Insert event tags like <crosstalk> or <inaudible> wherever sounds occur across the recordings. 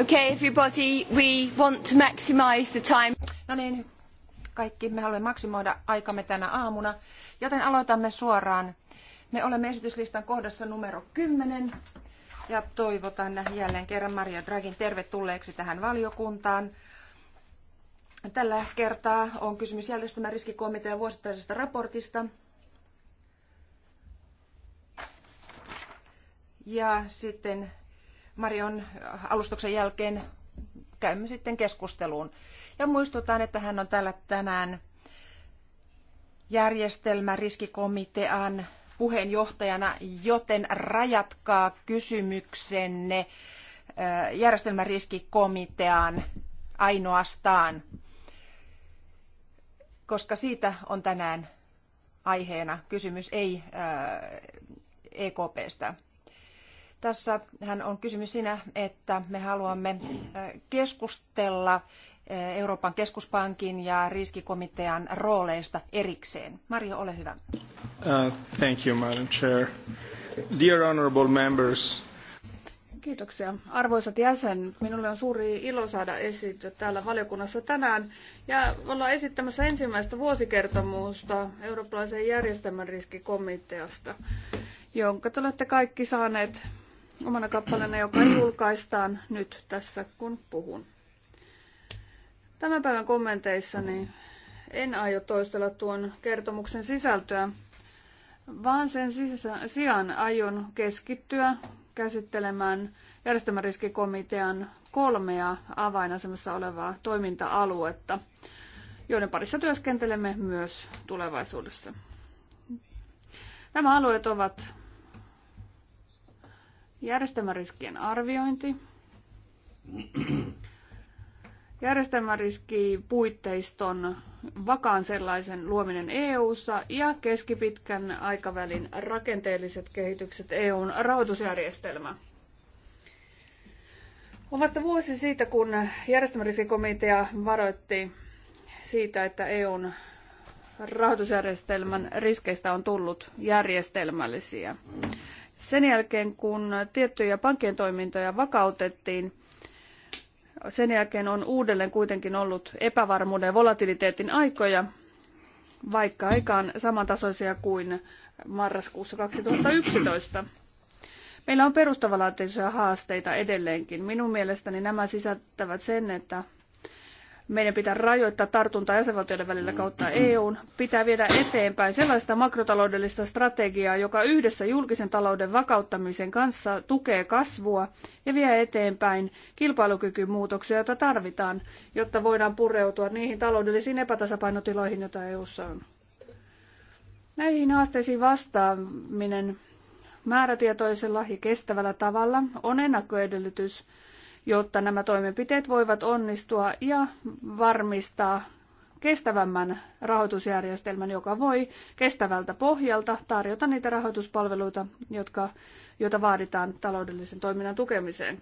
Okay, everybody, we want to maximize the time. No niin, kaikki me haluamme maksimoida aikamme tänä aamuna, joten aloitamme suoraan. Me olemme esityslistan kohdassa numero 10 ja toivotan jälleen kerran Maria Dragin tervetulleeksi tähän valiokuntaan. Tällä kertaa on kysymys järjestelmän riskikomitean vuosittaisesta raportista. Ja sitten Marion alustuksen jälkeen käymme sitten keskusteluun. Ja muistutan, että hän on täällä tänään järjestelmäriskikomitean puheenjohtajana, joten rajatkaa kysymyksenne järjestelmäriskikomiteaan ainoastaan, koska siitä on tänään aiheena kysymys, ei EKPstä. Tässä hän on kysymys siinä, että me haluamme keskustella Euroopan keskuspankin ja riskikomitean rooleista erikseen. Mario, ole hyvä. Uh, thank you, Madam Chair. Dear honorable members. Kiitoksia. Arvoisat jäsen, minulle on suuri ilo saada esiintyä täällä valiokunnassa tänään ja ollaan esittämässä ensimmäistä vuosikertomusta Eurooppalaisen järjestelmän riskikomiteasta, jonka te olette kaikki saaneet omana kappaleena, joka julkaistaan nyt tässä, kun puhun. Tämän päivän kommenteissani en aio toistella tuon kertomuksen sisältöä, vaan sen sijaan aion keskittyä käsittelemään järjestelmäriskikomitean kolmea avainasemassa olevaa toiminta-aluetta, joiden parissa työskentelemme myös tulevaisuudessa. Nämä alueet ovat Järjestelmäriskien arviointi. Järjestelmäriskipuitteiston vakaan sellaisen luominen EU:ssa ja keskipitkän aikavälin rakenteelliset kehitykset EUn rahoitusjärjestelmä. On vasta vuosi siitä, kun järjestelmäriskikomitea varoitti siitä, että EUn rahoitusjärjestelmän riskeistä on tullut järjestelmällisiä. Sen jälkeen, kun tiettyjä pankkien toimintoja vakautettiin, sen jälkeen on uudelleen kuitenkin ollut epävarmuuden ja volatiliteetin aikoja, vaikka aikaan samantasoisia kuin marraskuussa 2011. Meillä on perustavanlaatuisia haasteita edelleenkin. Minun mielestäni nämä sisältävät sen, että meidän pitää rajoittaa tartuntaa jäsenvaltioiden välillä kautta EUn. Pitää viedä eteenpäin sellaista makrotaloudellista strategiaa, joka yhdessä julkisen talouden vakauttamisen kanssa tukee kasvua ja vie eteenpäin kilpailukykymuutoksia, joita tarvitaan, jotta voidaan pureutua niihin taloudellisiin epätasapainotiloihin, joita EUssa on. Näihin haasteisiin vastaaminen määrätietoisella ja kestävällä tavalla on ennakkoedellytys jotta nämä toimenpiteet voivat onnistua ja varmistaa kestävämmän rahoitusjärjestelmän, joka voi kestävältä pohjalta tarjota niitä rahoituspalveluita, jotka, joita vaaditaan taloudellisen toiminnan tukemiseen.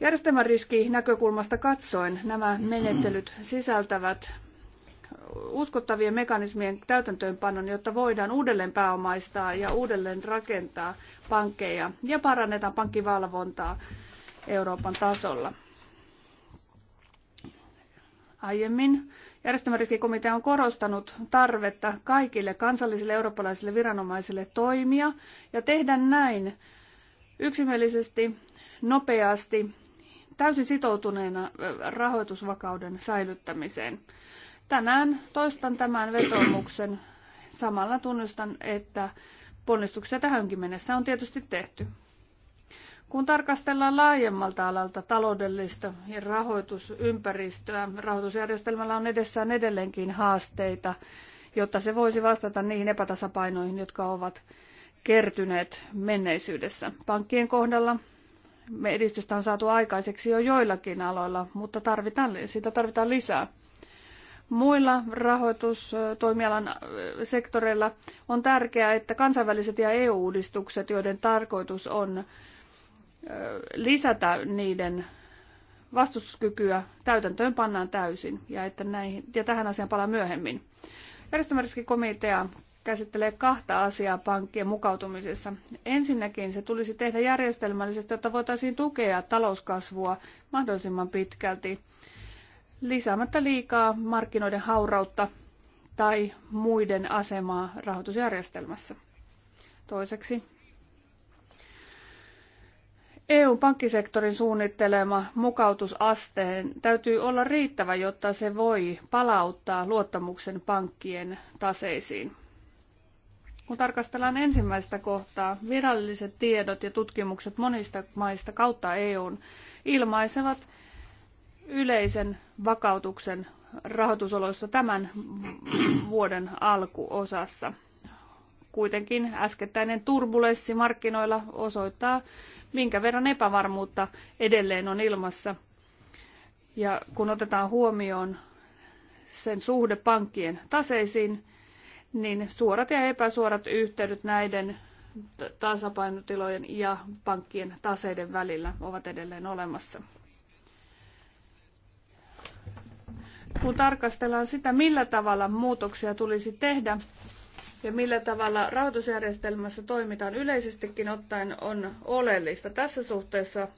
Järjestelmän riski näkökulmasta katsoen nämä menettelyt sisältävät uskottavien mekanismien täytäntöönpanon, jotta voidaan uudelleen pääomaistaa ja uudelleen rakentaa pankkeja ja parannetaan pankkivalvontaa Euroopan tasolla. Aiemmin järjestelmäriskikomitea on korostanut tarvetta kaikille kansallisille eurooppalaisille viranomaisille toimia ja tehdä näin yksimielisesti, nopeasti, täysin sitoutuneena rahoitusvakauden säilyttämiseen. Tänään toistan tämän vetomuksen. Samalla tunnustan, että ponnistuksia tähänkin mennessä on tietysti tehty. Kun tarkastellaan laajemmalta alalta taloudellista ja rahoitusympäristöä, rahoitusjärjestelmällä on edessään edelleenkin haasteita, jotta se voisi vastata niihin epätasapainoihin, jotka ovat kertyneet menneisyydessä. Pankkien kohdalla me edistystä on saatu aikaiseksi jo joillakin aloilla, mutta tarvitaan, sitä tarvitaan lisää. Muilla rahoitustoimialan äh, sektoreilla on tärkeää, että kansainväliset ja EU-uudistukset, joiden tarkoitus on lisätä niiden vastustuskykyä täytäntöön pannaan täysin ja, että näihin, ja tähän asiaan palaan myöhemmin. Järjestelmäriskikomitea käsittelee kahta asiaa pankkien mukautumisessa. Ensinnäkin se tulisi tehdä järjestelmällisesti, jotta voitaisiin tukea talouskasvua mahdollisimman pitkälti lisäämättä liikaa markkinoiden haurautta tai muiden asemaa rahoitusjärjestelmässä. Toiseksi EU-pankkisektorin suunnittelema mukautusasteen täytyy olla riittävä, jotta se voi palauttaa luottamuksen pankkien taseisiin. Kun tarkastellaan ensimmäistä kohtaa, viralliset tiedot ja tutkimukset monista maista kautta EUn ilmaisevat yleisen vakautuksen rahoitusoloista tämän vuoden alkuosassa. Kuitenkin äskettäinen turbulenssi markkinoilla osoittaa minkä verran epävarmuutta edelleen on ilmassa. Ja kun otetaan huomioon sen suhde pankkien taseisiin, niin suorat ja epäsuorat yhteydet näiden tasapainotilojen ja pankkien taseiden välillä ovat edelleen olemassa. Kun tarkastellaan sitä, millä tavalla muutoksia tulisi tehdä, ja millä tavalla rahoitusjärjestelmässä toimitaan yleisestikin ottaen on oleellista. Tässä suhteessa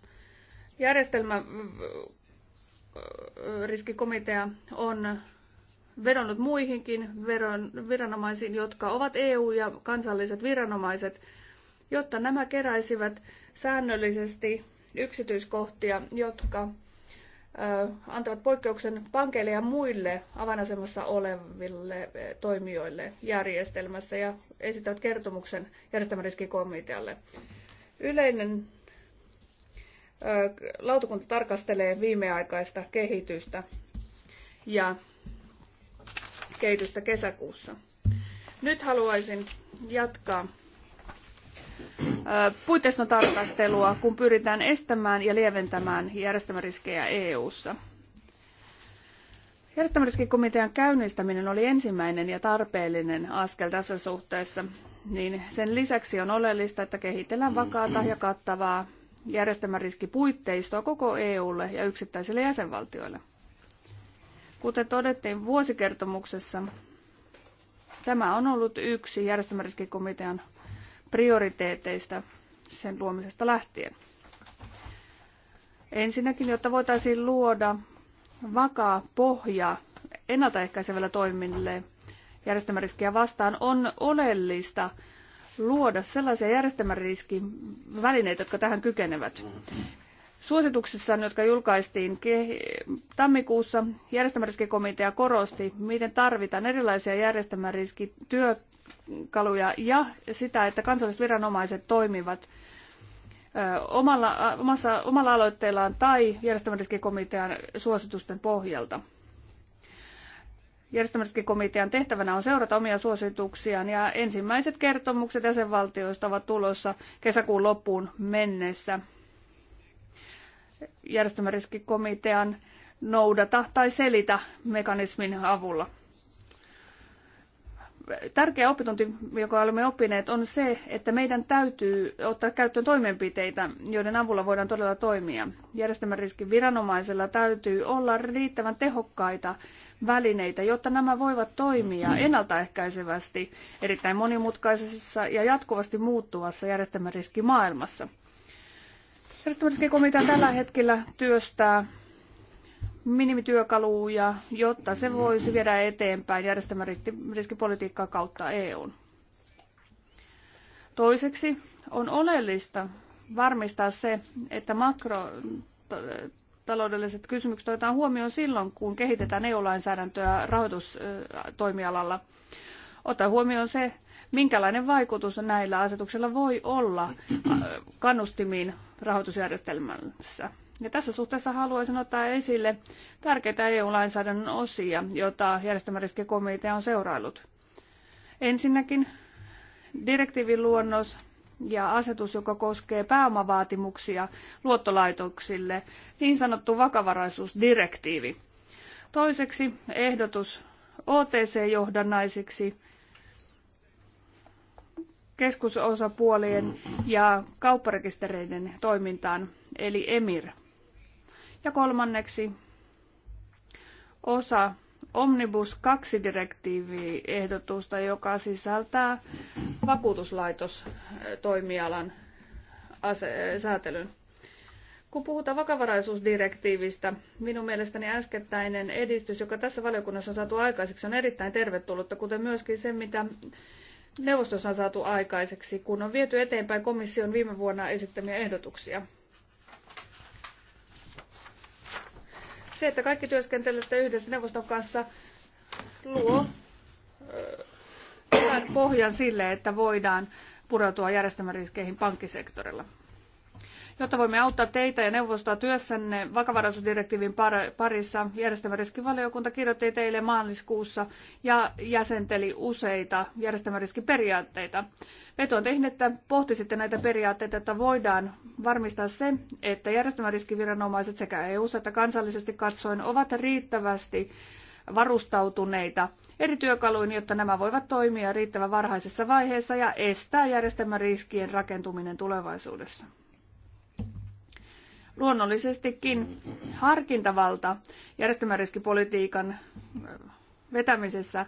järjestelmäriskikomitea äh, äh, on vedonnut muihinkin viranomaisiin, jotka ovat EU- ja kansalliset viranomaiset, jotta nämä keräisivät säännöllisesti yksityiskohtia, jotka antavat poikkeuksen pankeille ja muille avainasemassa oleville toimijoille järjestelmässä ja esittävät kertomuksen järjestelmäriskikomitealle. Yleinen lautakunta tarkastelee viimeaikaista kehitystä ja kehitystä kesäkuussa. Nyt haluaisin jatkaa puitteiston tarkastelua, kun pyritään estämään ja lieventämään järjestelmäriskejä EU-ssa. Järjestelmäriskikomitean käynnistäminen oli ensimmäinen ja tarpeellinen askel tässä suhteessa, niin sen lisäksi on oleellista, että kehitellään vakaata ja kattavaa järjestelmäriskipuitteistoa koko EUlle ja yksittäisille jäsenvaltioille. Kuten todettiin vuosikertomuksessa, tämä on ollut yksi järjestelmäriskikomitean prioriteeteista sen luomisesta lähtien. Ensinnäkin, jotta voitaisiin luoda vakaa pohja ennaltaehkäisevällä toiminnille järjestelmäriskiä vastaan, on oleellista luoda sellaisia järjestelmäriskin välineitä, jotka tähän kykenevät. Suosituksissa, jotka julkaistiin tammikuussa, järjestelmäriskikomitea korosti, miten tarvitaan erilaisia järjestelmäriskityökaluja työkaluja ja sitä, että kansalliset viranomaiset toimivat omalla, omassa, omalla aloitteellaan tai järjestelmäriskikomitean suositusten pohjalta. Järjestelmäriskikomitean tehtävänä on seurata omia suosituksiaan ja ensimmäiset kertomukset jäsenvaltioista ovat tulossa kesäkuun loppuun mennessä. Järjestelmäriskikomitean noudata tai selitä mekanismin avulla tärkeä oppitunti, joka olemme oppineet, on se, että meidän täytyy ottaa käyttöön toimenpiteitä, joiden avulla voidaan todella toimia. Järjestelmän riskin viranomaisella täytyy olla riittävän tehokkaita välineitä, jotta nämä voivat toimia ennaltaehkäisevästi erittäin monimutkaisessa ja jatkuvasti muuttuvassa järjestelmän riskimaailmassa. riskikomitea tällä hetkellä työstää minimityökaluja, jotta se voisi viedä eteenpäin järjestelmän riskipolitiikkaa kautta EUn. Toiseksi on oleellista varmistaa se, että makrotaloudelliset kysymykset otetaan huomioon silloin, kun kehitetään EU-lainsäädäntöä rahoitustoimialalla. Ota huomioon se, minkälainen vaikutus näillä asetuksilla voi olla kannustimiin rahoitusjärjestelmässä. Ja tässä suhteessa haluaisin ottaa esille tärkeitä EU-lainsäädännön osia, joita järjestelmäriskikomitea on seuraillut. Ensinnäkin direktiivin luonnos ja asetus, joka koskee pääomavaatimuksia luottolaitoksille, niin sanottu vakavaraisuusdirektiivi. Toiseksi ehdotus OTC-johdannaisiksi keskusosapuolien ja kaupparekistereiden toimintaan, eli EMIR. Ja kolmanneksi osa Omnibus 2-direktiiviehdotusta, joka sisältää vakuutuslaitostoimialan säätelyn. Kun puhutaan vakavaraisuusdirektiivistä, minun mielestäni äskettäinen edistys, joka tässä valiokunnassa on saatu aikaiseksi, on erittäin tervetullutta, kuten myöskin se, mitä neuvostossa on saatu aikaiseksi, kun on viety eteenpäin komission viime vuonna esittämiä ehdotuksia. Se, että kaikki työskentelevät yhdessä neuvoston kanssa, luo pohjan sille, että voidaan pureutua järjestelmäriskeihin pankkisektorilla jotta voimme auttaa teitä ja neuvostoa työssänne vakavaraisuusdirektiivin parissa. Järjestelmäriskivaliokunta kirjoitti teille maaliskuussa ja jäsenteli useita järjestelmäriskiperiaatteita. Vetoan teihin, että pohtisitte näitä periaatteita, että voidaan varmistaa se, että järjestelmäriskiviranomaiset sekä EU- että kansallisesti katsoen ovat riittävästi varustautuneita eri työkaluin, jotta nämä voivat toimia riittävän varhaisessa vaiheessa ja estää järjestelmän riskien rakentuminen tulevaisuudessa. Luonnollisestikin harkintavalta järjestelmäriskipolitiikan vetämisessä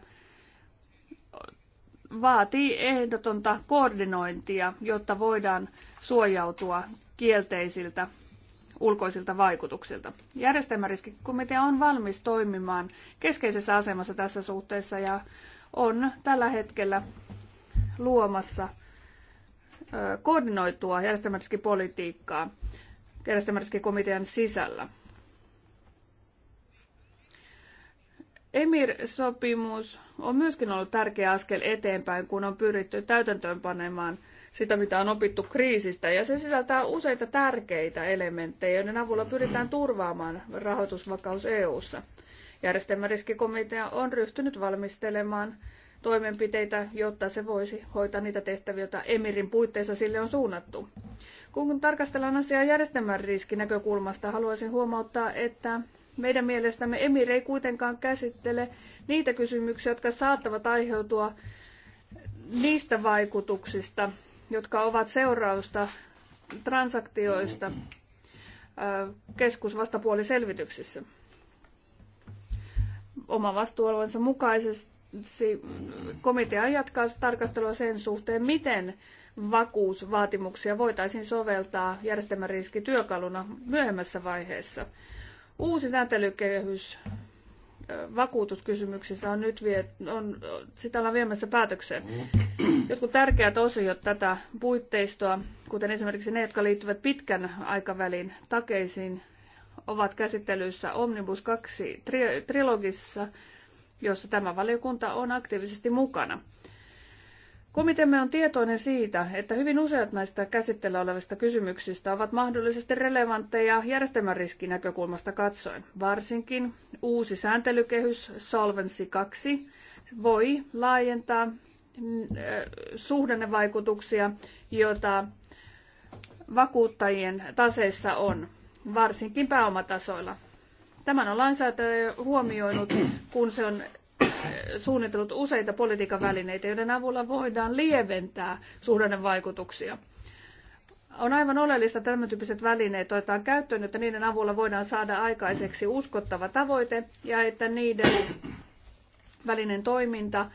vaatii ehdotonta koordinointia, jotta voidaan suojautua kielteisiltä ulkoisilta vaikutuksilta. Järjestelmäriskikomitea on valmis toimimaan keskeisessä asemassa tässä suhteessa ja on tällä hetkellä luomassa koordinoitua järjestelmäriskipolitiikkaa järjestelmäriskikomitean sisällä. Emir-sopimus on myöskin ollut tärkeä askel eteenpäin, kun on pyritty täytäntöönpanemaan sitä, mitä on opittu kriisistä. Ja se sisältää useita tärkeitä elementtejä, joiden avulla pyritään turvaamaan rahoitusvakaus EU:ssa. Järjestelmäriskikomitea on ryhtynyt valmistelemaan toimenpiteitä, jotta se voisi hoitaa niitä tehtäviä, joita Emirin puitteissa sille on suunnattu. Kun tarkastellaan asiaa järjestelmän riskinäkökulmasta, haluaisin huomauttaa, että meidän mielestämme Emir ei kuitenkaan käsittele niitä kysymyksiä, jotka saattavat aiheutua niistä vaikutuksista, jotka ovat seurausta transaktioista keskusvastapuoliselvityksissä oma vastuualueensa mukaisesti komitea jatkaa tarkastelua sen suhteen, miten vakuusvaatimuksia voitaisiin soveltaa järjestelmän myöhemmässä vaiheessa. Uusi sääntelykehys vakuutuskysymyksissä on nyt vie, on, sitä ollaan viemässä päätökseen. Jotkut tärkeät osiot tätä puitteistoa, kuten esimerkiksi ne, jotka liittyvät pitkän aikavälin takeisiin, ovat käsittelyssä Omnibus 2 trilogissa, jossa tämä valiokunta on aktiivisesti mukana. Komiteamme on tietoinen siitä, että hyvin useat näistä käsitteillä olevista kysymyksistä ovat mahdollisesti relevantteja järjestelmän riskinäkökulmasta katsoen. Varsinkin uusi sääntelykehys Solvency 2 voi laajentaa mm, suhdannevaikutuksia, joita vakuuttajien taseissa on, varsinkin pääomatasoilla. Tämän on lainsäätäjä huomioinut, kun se on suunnitellut useita politiikan välineitä, joiden avulla voidaan lieventää suhdannevaikutuksia. On aivan oleellista, että tämän tyyppiset välineet otetaan käyttöön, jotta niiden avulla voidaan saada aikaiseksi uskottava tavoite ja että niiden välinen toiminta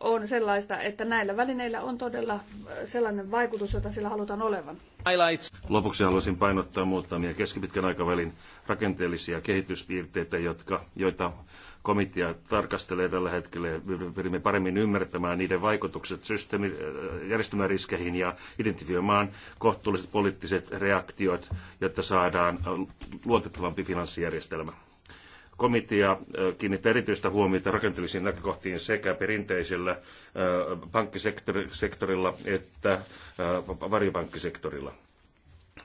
on sellaista, että näillä välineillä on todella äh, sellainen vaikutus, jota sillä halutaan olevan. Highlights. Lopuksi haluaisin painottaa muutamia keskipitkän aikavälin rakenteellisia kehityspiirteitä, jotka, joita komitea tarkastelee tällä hetkellä. Pyrimme paremmin ymmärtämään niiden vaikutukset systeemi, äh, järjestelmäriskeihin ja identifioimaan kohtuulliset poliittiset reaktiot, jotta saadaan äh, luotettavampi finanssijärjestelmä. Komitea äh, kiinnittää erityistä huomiota rakenteellisiin näkökohtiin sekä perinteisellä äh, pankkisektorilla että äh, varjopankkisektorilla.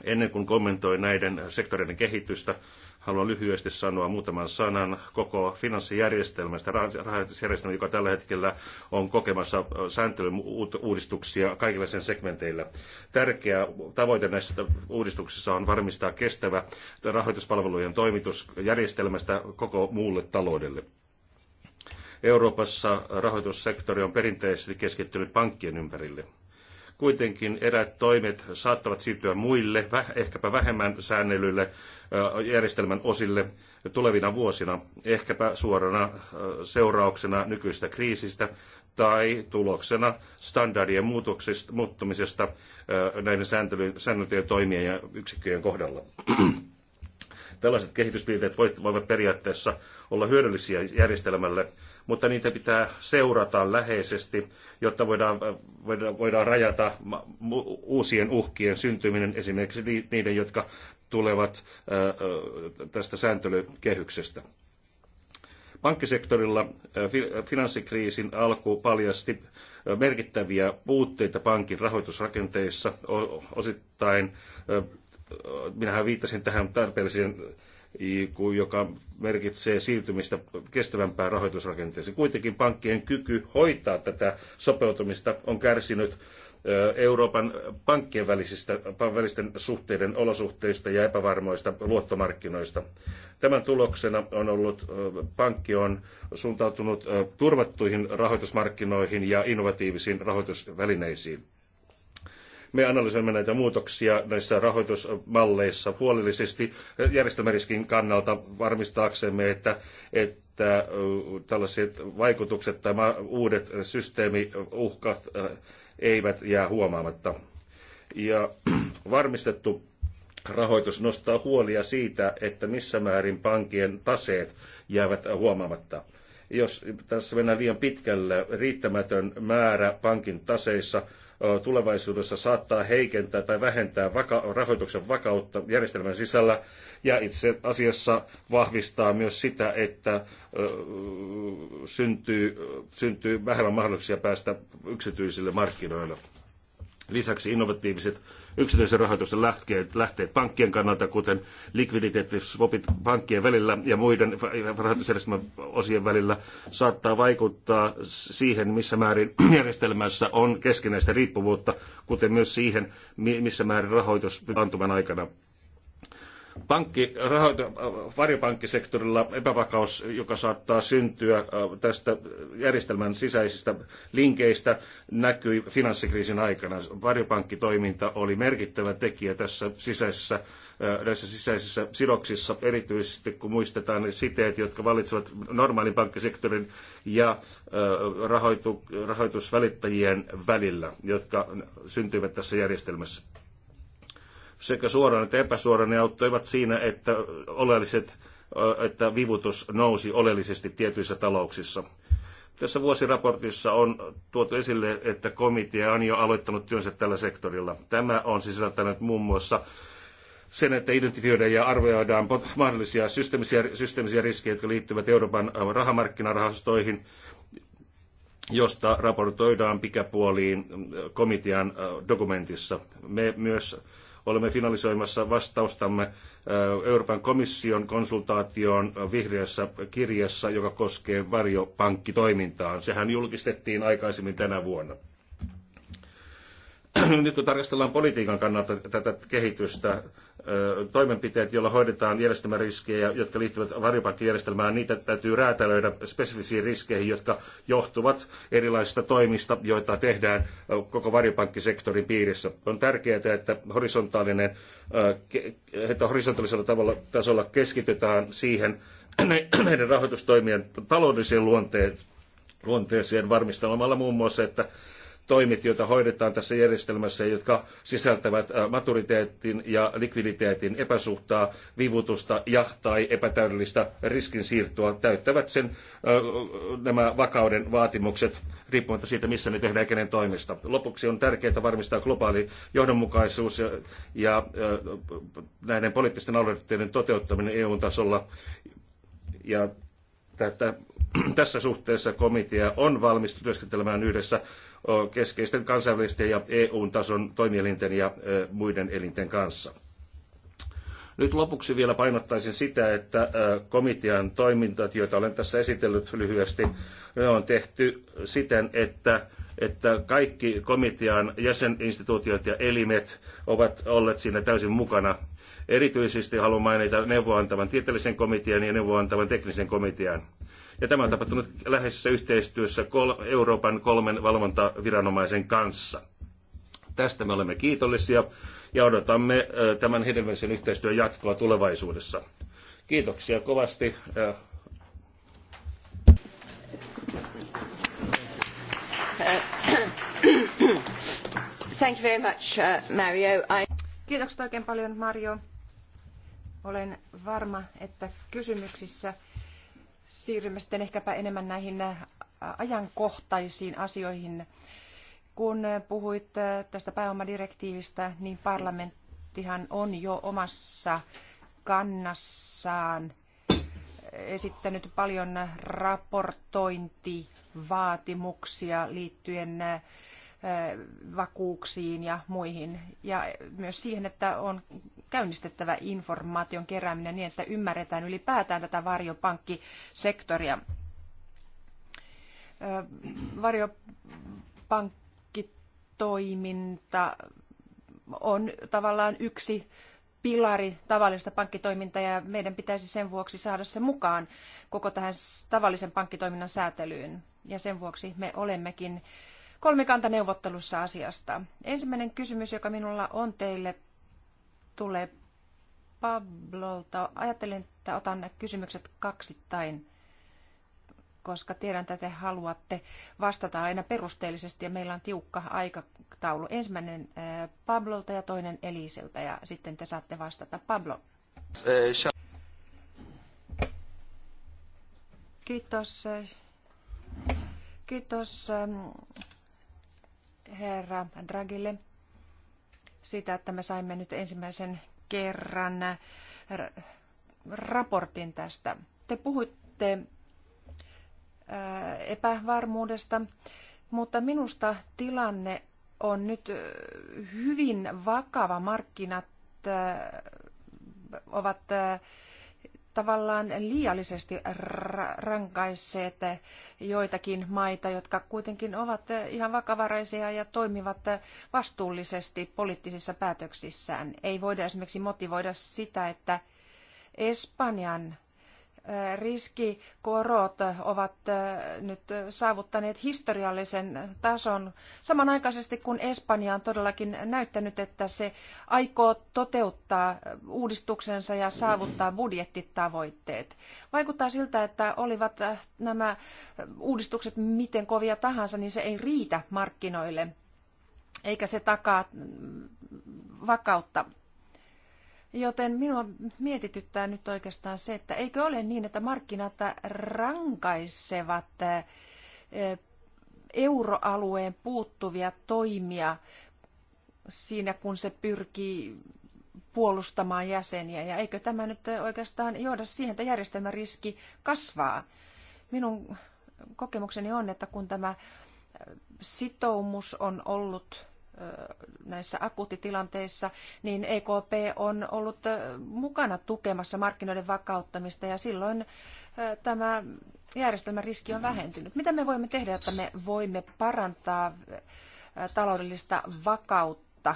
Ennen kuin kommentoin näiden sektoreiden kehitystä, haluan lyhyesti sanoa muutaman sanan koko finanssijärjestelmästä, rahoitusjärjestelmä, joka tällä hetkellä on kokemassa sääntelyn uudistuksia kaikilla sen segmenteillä. Tärkeä tavoite näissä uudistuksissa on varmistaa kestävä rahoituspalvelujen toimitus järjestelmästä koko muulle taloudelle. Euroopassa rahoitussektori on perinteisesti keskittynyt pankkien ympärille. Kuitenkin eräät toimet saattavat siirtyä muille, ehkäpä vähemmän säännellyille järjestelmän osille tulevina vuosina, ehkäpä suorana seurauksena nykyistä kriisistä tai tuloksena standardien muutoksista, muuttumisesta näiden säännöltyjen toimien ja yksikköjen kohdalla. Tällaiset kehityspiirteet voivat periaatteessa olla hyödyllisiä järjestelmälle, mutta niitä pitää seurata läheisesti, jotta voidaan, voidaan, voidaan rajata uusien uhkien syntyminen, esimerkiksi niiden, jotka tulevat tästä sääntelykehyksestä. Pankkisektorilla finanssikriisin alku paljasti merkittäviä puutteita pankin rahoitusrakenteissa osittain. Minähän viittasin tähän tarpeelliseen joka merkitsee siirtymistä kestävämpään rahoitusrakenteeseen. Kuitenkin pankkien kyky hoitaa tätä sopeutumista on kärsinyt Euroopan pankkien välisistä, välisten suhteiden olosuhteista ja epävarmoista luottomarkkinoista. Tämän tuloksena on ollut, pankki on suuntautunut turvattuihin rahoitusmarkkinoihin ja innovatiivisiin rahoitusvälineisiin. Me analysoimme näitä muutoksia näissä rahoitusmalleissa huolellisesti järjestelmäriskin kannalta varmistaaksemme, että, että tällaiset vaikutukset tai uudet systeemiuhkat eivät jää huomaamatta. Ja <clears throat> varmistettu rahoitus nostaa huolia siitä, että missä määrin pankien taseet jäävät huomaamatta. Jos tässä mennään liian pitkälle, riittämätön määrä pankin taseissa tulevaisuudessa saattaa heikentää tai vähentää vaka- rahoituksen vakautta järjestelmän sisällä ja itse asiassa vahvistaa myös sitä, että syntyy, syntyy vähemmän mahdollisuuksia päästä yksityisille markkinoille. Lisäksi innovatiiviset yksityisen rahoituksen lähteet, pankkien kannalta, kuten likviditeettiswapit pankkien välillä ja muiden rahoitusjärjestelmän osien välillä, saattaa vaikuttaa siihen, missä määrin <clears throat> järjestelmässä on keskinäistä riippuvuutta, kuten myös siihen, missä määrin rahoitus antuman aikana pankki, rahoita, varjopankkisektorilla epävakaus, joka saattaa syntyä äh, tästä järjestelmän sisäisistä linkeistä, näkyi finanssikriisin aikana. Varjopankkitoiminta oli merkittävä tekijä tässä sisäisessä äh, näissä sisäisissä sidoksissa, erityisesti kun muistetaan ne siteet, jotka valitsevat normaalin pankkisektorin ja äh, rahoitusvälittäjien välillä, jotka syntyivät tässä järjestelmässä sekä suoraan että epäsuoraan, ne auttoivat siinä, että, oleelliset, että vivutus nousi oleellisesti tietyissä talouksissa. Tässä vuosiraportissa on tuotu esille, että komitea on jo aloittanut työnsä tällä sektorilla. Tämä on sisältänyt muun muassa sen, että identifioidaan ja arvioidaan mahdollisia systeemisiä, systeemisiä riskejä, jotka liittyvät Euroopan rahamarkkinarahastoihin, josta raportoidaan pikäpuoliin komitean dokumentissa. Me myös olemme finalisoimassa vastaustamme Euroopan komission konsultaatioon vihreässä kirjassa, joka koskee varjopankkitoimintaa. Sehän julkistettiin aikaisemmin tänä vuonna. <clears throat> nyt kun tarkastellaan politiikan kannalta tätä kehitystä, toimenpiteet, joilla hoidetaan järjestelmäriskejä, jotka liittyvät varjopankkijärjestelmään, niitä täytyy räätälöidä spesifisiin riskeihin, jotka johtuvat erilaisista toimista, joita tehdään koko varjopankkisektorin piirissä. On tärkeää, että, horisontaalinen, että horisontaalisella tavalla tasolla keskitytään siihen <clears throat> näiden rahoitustoimien taloudelliseen luonteeseen varmistamalla muun muassa, että toimet, joita hoidetaan tässä järjestelmässä, jotka sisältävät äh, maturiteetin ja likviditeetin epäsuhtaa, vivutusta ja tai epätäydellistä riskinsiirtoa, täyttävät sen äh, nämä vakauden vaatimukset riippumatta siitä, missä ne tehdään kenen toimesta. Lopuksi on tärkeää varmistaa globaali johdonmukaisuus ja äh, näiden poliittisten aloitteiden toteuttaminen EU-tasolla ja tätä <clears throat> tässä suhteessa komitea on valmis työskentelemään yhdessä keskeisten kansainvälisten ja EU-tason toimielinten ja muiden elinten kanssa. Nyt lopuksi vielä painottaisin sitä, että komitean toimintat, joita olen tässä esitellyt lyhyesti, ne on tehty siten, että että kaikki komitean jäseninstituutiot ja elimet ovat olleet siinä täysin mukana. Erityisesti haluan mainita neuvoantavan tieteellisen komitean ja neuvoantavan teknisen komitean. Ja tämä on tapahtunut läheisessä yhteistyössä Euroopan kolmen valvontaviranomaisen kanssa. Tästä me olemme kiitollisia ja odotamme tämän hedelmällisen yhteistyön jatkoa tulevaisuudessa. Kiitoksia kovasti. Thank you very much, uh, Mario. I... Kiitokset oikein paljon, Mario. Olen varma, että kysymyksissä siirrymme sitten ehkäpä enemmän näihin äh, ajankohtaisiin asioihin. Kun puhuit äh, tästä pääomadirektiivistä, niin parlamenttihan on jo omassa kannassaan esittänyt paljon raportointivaatimuksia liittyen äh, Eh, vakuuksiin ja muihin. Ja myös siihen, että on käynnistettävä informaation kerääminen niin, että ymmärretään ylipäätään tätä varjopankkisektoria. Eh, varjopankkitoiminta on tavallaan yksi pilari tavallista pankkitoimintaa ja meidän pitäisi sen vuoksi saada se mukaan koko tähän tavallisen pankkitoiminnan säätelyyn. Ja sen vuoksi me olemmekin äh, kolmikantaneuvottelussa asiasta. Ensimmäinen kysymys, joka minulla on teille, tulee Pablolta. Ajattelin, että otan kysymykset kaksittain, koska tiedän, että te haluatte vastata aina perusteellisesti ja meillä on tiukka aikataulu. Ensimmäinen äh, Pablolta ja toinen Eliseltä ja sitten te saatte vastata. Pablo. Kiitos. Äh, kiitos ähm, herra Dragille sitä, että me saimme nyt ensimmäisen kerran äh, raportin tästä. Te puhuitte äh, epävarmuudesta, mutta minusta tilanne on nyt äh, hyvin vakava. Markkinat ovat tavallaan liiallisesti rankaisseet joitakin maita, jotka kuitenkin ovat ihan vakavaraisia ja toimivat vastuullisesti poliittisissa päätöksissään. Ei voida esimerkiksi motivoida sitä, että Espanjan riskikorot ovat nyt saavuttaneet historiallisen tason samanaikaisesti kun Espanja on todellakin näyttänyt, että se aikoo toteuttaa uudistuksensa ja saavuttaa budjettitavoitteet. Vaikuttaa siltä, että olivat nämä uudistukset miten kovia tahansa, niin se ei riitä markkinoille eikä se takaa vakautta Joten minua mietityttää nyt oikeastaan se, että eikö ole niin, että markkinat rankaisevat eh, eh, euroalueen puuttuvia toimia siinä, kun se pyrkii puolustamaan jäseniä. Ja eikö tämä nyt oikeastaan johda siihen, että järjestelmäriski kasvaa? Minun kokemukseni on, että kun tämä sitoumus on ollut näissä akuuttitilanteissa, niin EKP on ollut mukana tukemassa markkinoiden vakauttamista ja silloin tämä järjestelmän riski on vähentynyt. Mitä me voimme tehdä, että me voimme parantaa taloudellista vakautta?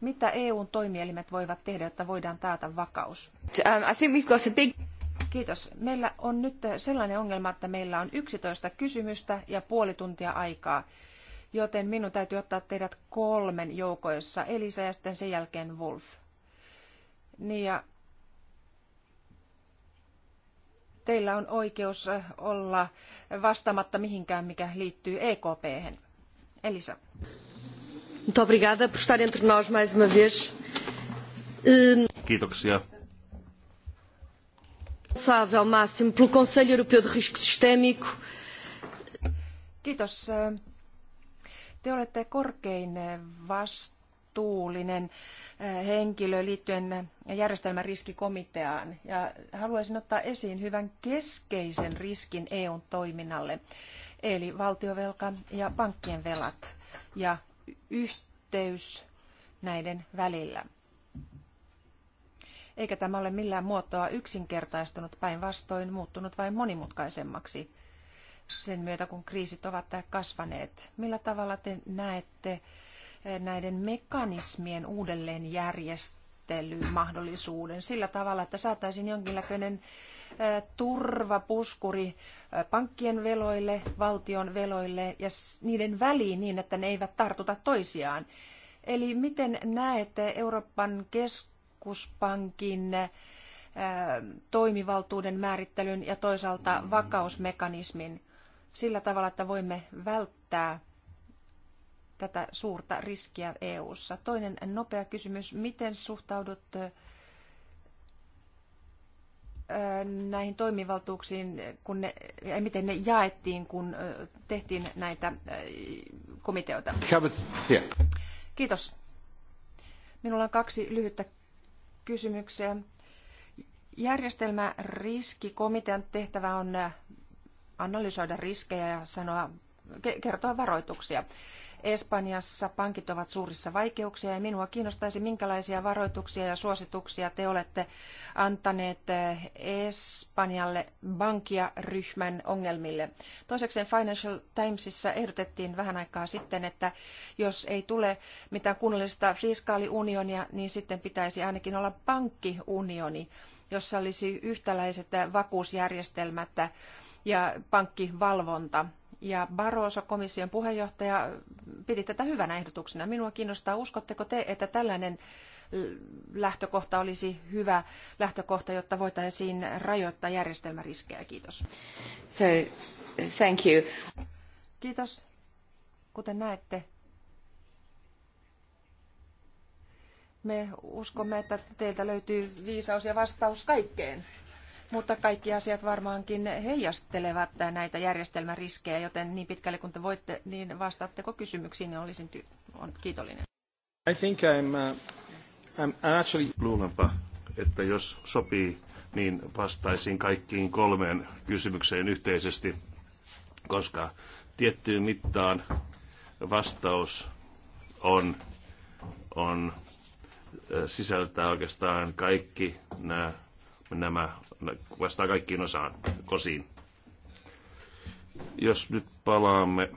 Mitä EUn toimielimet voivat tehdä, jotta voidaan taata vakaus? Um, I think we've got a big... Kiitos. Meillä on nyt sellainen ongelma, että meillä on 11 kysymystä ja puoli tuntia aikaa joten minun täytyy ottaa teidät kolmen joukoissa, Elisa ja sitten sen jälkeen Wolf. Niin ja teillä on oikeus olla vastaamatta mihinkään, mikä liittyy ekp hen. Elisa. Muito obrigada por estar entre nós mais uma vez. Kiitoksia. Responsável máximo pelo Conselho Europeu de Risco Sistémico. Kiitos. Te olette korkein vastuullinen eh, henkilö liittyen järjestelmän riskikomiteaan ja haluaisin ottaa esiin hyvän keskeisen riskin EUn toiminnalle, eli valtiovelka ja pankkien velat ja yhteys näiden välillä eikä tämä ole millään muotoa yksinkertaistunut, päinvastoin muuttunut vain monimutkaisemmaksi sen myötä, kun kriisit ovat kasvaneet. Millä tavalla te näette eh, näiden mekanismien uudelleenjärjestelymahdollisuuden sillä tavalla, että saataisiin jonkinlainen eh, turvapuskuri eh, pankkien veloille, valtion veloille ja niiden väliin niin, että ne eivät tartuta toisiaan. Eli miten näette Euroopan keskuspankin toimivaltuuden määrittelyn ja toisaalta vakausmekanismin? sillä tavalla, että voimme välttää tätä suurta riskiä EU:ssa. Toinen nopea kysymys, miten suhtaudut näihin toimivaltuuksiin, kun ne, ja miten ne jaettiin, kun tehtiin näitä komiteoita? Kiitos. Minulla on kaksi lyhyttä kysymyksiä. Järjestelmäriskikomitean tehtävä on analysoida riskejä ja sanoa, kertoa varoituksia. Espanjassa pankit ovat suurissa vaikeuksia ja minua kiinnostaisi, minkälaisia varoituksia ja suosituksia te olette antaneet eh, Espanjalle bankiaryhmän ongelmille. Toiseksi Financial Timesissa ehdotettiin vähän aikaa sitten, että jos ei tule mitään kunnollista fiskaaliunionia, niin sitten pitäisi ainakin olla pankkiunioni, jossa olisi yhtäläiset vakuusjärjestelmät ja pankkivalvonta. Ja Barroso, komission puheenjohtaja, piti tätä hyvänä ehdotuksena. Minua kiinnostaa, uskotteko te, että tällainen lähtökohta olisi hyvä lähtökohta, jotta voitaisiin rajoittaa järjestelmäriskejä? Kiitos. So, thank you. Kiitos. Kuten näette, me uskomme, että teiltä löytyy viisaus ja vastaus kaikkeen mutta kaikki asiat varmaankin heijastelevat näitä järjestelmän riskejä, joten niin pitkälle kuin te voitte, niin vastaatteko kysymyksiin, niin olisin ty- on kiitollinen. I think I'm, uh, I'm actually... Luulenpa, että jos sopii, niin vastaisin kaikkiin kolmeen kysymykseen yhteisesti, koska tiettyyn mittaan vastaus on, on sisältää oikeastaan kaikki nämä, nämä vastaa kaikkiin osaan, kosiin. Jos nyt palaamme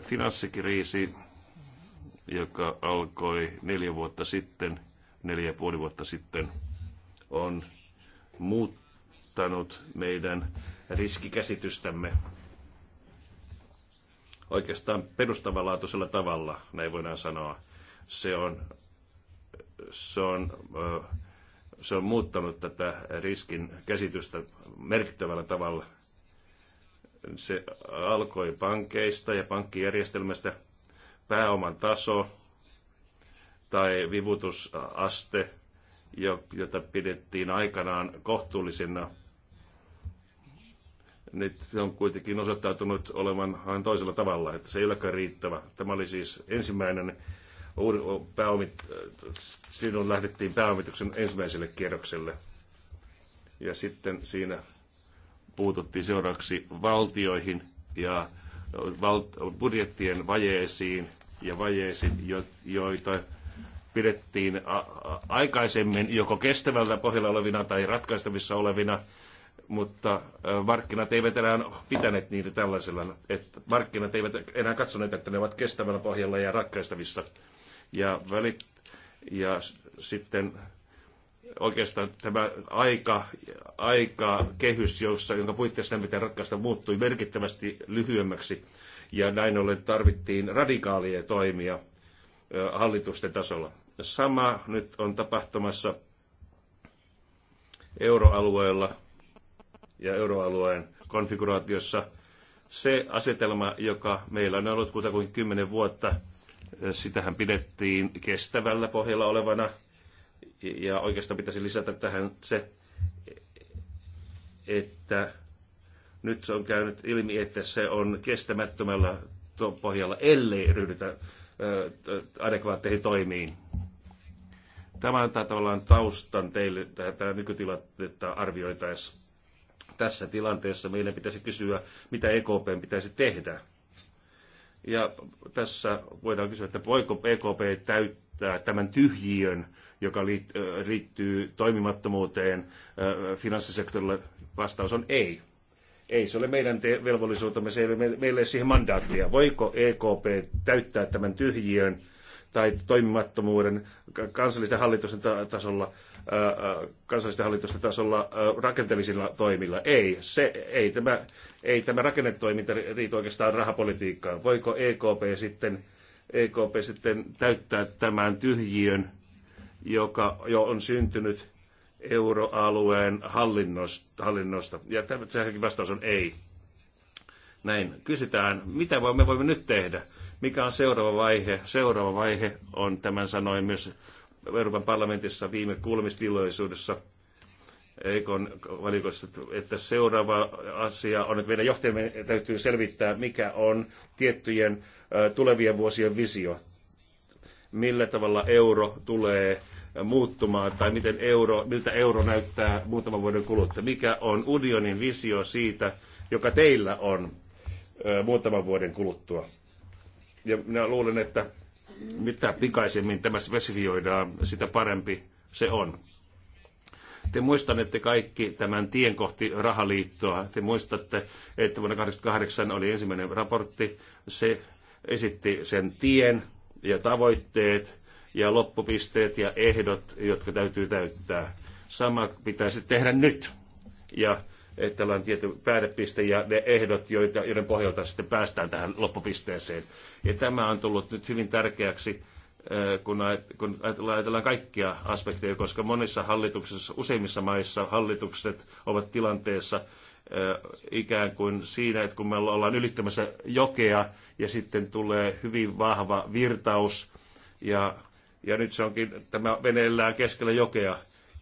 finanssikriisi, joka alkoi neljä vuotta sitten, neljä ja puoli vuotta sitten, on muuttanut meidän riskikäsitystämme oikeastaan perustavanlaatuisella tavalla, näin voidaan sanoa. Se on se on, se on muuttanut tätä riskin käsitystä merkittävällä tavalla. Se alkoi pankeista ja pankkijärjestelmästä pääoman taso tai vivutusaste, jota pidettiin aikanaan kohtuullisena. Nyt niin se on kuitenkin osoittautunut olevan ihan toisella tavalla, että se ei olekaan riittävä. Tämä oli siis ensimmäinen pääomit, silloin lähdettiin pääomituksen ensimmäiselle kierrokselle. Ja sitten siinä puututtiin seuraavaksi valtioihin ja budjettien vajeisiin ja vajeisiin, joita pidettiin aikaisemmin joko kestävällä pohjalla olevina tai ratkaistavissa olevina, mutta markkinat eivät enää pitäneet niitä tällaisella, että markkinat eivät enää katsoneet, että ne ovat kestävällä pohjalla ja ratkaistavissa ja, välit, ja sitten oikeastaan tämä aika, aika kehys, jossa, jonka puitteissa nämä pitää ratkaista, muuttui merkittävästi lyhyemmäksi. Ja näin ollen tarvittiin radikaalia toimia hallitusten tasolla. Sama nyt on tapahtumassa euroalueella ja euroalueen konfiguraatiossa. Se asetelma, joka meillä on ollut kuitenkin kymmenen vuotta, Sitähän pidettiin kestävällä pohjalla olevana ja oikeastaan pitäisi lisätä tähän se, että nyt se on käynyt ilmi, että se on kestämättömällä pohjalla, ellei ryhdytä adekvaatteihin toimiin. Tämä antaa tavallaan taustan teille tätä nykytilannetta arvioitaessa. Tässä tilanteessa meidän pitäisi kysyä, mitä EKP pitäisi tehdä ja tässä voidaan kysyä, että voiko EKP täyttää tämän tyhjiön, joka liittyy toimimattomuuteen finanssisektorilla? Vastaus on ei. Ei se ole meidän velvollisuutemme, se ei ole meille siihen mandaattia. Voiko EKP täyttää tämän tyhjiön tai toimimattomuuden kansallisten hallitusten tasolla? kansallisten hallitusten tasolla rakenteellisilla toimilla. Ei, se, ei, tämä, ei tämä rakennetoiminta riitä oikeastaan rahapolitiikkaan. Voiko EKP sitten, EKP sitten täyttää tämän tyhjiön, joka jo on syntynyt euroalueen hallinnosta? Ja tämä, vastaus on ei näin kysytään, mitä me voimme nyt tehdä, mikä on seuraava vaihe. Seuraava vaihe on, tämän sanoin myös Euroopan parlamentissa viime kuulemistilaisuudessa Ekon valikossa, että seuraava asia on, että meidän johtajamme täytyy selvittää, mikä on tiettyjen tulevien vuosien visio. Millä tavalla euro tulee muuttumaan tai miten euro, miltä euro näyttää muutaman vuoden kuluttua. Mikä on unionin visio siitä, joka teillä on muutaman vuoden kuluttua. Ja minä luulen, että mitä pikaisemmin tämä spesifioidaan, sitä parempi se on. Te muistanette kaikki tämän tien kohti rahaliittoa. Te muistatte, että vuonna 1988 oli ensimmäinen raportti. Se esitti sen tien ja tavoitteet ja loppupisteet ja ehdot, jotka täytyy täyttää. Sama pitäisi tehdä nyt. Ja tällainen tietty päätepiste ja ne ehdot, joiden pohjalta sitten päästään tähän loppupisteeseen. Ja tämä on tullut nyt hyvin tärkeäksi, äh, kun ajatellaan kaikkia aspekteja, koska monissa hallituksissa, useimmissa maissa hallitukset ovat tilanteessa, äh, ikään kuin siinä, että kun me ollaan ylittämässä jokea ja sitten tulee hyvin vahva virtaus ja, ja nyt se onkin tämä veneellään keskellä jokea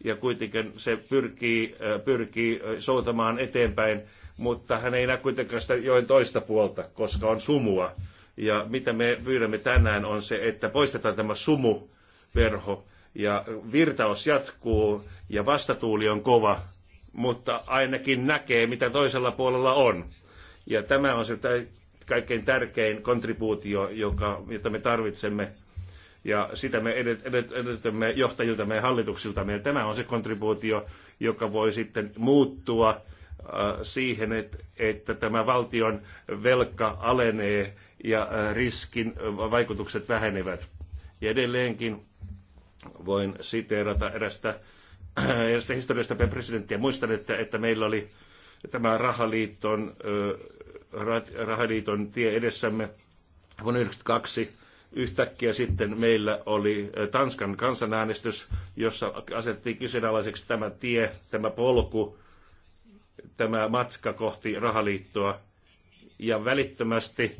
ja kuitenkin se pyrkii, pyrkii soutamaan eteenpäin, mutta hän ei näe kuitenkaan sitä joen toista puolta, koska on sumua. Ja mitä me pyydämme tänään on se, että poistetaan tämä sumuverho ja virtaus jatkuu ja vastatuuli on kova, mutta ainakin näkee, mitä toisella puolella on. Ja tämä on se kaikkein tärkein kontribuutio, joka, jota me tarvitsemme ja sitä me edellytämme johtajilta, meidän hallituksilta. Meidän tämä on se kontribuutio, joka voi sitten muuttua äh, siihen, että, että tämä valtion velka alenee ja äh, riskin äh, vaikutukset vähenevät. Ja edelleenkin voin siteerata erästä, erästä historiasta presidenttiä. Muistan, että, että meillä oli tämä rahaliiton, rahaliiton tie edessämme vuonna 1992 Yhtäkkiä sitten meillä oli eh, Tanskan kansanäänestys, jossa asettiin kyseenalaiseksi tämä tie, tämä polku, tämä matka kohti rahaliittoa. Ja välittömästi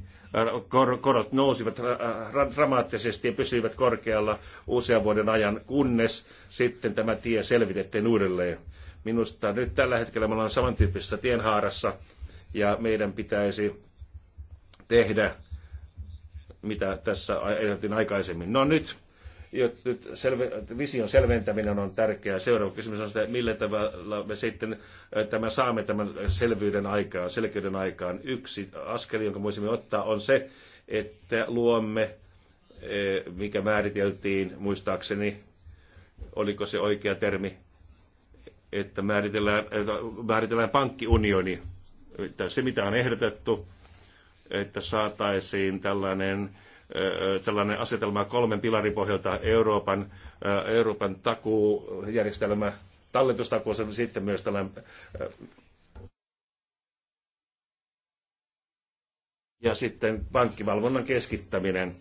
korot nousivat dramaattisesti ja pysyivät korkealla usean vuoden ajan, kunnes sitten tämä tie selvitettiin uudelleen. Minusta nyt tällä hetkellä me ollaan samantyyppisessä tienhaarassa ja meidän pitäisi tehdä mitä tässä ajateltiin aikaisemmin. No nyt, nyt selve, vision selventäminen on tärkeää. Seuraava kysymys on sitä, millä tavalla me sitten tämä saamme tämän selvyyden aikaan, selkeyden aikaan. Yksi askel, jonka voisimme ottaa, on se, että luomme, e, mikä määriteltiin muistaakseni, oliko se oikea termi, että määritellään, määritellään pankkiunioni. Se, mitä on ehdotettu, että saataisiin tällainen sellainen asetelma kolmen pilarin pohjalta Euroopan, Euroopan takuujärjestelmä, talletustakuus on sitten myös tällainen ja sitten pankkivalvonnan keskittäminen.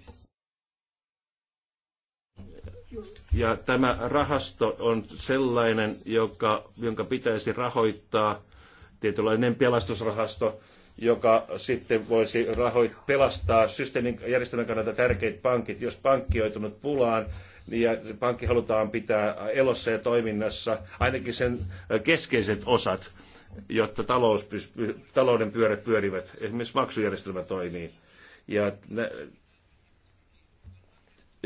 Ja tämä rahasto on sellainen, joka, jonka pitäisi rahoittaa tietynlainen pelastusrahasto, joka sitten voisi rahoit- pelastaa systeemin järjestelmän kannalta tärkeät pankit. Jos pankki on joutunut pulaan, niin pankki halutaan pitää elossa ja toiminnassa, ainakin sen keskeiset osat, jotta talous, talouden pyörät pyörivät, esimerkiksi maksujärjestelmä toimii. Ja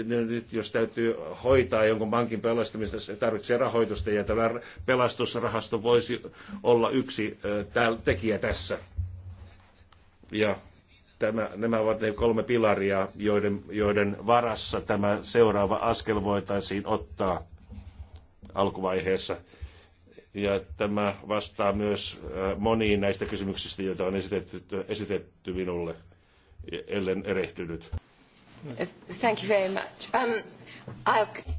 nyt jos täytyy hoitaa jonkun pankin pelastamista, se tarvitsee rahoitusta ja tämä pelastusrahasto voisi olla yksi tekijä tässä. Ja tämä, nämä ovat ne kolme pilaria, joiden, joiden varassa tämä seuraava askel voitaisiin ottaa alkuvaiheessa. Ja tämä vastaa myös äh, moniin näistä kysymyksistä, joita on esitetty, esitetty minulle, ellen erehtynyt. Thank you very much. Um, I'll...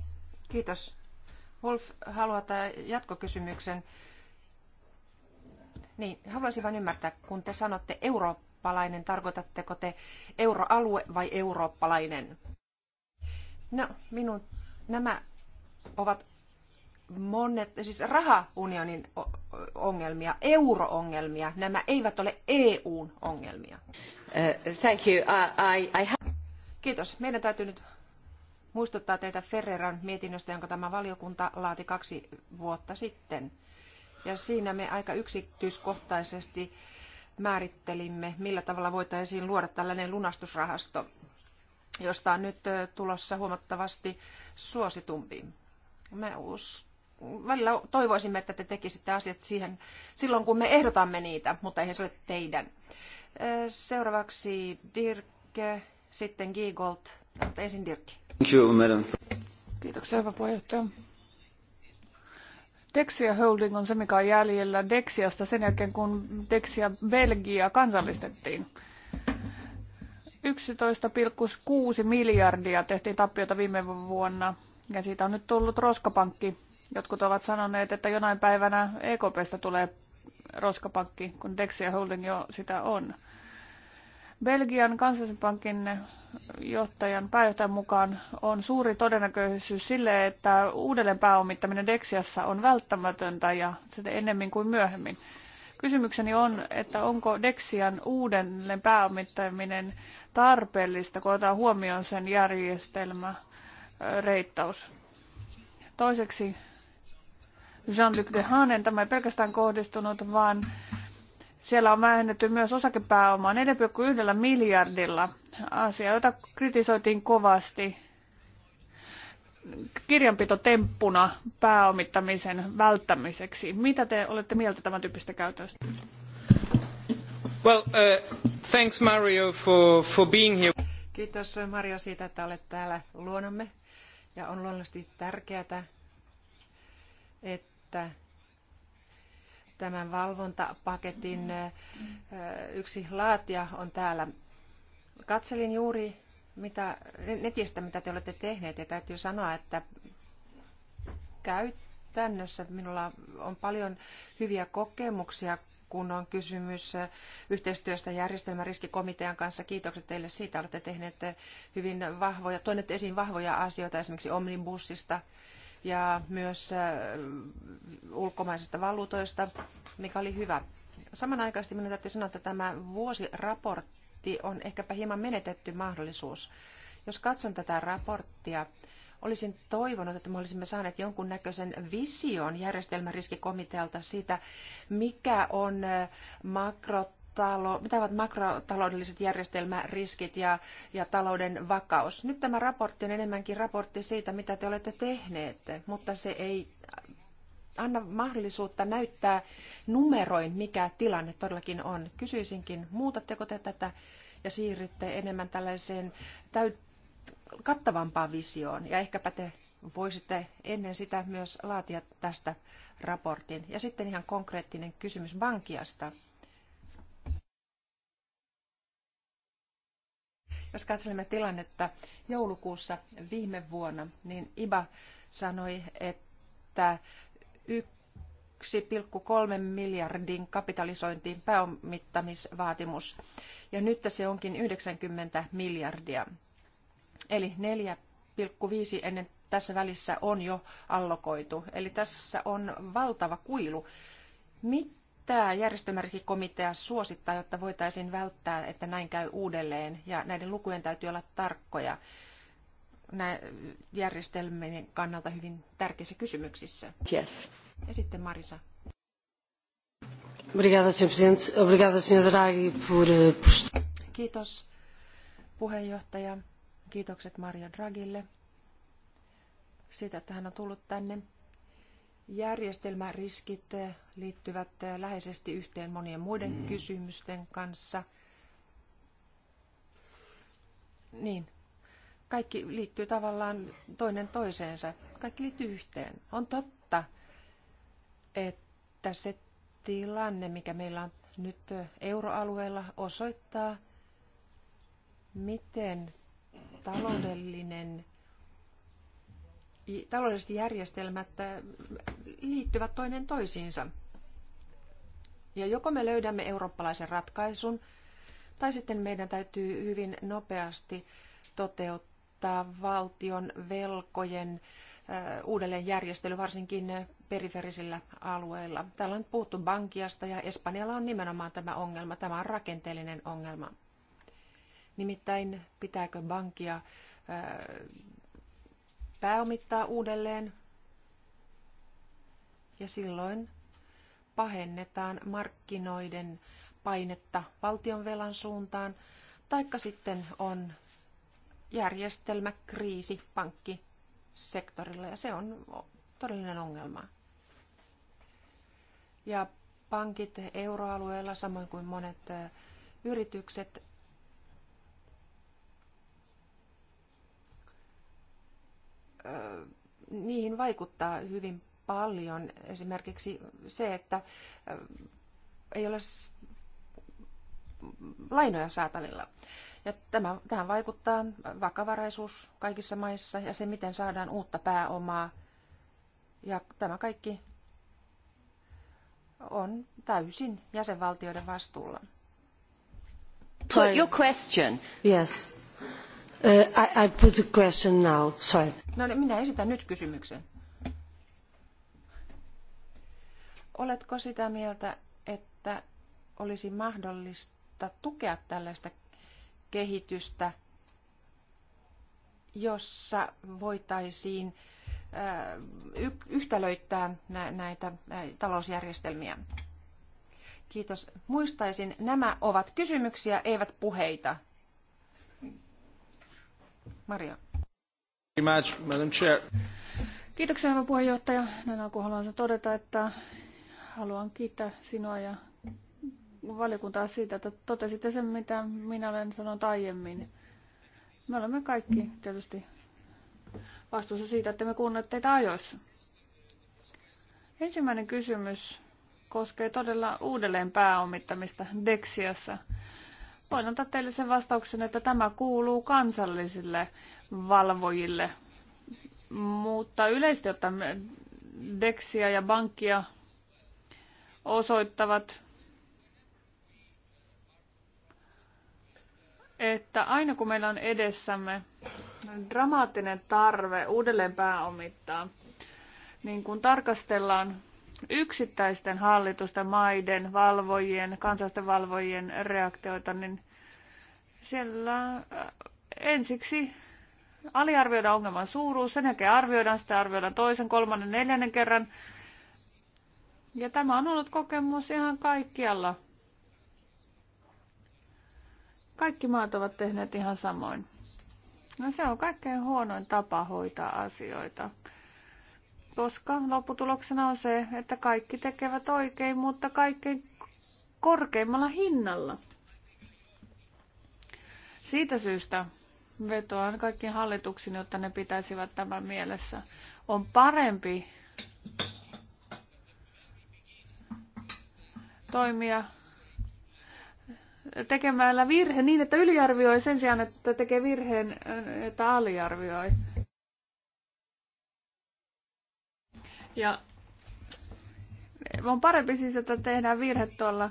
Kiitos. Wolf haluaa tämän äh, jatkokysymyksen. Niin, haluaisin vain ymmärtää, kun te sanotte Eurooppa eurooppalainen, tarkoitatteko te euroalue vai eurooppalainen? No, minun nämä ovat monet, siis rahaunionin ongelmia, euroongelmia, nämä eivät ole EUn ongelmia. Uh, thank you. Uh, I, I Kiitos. Meidän täytyy nyt muistuttaa teitä Ferreran mietinnöstä, jonka tämä valiokunta laati kaksi vuotta sitten. Ja siinä me aika yksityiskohtaisesti määrittelimme, millä tavalla voitaisiin luoda tällainen lunastusrahasto, josta on nyt tulossa huomattavasti suositumpi. Me us- välillä toivoisimme, että te tekisitte asiat siihen silloin, kun me ehdotamme niitä, mutta eihän se ole teidän. Seuraavaksi Dirke, sitten Giegold, mutta ensin Dirkki. Kiitoksia, hyvä puheenjohtaja. Dexia Holding on se, mikä on jäljellä Dexiasta sen jälkeen, kun Dexia Belgia kansallistettiin. 11,6 miljardia tehtiin tappiota viime vuonna ja siitä on nyt tullut roskapankki. Jotkut ovat sanoneet, että jonain päivänä EKPstä tulee roskapankki, kun Dexia Holding jo sitä on. Belgian kansallispankin johtajan pääjohtajan mukaan on suuri todennäköisyys sille, että uudelleen pääomittaminen Dexiassa on välttämätöntä ja sitä ennemmin kuin myöhemmin. Kysymykseni on, että onko Dexian uudelleen pääomittaminen tarpeellista, kun otetaan huomioon sen järjestelmä reittaus. Toiseksi Jean-Luc Dehanen, tämä ei pelkästään kohdistunut, vaan siellä on vähennetty myös osakepääomaa 4,1 miljardilla. Asia, jota kritisoitiin kovasti kirjanpitotemppuna pääomittamisen välttämiseksi. Mitä te olette mieltä tämän tyyppistä käytöstä? Well, uh, thanks Mario for, for being here. Kiitos Mario siitä, että olet täällä luonamme. Ja on luonnollisesti tärkeää, että tämän valvontapaketin yksi laatija on täällä. Katselin juuri mitä, netistä, mitä te olette tehneet, ja täytyy sanoa, että käytännössä minulla on paljon hyviä kokemuksia, kun on kysymys yhteistyöstä järjestelmäriskikomitean kanssa. Kiitokset teille siitä. Olette tehneet hyvin vahvoja, toineet esiin vahvoja asioita esimerkiksi Omnibussista, ja myös äh, ulkomaisista valuutoista, mikä oli hyvä. Samanaikaisesti minun täytyy sanoa, että tämä vuosiraportti on ehkäpä hieman menetetty mahdollisuus. Jos katson tätä raporttia, olisin toivonut, että me olisimme saaneet jonkunnäköisen vision järjestelmäriskikomitealta siitä, mikä on äh, makrot makrotalo, mitä ovat makrotaloudelliset järjestelmäriskit ja, ja talouden vakaus. Nyt tämä raportti on enemmänkin raportti siitä, mitä te olette tehneet, mutta se ei anna mahdollisuutta näyttää numeroin, mikä tilanne todellakin on. Kysyisinkin, muutatteko te tätä ja siirrytte enemmän tällaiseen täyt- kattavampaan visioon ja ehkäpä te voisitte ennen sitä myös laatia tästä raportin. Ja sitten ihan konkreettinen kysymys Bankiasta. Jos katselemme tilannetta joulukuussa viime vuonna, niin IBA sanoi, että 1,3 miljardin kapitalisointiin pääomittamisvaatimus, ja nyt se onkin 90 miljardia. Eli 4,5 ennen tässä välissä on jo allokoitu. Eli tässä on valtava kuilu. Mit, tämä järjestelmäriskikomitea suosittaa, jotta voitaisiin välttää, että näin käy uudelleen. Ja näiden lukujen täytyy olla tarkkoja nä- järjestelmien kannalta hyvin tärkeissä kysymyksissä. Yes. Ja sitten Marisa. Obrigada, Sr. Presidente. Obrigada, Sr. Draghi, por, eh, por... Kiitos puheenjohtaja. Kiitokset Mario Dragille siitä, että hän on tullut tänne Järjestelmäriskit liittyvät läheisesti yhteen monien muiden mm. kysymysten kanssa. Niin. Kaikki liittyy tavallaan toinen toiseensa. Kaikki liittyy yhteen. On totta, että se tilanne, mikä meillä on nyt euroalueella, osoittaa, miten taloudellinen taloudelliset järjestelmät äh, liittyvät toinen toisiinsa. Ja joko me löydämme eurooppalaisen ratkaisun, tai sitten meidän täytyy hyvin nopeasti toteuttaa valtion velkojen äh, uudelleenjärjestely, varsinkin äh, periferisillä alueilla. Täällä on puhuttu Bankiasta ja Espanjalla on nimenomaan tämä ongelma. Tämä on rakenteellinen ongelma. Nimittäin pitääkö Bankia pääomittaa uudelleen ja silloin pahennetaan markkinoiden painetta valtionvelan suuntaan, taikka sitten on järjestelmäkriisi pankkisektorilla ja se on todellinen ongelma. Ja pankit euroalueella, samoin kuin monet yritykset, niihin vaikuttaa hyvin paljon. Esimerkiksi se, että ei ole lainoja saatavilla. Ja tämä, tähän vaikuttaa vakavaraisuus kaikissa maissa ja se, miten saadaan uutta pääomaa. Ja tämä kaikki on täysin jäsenvaltioiden vastuulla. Put your question. Yes. Uh, I, I put a question now, sorry. No niin, minä esitän nyt kysymyksen. Oletko sitä mieltä, että olisi mahdollista tukea tällaista kehitystä, jossa voitaisiin uh, yhtälöittää näitä talousjärjestelmiä? Kiitos. Muistaisin, nämä ovat kysymyksiä, eivät puheita. Maria. Kiitoksia, hyvä puheenjohtaja. Näin alkuun haluan todeta, että haluan kiittää sinua ja valiokuntaa siitä, että totesitte sen, mitä minä olen sanonut aiemmin. Me olemme kaikki tietysti vastuussa siitä, että me kuunnelemme teitä ajoissa. Ensimmäinen kysymys koskee todella uudelleen pääomittamista Dexiassa – Voin antaa teille sen vastauksen, että tämä kuuluu kansallisille valvojille. Mutta yleisesti ottaen deksiä ja bankkia osoittavat, että aina kun meillä on edessämme dramaattinen tarve uudelleen pääomittaa, niin kun tarkastellaan yksittäisten hallitusten, maiden, valvojien, kansallisten valvojien reaktioita, niin siellä äh, ensiksi aliarvioidaan ongelman suuruus, sen jälkeen arvioidaan sitä, arvioidaan toisen, kolmannen, neljännen kerran. Ja tämä on ollut kokemus ihan kaikkialla. Kaikki maat ovat tehneet ihan samoin. No se on kaikkein huonoin tapa hoitaa asioita koska lopputuloksena on se, että kaikki tekevät oikein, mutta kaikkein korkeimmalla hinnalla. Siitä syystä vetoan kaikkiin hallituksiin, jotta ne pitäisivät tämän mielessä. On parempi toimia tekemällä virhe niin, että yliarvioi sen sijaan, että tekee virheen, että aliarvioi. Ja on parempi siis, että tehdään virhe tuolla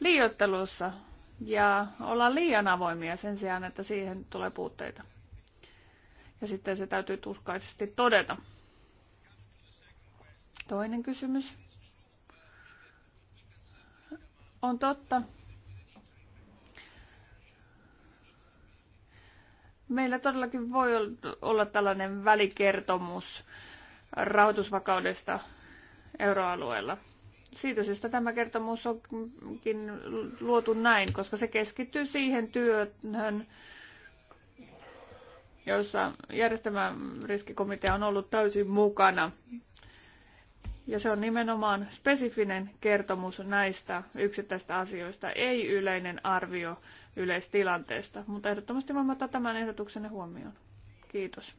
liiottelussa ja ollaan liian avoimia sen sijaan, että siihen tulee puutteita. Ja sitten se täytyy tuskaisesti todeta. Toinen kysymys. On totta. Meillä todellakin voi olla tällainen välikertomus rahoitusvakaudesta euroalueella. Siitä syystä tämä kertomus onkin luotu näin, koska se keskittyy siihen työhön, jossa järjestelmän riskikomitea on ollut täysin mukana. Ja se on nimenomaan spesifinen kertomus näistä yksittäistä asioista, ei yleinen arvio yleistilanteesta. Mutta ehdottomasti voimme ottaa tämän ehdotuksenne huomioon. Kiitos.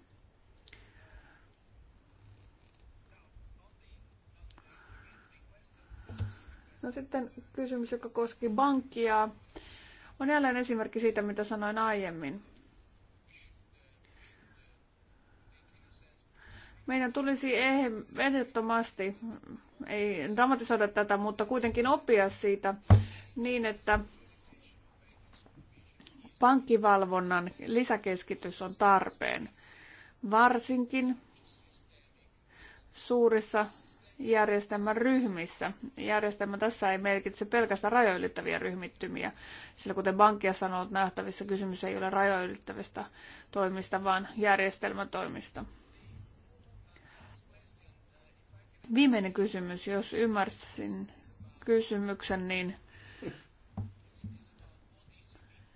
No sitten kysymys, joka koski pankkia, on jälleen esimerkki siitä, mitä sanoin aiemmin. Meidän tulisi ehdottomasti, ei dramatisoida tätä, mutta kuitenkin oppia siitä niin, että pankkivalvonnan lisäkeskitys on tarpeen, varsinkin suurissa järjestelmän ryhmissä. Järjestelmä tässä ei merkitse pelkästään rajoilittäviä ryhmittymiä, sillä kuten bankia sanoo, nähtävissä kysymys ei ole rajoilittävistä toimista, vaan järjestelmätoimista. Viimeinen kysymys, jos ymmärsin kysymyksen, niin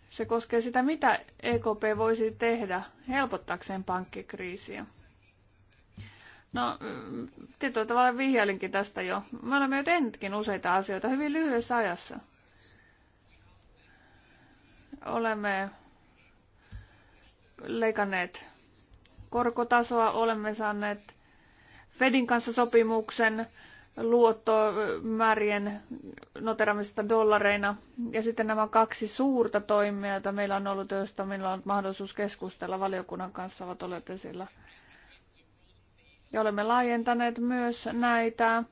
se koskee sitä, mitä EKP voisi tehdä helpottaakseen pankkikriisiä. No, mm, tietyllä tavalla vihjailinkin tästä jo. Me olemme jo tehneetkin useita asioita hyvin lyhyessä ajassa. Olemme leikanneet korkotasoa, olemme saaneet Fedin kanssa sopimuksen luottomäärien noteramista dollareina. Ja sitten nämä kaksi suurta toimia, joita meillä on ollut, joista meillä on mahdollisuus keskustella valiokunnan kanssa, ovat olleet esillä – ja olemme laajentaneet myös näitä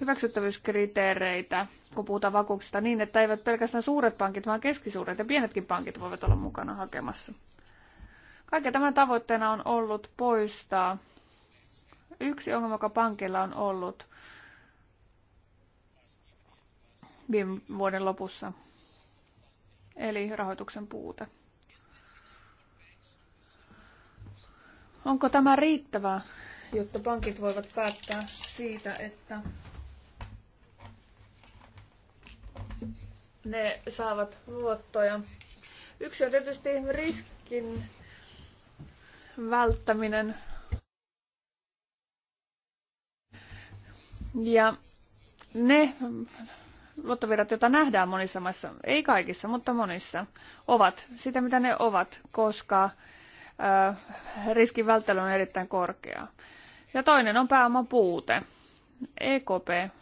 hyväksyttävyyskriteereitä, kun puhutaan vakuuksista niin, että eivät pelkästään suuret pankit, vaan keskisuuret ja pienetkin pankit voivat olla mukana hakemassa. Kaiken tämän tavoitteena on ollut poistaa yksi ongelma, joka pankilla on ollut viime vuoden lopussa, eli rahoituksen puute. Onko tämä riittävää, jotta pankit voivat päättää siitä, että ne saavat luottoja? Yksi on tietysti riskin välttäminen. Ja ne luottovirrat, joita nähdään monissa maissa, ei kaikissa, mutta monissa, ovat sitä, mitä ne ovat, koska riskin välttely on erittäin korkea. Ja toinen on pääoman puute. EKP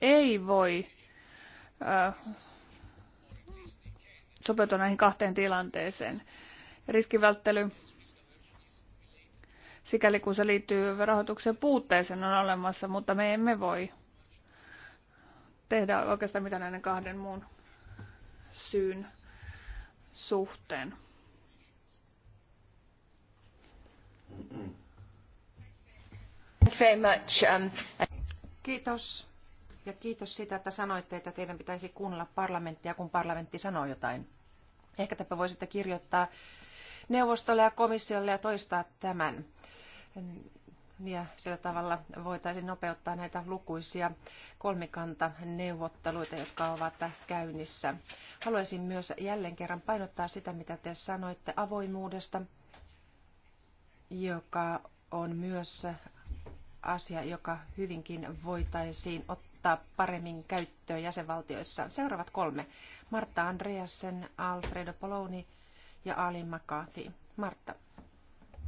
ei voi sopeutua näihin kahteen tilanteeseen. Riskivälttely, sikäli kun se liittyy rahoituksen puutteeseen, on olemassa, mutta me emme voi tehdä oikeastaan mitään näiden kahden muun syyn suhteen. Um, kiitos. Ja kiitos siitä, että sanoitte, että teidän pitäisi kuunnella parlamenttia, kun parlamentti sanoo jotain. Ehkä te voisitte kirjoittaa neuvostolle ja komissiolle ja toistaa tämän. Ja sillä tavalla voitaisiin nopeuttaa näitä lukuisia kolmikantaneuvotteluita, jotka ovat käynnissä. Haluaisin myös jälleen kerran painottaa sitä, mitä te sanoitte avoimuudesta joka on myös asia, joka hyvinkin voitaisiin ottaa paremmin käyttöön jäsenvaltioissa. Seuraavat kolme. Martta Andreasen, Alfredo Poloni ja Ali McCarthy. Martta.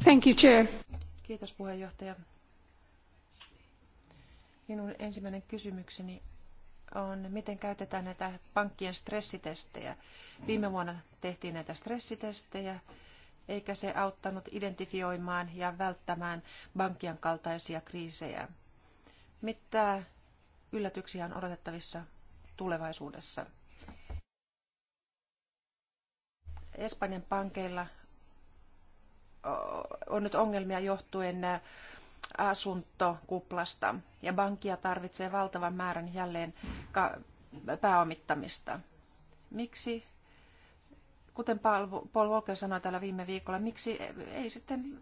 Thank you, Chair. Kiitos puheenjohtaja. Minun ensimmäinen kysymykseni on, miten käytetään näitä pankkien stressitestejä. Viime vuonna tehtiin näitä stressitestejä eikä se auttanut identifioimaan ja välttämään bankian kaltaisia kriisejä. Mitä yllätyksiä on odotettavissa tulevaisuudessa? Espanjan pankeilla on nyt ongelmia johtuen asuntokuplasta ja bankia tarvitsee valtavan määrän jälleen pääomittamista. Miksi Kuten Paul Walker sanoi täällä viime viikolla, miksi ei sitten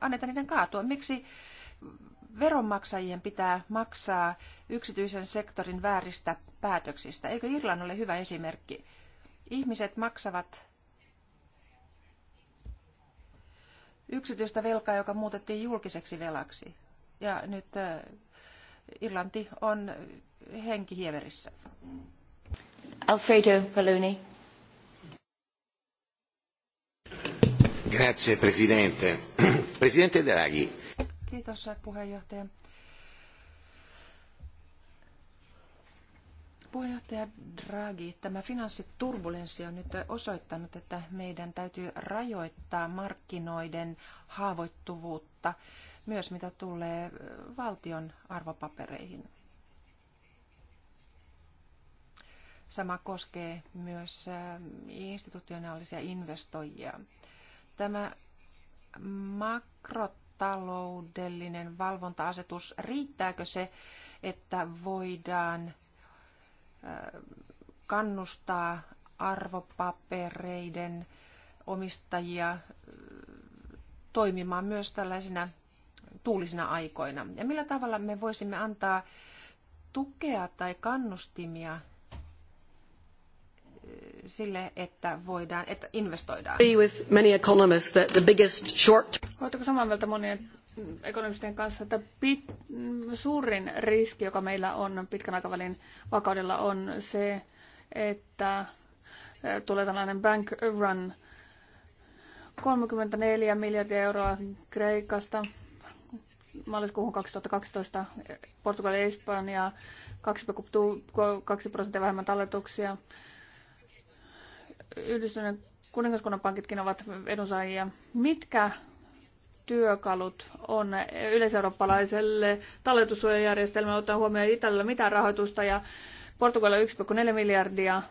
anneta niiden kaatua? Miksi veronmaksajien pitää maksaa yksityisen sektorin vääristä päätöksistä? Eikö Irlannin ole hyvä esimerkki? Ihmiset maksavat yksityistä velkaa, joka muutettiin julkiseksi velaksi. Ja nyt Irlanti on henkihieverissä. Alfredo Paloni. Grazie, presidente. <clears throat> Presidente Draghi. Kiitos, puheenjohtaja. Puheenjohtaja Draghi, tämä finanssiturbulenssi on nyt osoittanut, että meidän täytyy rajoittaa markkinoiden haavoittuvuutta, myös mitä tulee valtion arvopapereihin. Sama koskee myös institutionaalisia investoijia tämä makrotaloudellinen valvonta-asetus, riittääkö se, että voidaan kannustaa arvopapereiden omistajia toimimaan myös tällaisina tuulisina aikoina? Ja millä tavalla me voisimme antaa tukea tai kannustimia sille, että voidaan, että investoidaan. With many economists that the biggest short... Oletteko samaa mieltä monien ekonomistien kanssa, että pit, suurin riski, joka meillä on pitkän aikavälin vakaudella, on se, että tulee tällainen bank run 34 miljardia euroa Kreikasta maaliskuuhun 2012, Portugali ja Espanja 2,2 prosenttia vähemmän talletuksia, Yhdistyneen kuningaskunnan pankitkin ovat edunsaajia. Mitkä työkalut on yleiseurooppalaiselle talletussuojajärjestelmälle ottaa huomioon Italialla mitään rahoitusta ja Portugalilla 1,4 miljardia,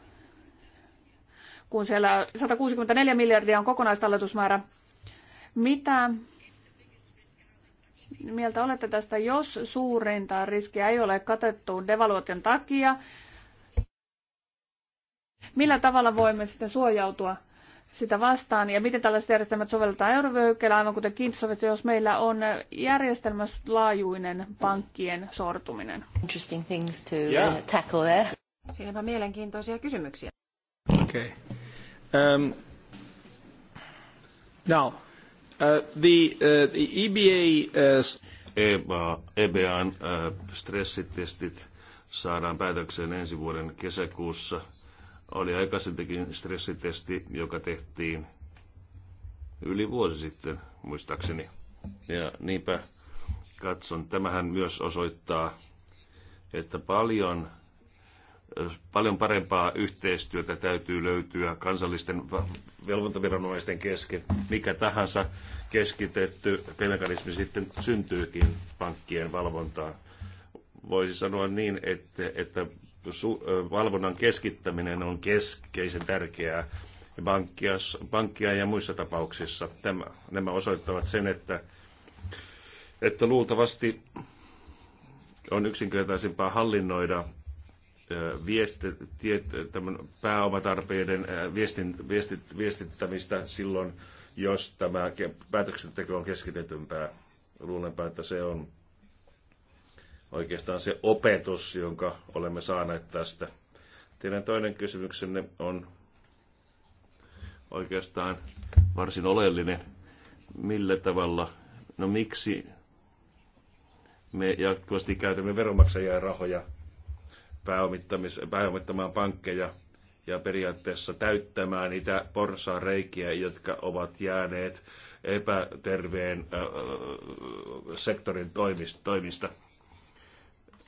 kun siellä 164 miljardia on kokonaistalletusmäärä. Mitä mieltä olette tästä, jos suurinta riskiä ei ole katettu devaluation takia, millä tavalla voimme sitä suojautua sitä vastaan ja miten tällaiset järjestelmät sovelletaan eurovyöhykkeellä, aivan kuten Kintsovit, jos meillä on laajuinen pankkien sortuminen. Interesting things to uh, yeah. tackle there. Siinäpä mielenkiintoisia kysymyksiä. Okay. Um, now, uh, the, uh, the EBA... Uh... EBA, EBAn uh, stressitestit saadaan päätökseen ensi vuoden kesäkuussa – oli aikaisempikin stressitesti, joka tehtiin yli vuosi sitten, muistaakseni. Ja niinpä katson, tämähän myös osoittaa, että paljon, paljon parempaa yhteistyötä täytyy löytyä kansallisten velvontaviranomaisten kesken. Mikä tahansa keskitetty mekanismi sitten syntyykin pankkien valvontaan. Voisi sanoa niin, että, että valvonnan keskittäminen on keskeisen tärkeää pankkia ja muissa tapauksissa. Tämä, nämä osoittavat sen, että, että luultavasti on yksinkertaisempaa hallinnoida viesti, tiet, pääomatarpeiden viestin, viestit, viestittämistä silloin, jos tämä päätöksenteko on keskitetympää. Luulenpa, että se on oikeastaan se opetus, jonka olemme saaneet tästä. Teidän toinen kysymyksenne on oikeastaan varsin oleellinen. Millä tavalla, no miksi me jatkuvasti käytämme veronmaksajien rahoja pääomittamaan pankkeja ja periaatteessa täyttämään niitä reikiä, jotka ovat jääneet epäterveen sektorin toimista.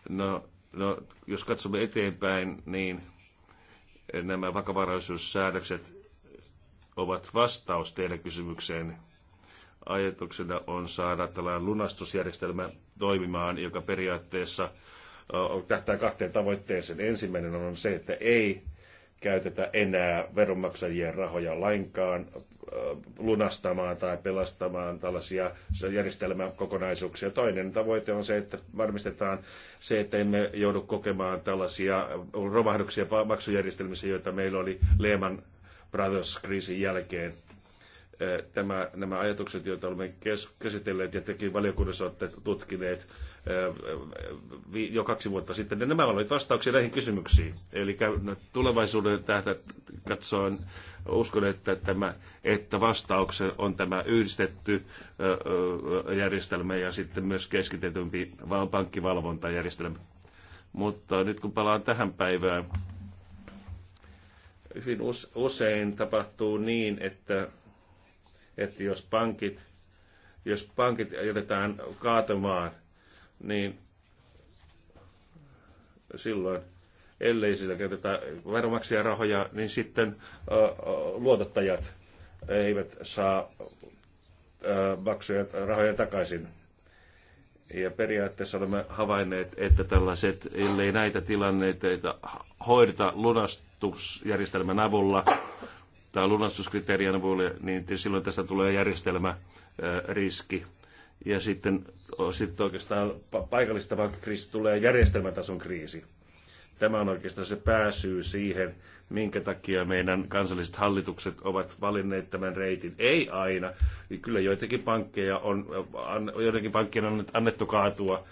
No, no, jos katsomme eteenpäin, niin nämä vakavaraisuussäädökset ovat vastaus teidän kysymykseen. Ajatuksena on saada tällainen lunastusjärjestelmä toimimaan, joka periaatteessa tähtää kahteen tavoitteeseen. Ensimmäinen on se, että ei käytetä enää veronmaksajien rahoja lainkaan lunastamaan tai pelastamaan tällaisia järjestelmäkokonaisuuksia. Toinen tavoite on se, että varmistetaan se, että emme joudu kokemaan tällaisia romahduksia maksujärjestelmissä, joita meillä oli Lehman Brothers-kriisin jälkeen Eh, tämä, nämä ajatukset, joita olemme kes, käsitelleet ja tekin valiokunnassa olette tutkineet eh, jo kaksi vuotta sitten, niin nämä olivat vastauksia näihin kysymyksiin. Eli tulevaisuuden tähtä katsoen uskon, että, tämä, että vastauksen on tämä yhdistetty eh, järjestelmä ja sitten myös keskitetympi pankkivalvontajärjestelmä. Mutta nyt kun palaan tähän päivään, hyvin usein tapahtuu niin, että että jos pankit, jos pankit jätetään kaatumaan, niin silloin, ellei sillä käytetä veromaksia rahoja, niin sitten luotottajat eivät saa maksuja rahoja takaisin. Ja periaatteessa olemme havainneet, että tällaiset, ellei näitä tilanneita hoideta lunastusjärjestelmän avulla, tai lunastuskriteerien olla, niin silloin tästä tulee järjestelmäriski. Ja sitten, sitten oikeastaan paikallista kriisi tulee järjestelmätason kriisi. Tämä on oikeastaan se pääsyy siihen, minkä takia meidän kansalliset hallitukset ovat valinneet tämän reitin. Ei aina. Kyllä joitakin pankkeja on, joidenkin pankkien on annettu kaatua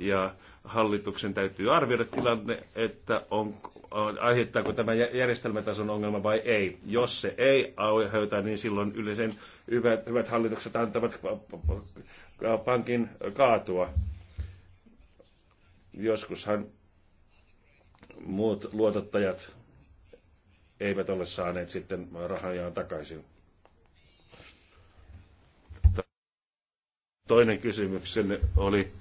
ja hallituksen täytyy arvioida tilanne, että on, aiheuttaako tämä järjestelmätason ongelma vai ei. Jos se ei aiheuta, niin silloin yleensä hyvät, hyvät hallitukset antavat pankin kaatua. Joskushan muut luotottajat eivät ole saaneet sitten rahajaan takaisin. Toinen kysymyksenne oli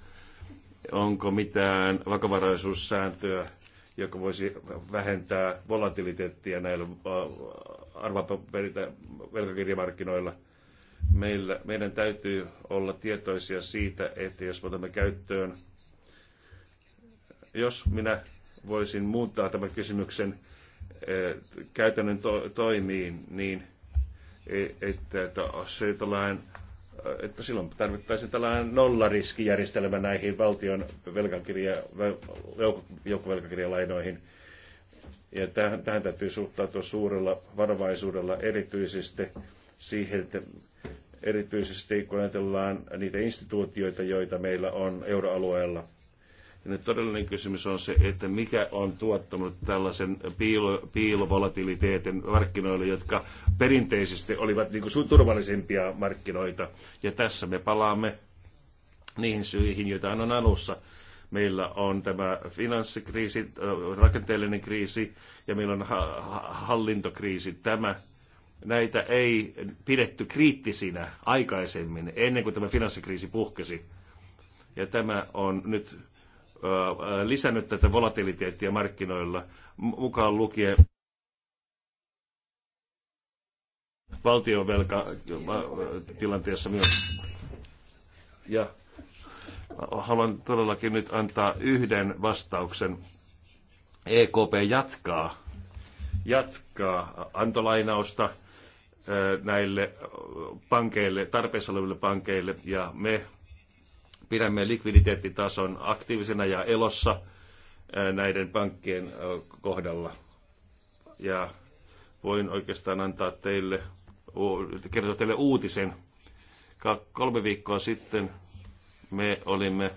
onko mitään vakavaraisuussääntöä, joka voisi vähentää volatiliteettia näillä velkakirjamarkkinoilla. Meillä, meidän täytyy olla tietoisia siitä, että jos otamme käyttöön, jos minä voisin muuttaa tämän kysymyksen käytännön to, toimiin, niin että, että se tällainen että silloin tarvittaisiin tällainen nollariskijärjestelmä näihin valtion velkakirja, joukkovelkakirjalainoihin. Ja tähän, tähän täytyy suhtautua suurella varovaisuudella erityisesti siihen, että erityisesti kun ajatellaan niitä instituutioita, joita meillä on euroalueella – ja nyt todellinen kysymys on se, että mikä on tuottanut tällaisen piilo, piilovolatiliteetin markkinoille, jotka perinteisesti olivat niin kuin turvallisimpia markkinoita. Ja tässä me palaamme niihin syihin, joita on alussa. Meillä on tämä finanssikriisi, rakenteellinen kriisi ja meillä on hallintokriisi. Tämä näitä ei pidetty kriittisinä aikaisemmin, ennen kuin tämä finanssikriisi puhkesi. Ja tämä on nyt lisännyt tätä volatiliteettia markkinoilla, mukaan lukien valtionvelka tilanteessa myös. Ja haluan todellakin nyt antaa yhden vastauksen. EKP jatkaa, jatkaa antolainausta näille pankeille, tarpeessa oleville pankeille, ja me pidämme likviditeettitason aktiivisena ja elossa näiden pankkien kohdalla. Ja voin oikeastaan antaa teille, kertoa teille uutisen. Kolme viikkoa sitten me olimme,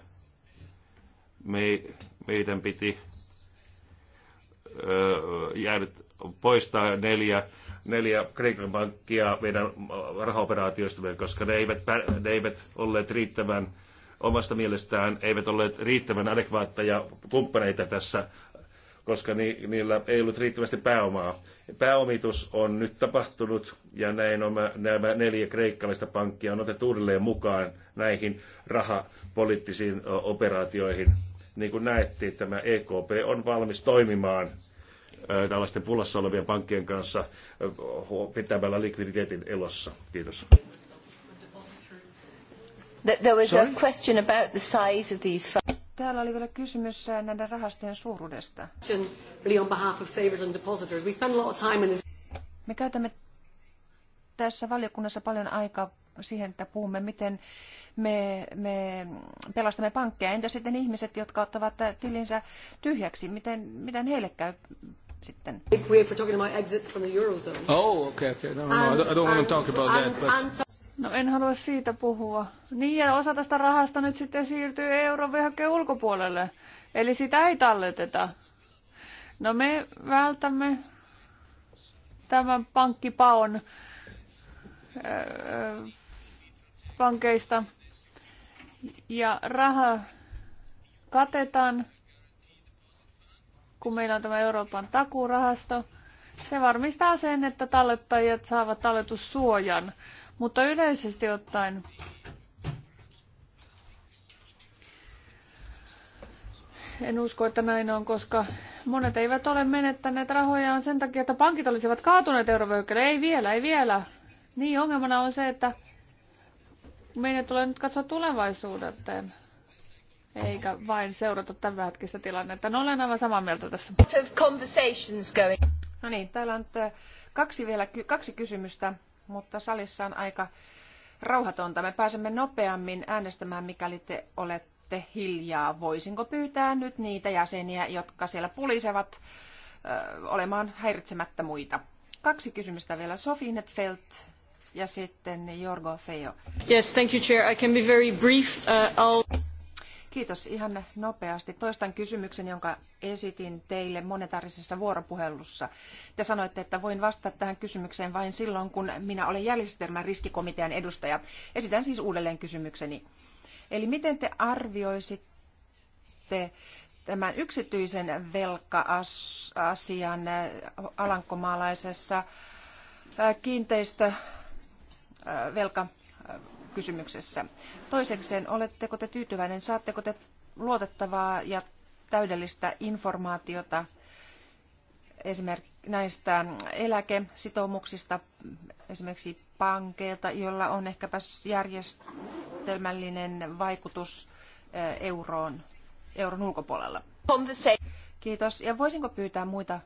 me, meidän piti jäänyt, poistaa neljä, neljä Kreikan pankkia meidän rahaoperaatioistamme, koska ne eivät, ne eivät olleet riittävän omasta mielestään eivät olleet riittävän adekvaatteja kumppaneita tässä, koska ni, niillä ei ollut riittävästi pääomaa. Pääomitus on nyt tapahtunut ja näin on, nämä neljä kreikkalaista pankkia on otettu uudelleen mukaan näihin rahapoliittisiin operaatioihin. Niin kuin näettiin, tämä EKP on valmis toimimaan tällaisten pulassa olevien pankkien kanssa pitämällä likviditeetin elossa. Kiitos. Täällä oli vielä kysymys eh, näiden rahastojen suuruudesta. Me käytämme tässä valiokunnassa paljon aikaa siihen, että puhumme, miten me, me pelastamme pankkeja. Entä sitten ihmiset, jotka ottavat eh, tilinsä tyhjäksi, miten, miten heille käy sitten? Oh, okay, okay. No, no, no. I don't want to talk about that. But... No en halua siitä puhua. Niin ja osa tästä rahasta nyt sitten siirtyy eurovyöhykkeen ulkopuolelle. Eli sitä ei talleteta. No me vältämme tämän pankkipaon öö, pankeista. Ja raha katetaan, kun meillä on tämä Euroopan takurahasto. Se varmistaa sen, että tallettajat saavat talletussuojan mutta yleisesti ottaen en usko, että näin on, koska monet eivät ole menettäneet rahojaan sen takia, että pankit olisivat kaatuneet eurovyöhykkeelle. Ei vielä, ei vielä. Niin ongelmana on se, että meidän tulee nyt katsoa tulevaisuuteen, eikä vain seurata tämän hetkistä tilannetta. No olen aivan samaa mieltä tässä. No niin, täällä on eh, kaksi, vielä, kaksi kysymystä mutta salissa on aika rauhatonta. Me pääsemme nopeammin äänestämään, mikäli te olette hiljaa. Voisinko pyytää nyt niitä jäseniä, jotka siellä pulisevat ö, olemaan häiritsemättä muita? Kaksi kysymystä vielä. Sofi Netfeldt ja sitten Jorgo Feio. Yes, thank you, Chair. I can be very brief. Uh, I'll... Kiitos. Ihan nopeasti. Toistan kysymyksen, jonka esitin teille monetaarisessa vuoropuhelussa. Te sanoitte, että voin vastata tähän kysymykseen vain silloin, kun minä olen järjestelmän riskikomitean edustaja. Esitän siis uudelleen kysymykseni. Eli miten te arvioisitte tämän yksityisen velka-asian äh, alankomaalaisessa äh, kiinteistövelka äh, kysymyksessä. Toisekseen, oletteko te tyytyväinen, saatteko te luotettavaa ja täydellistä informaatiota esimerkiksi näistä eläkesitoumuksista, esimerkiksi pankeilta, jolla on ehkäpä järjestelmällinen vaikutus eh, euroon, euron ulkopuolella. Kiitos. Ja voisinko pyytää muita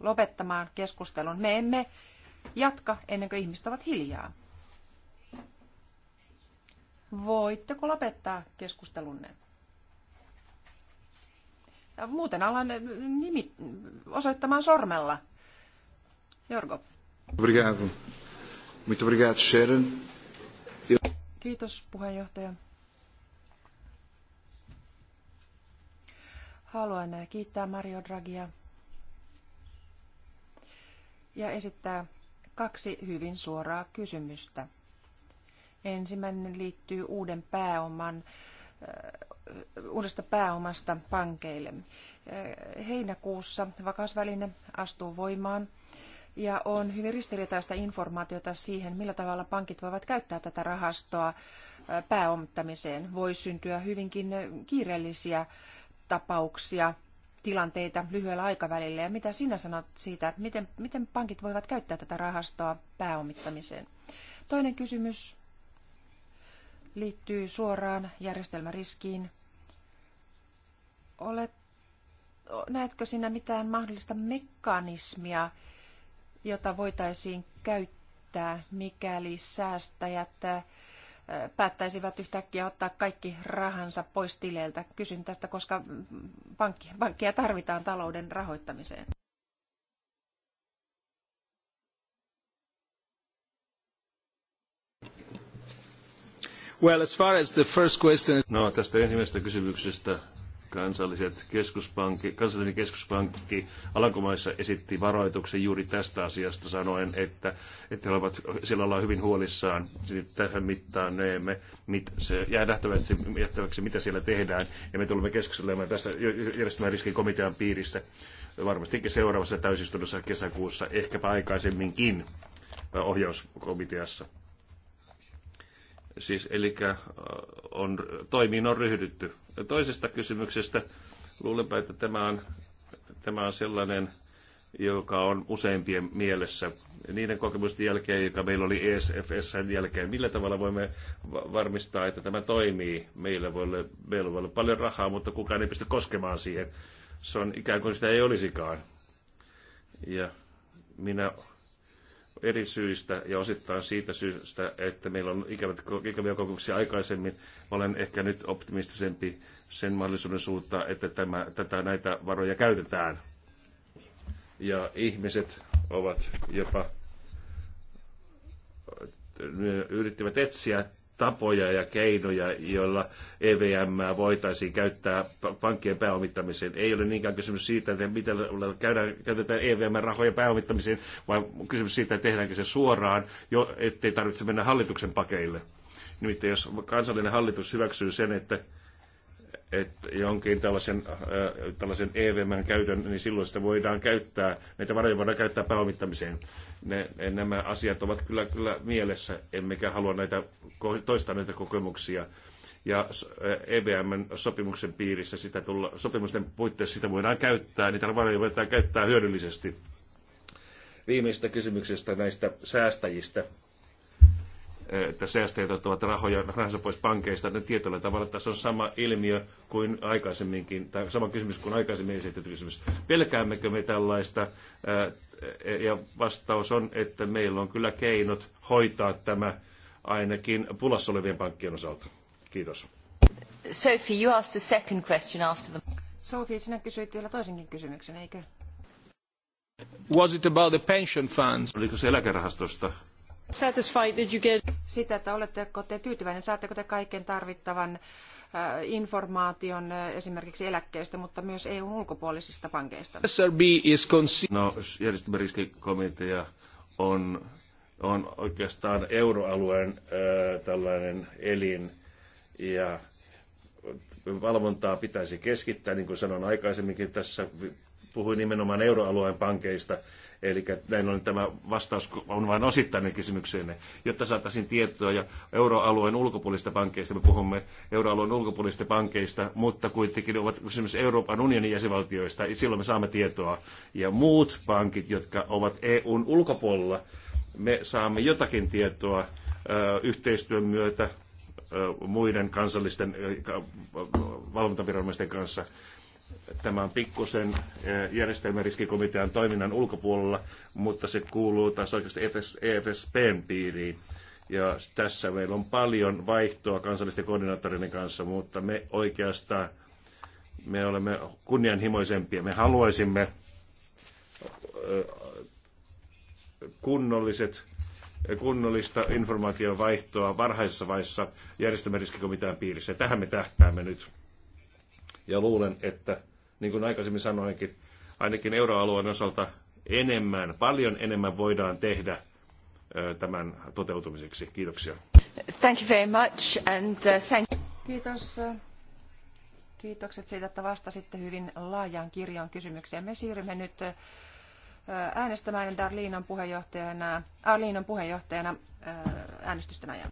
lopettamaan keskustelun? Me emme jatka ennen kuin ihmiset ovat hiljaa. Voitteko lopettaa keskustelunne? Muuten alan nimi, osoittamaan sormella. Jorgo. Obrigado. Muito obrigado, Sharon. Kiitos, puheenjohtaja. Haluan kiittää Mario Dragia ja esittää kaksi hyvin suoraa kysymystä. Ensimmäinen liittyy uuden pääoman uudesta pääomasta pankeille. Heinäkuussa vakausväline astuu voimaan ja on hyvin ristiriitaista informaatiota siihen, millä tavalla pankit voivat käyttää tätä rahastoa pääomittamiseen. Voi syntyä hyvinkin kiireellisiä tapauksia, tilanteita lyhyellä aikavälillä. Ja mitä sinä sanot siitä, miten, miten pankit voivat käyttää tätä rahastoa pääomittamiseen? Toinen kysymys liittyy suoraan järjestelmäriskiin. Olet, näetkö sinä mitään mahdollista mekanismia, jota voitaisiin käyttää, mikäli säästäjät äh, päättäisivät yhtäkkiä ottaa kaikki rahansa pois tileiltä? Kysyn tästä, koska pankki, pankkia tarvitaan talouden rahoittamiseen. Well, as far as the first question... No, tästä ensimmäisestä kysymyksestä kansalliset keskuspankki, kansallinen keskuspankki Alankomaissa esitti varoituksen juuri tästä asiasta sanoen, että, että he ovat, siellä ollaan hyvin huolissaan. tähän mittaan näemme, mit, se jää nähtäväksi, nähtäväksi, mitä siellä tehdään. Ja me tulemme keskustelemaan tästä järjestelmän riskikomitean piirissä varmastikin seuraavassa täysistunnossa kesäkuussa, ehkäpä aikaisemminkin ohjauskomiteassa. Siis, eli on, toimiin on ryhdytty. Toisesta kysymyksestä luulenpa, että tämä on, tämä on sellainen, joka on useimpien mielessä. Niiden kokemusten jälkeen, joka meillä oli ESFSn jälkeen, millä tavalla voimme varmistaa, että tämä toimii. Meillä voi olla, meillä voi olla paljon rahaa, mutta kukaan ei pysty koskemaan siihen. Se on ikään kuin sitä ei olisikaan. Ja minä eri syistä ja osittain siitä syystä, että meillä on ikävät, ikäviä kokouksia aikaisemmin. Mä olen ehkä nyt optimistisempi sen mahdollisuuden suutta, että tämä, tätä, näitä varoja käytetään. Ja ihmiset ovat jopa yrittivät etsiä tapoja ja keinoja, joilla EVM voitaisiin käyttää pankkien pääomittamiseen. Ei ole niinkään kysymys siitä, että miten käydään, käytetään EVM-rahoja pääomittamiseen, vaan kysymys siitä, että tehdäänkö se suoraan, jo, ettei tarvitse mennä hallituksen pakeille. Nimittäin jos kansallinen hallitus hyväksyy sen, että et jonkin tällaisen, äh, tällaisen EVMn käytön, niin silloin sitä voidaan käyttää, näitä varoja voidaan käyttää pääomittamiseen. Ne, nämä asiat ovat kyllä, kyllä mielessä, emmekä halua näitä, toistaa näitä kokemuksia. Ja äh, EVMn sopimuksen piirissä sitä tulla, sopimusten puitteissa sitä voidaan käyttää, niitä varoja voidaan käyttää hyödyllisesti. Viimeistä kysymyksestä näistä säästäjistä että säästäjät ottavat rahoja, rahansa pois pankeista, niin tietyllä tavalla tässä on sama ilmiö kuin aikaisemminkin, tai sama kysymys kuin aikaisemmin esitetty kysymys. Pelkäämmekö me tällaista? Äh, ja vastaus on, että meillä on kyllä keinot hoitaa tämä ainakin pulassa olevien pankkien osalta. Kiitos. Sophie, you asked the second question after the... Sophie, sinä kysyit vielä toisenkin kysymyksen, eikö? Was it about the pension funds? Oliko se eläkerahastosta? Sitä, että oletteko te tyytyväinen, saatteko te kaiken tarvittavan informaation esimerkiksi eläkkeistä, mutta myös n ulkopuolisista pankeista? SRB is no, on, on oikeastaan euroalueen tällainen elin ja valvontaa pitäisi keskittää, niin kuin sanoin aikaisemminkin tässä puhuin nimenomaan euroalueen pankeista, Eli näin on tämä vastaus on vain osittainen kysymykseen, Jotta saataisiin tietoa ja euroalueen ulkopuolista pankeista, me puhumme euroalueen ulkopuolista pankeista, mutta kuitenkin ovat kysymys Euroopan unionin jäsenvaltioista, silloin me saamme tietoa. Ja muut pankit, jotka ovat EUn ulkopuolella, me saamme jotakin tietoa yhteistyön myötä muiden kansallisten valvontaviranomaisten kanssa. Tämä on pikkusen eh, järjestelmäriskikomitean toiminnan ulkopuolella, mutta se kuuluu taas oikeasti EFS, EFSPn piiriin. Ja tässä meillä on paljon vaihtoa kansallisten koordinaattorien kanssa, mutta me oikeastaan me olemme kunnianhimoisempia. Me haluaisimme eh, kunnolliset, kunnollista informaation vaihtoa varhaisessa vaiheessa järjestelmäriskikomitean piirissä. Tähän me tähtäämme nyt. Ja luulen, että niin kuin aikaisemmin sanoinkin, ainakin euroalueen osalta enemmän, paljon enemmän voidaan tehdä tämän toteutumiseksi. Kiitoksia. Thank you very much and uh, thank... Kiitos. Kiitokset siitä, että vastasitte hyvin laajaan kirjon kysymykseen. Me siirrymme nyt äänestämään Darliinan puheenjohtajana, Arliinan puheenjohtajana äänestysten ajan.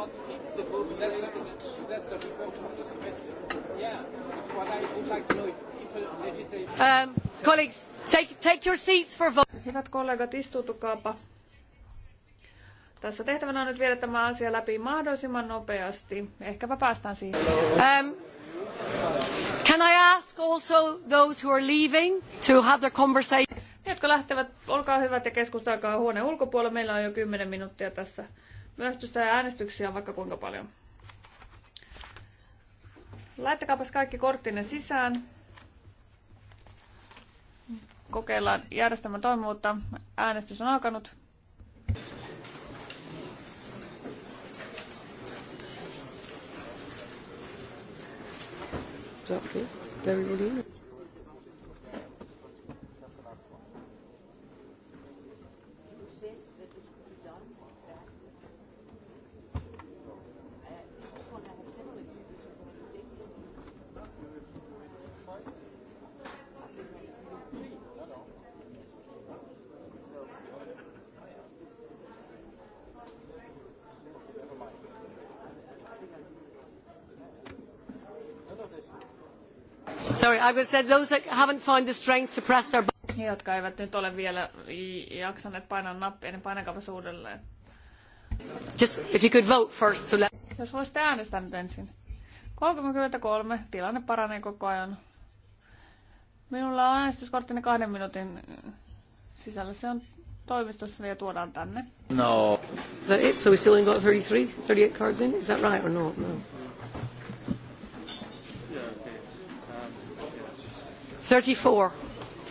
not fix the problem. That's, that's the report of the semester. Yeah, but I would like to know if, if a Um, colleagues, take, take your seats for vote. Hyvät kollegat, istutukaapa. Tässä tehtävänä on nyt viedä tämä asia läpi mahdollisimman nopeasti. Ehkäpä päästään siihen. Um, can I ask also those who are leaving to have their conversation? Ne, jotka lähtevät, olkaa hyvät ja keskustelkaa huoneen ulkopuolella. Meillä on jo 10 minuuttia tässä myöhästystä ja äänestyksiä on vaikka kuinka paljon. Laittakaapas kaikki korttinen sisään. Kokeillaan järjestelmän toimivuutta. Äänestys on alkanut. So, okay. Everybody. Sorry, I was said those that haven't found the strength to press their Ne, jotka eivät nyt ole vielä jaksaneet painaa nappia, niin painakaapas uudelleen. Just if you could vote first to let... Jos voisit äänestää nyt ensin. 33, tilanne paranee koko ajan. Minulla on äänestyskorttini kahden minuutin sisällä. Se on toimistossa ja tuodaan tänne. No. That it? So we still got 33, 38 cards in? Is that right or not? No. thirty Four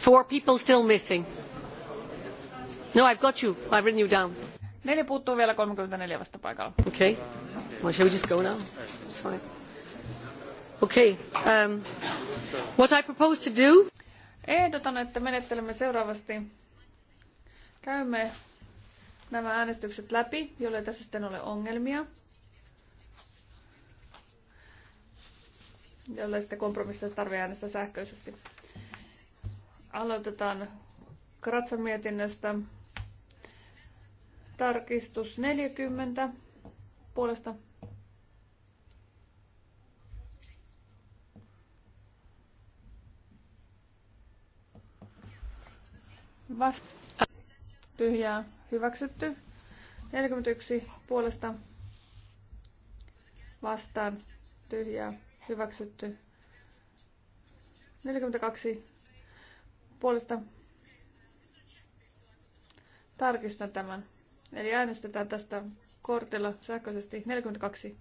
four people still missing. No, I've got you. I've written you down. Neljä puuttuu vielä 34 vasta paikalla. Okay. Well, shall we just go now? It's fine. Okay. Um, what I propose to do... Ehdotan, että menettelemme seuraavasti. Käymme nämä äänestykset läpi, jolle tässä sitten ole ongelmia. Jolle sitten kompromissista tarvitsee äänestää sähköisesti. Aloitetaan kratsa mietinnöstä. Tarkistus 40 puolesta. vasta tyhjää hyväksytty. 41 puolesta vastaan tyhjää hyväksytty. 42 puolesta. Tarkistan tämän. Eli äänestetään tästä kortilla sähköisesti 42.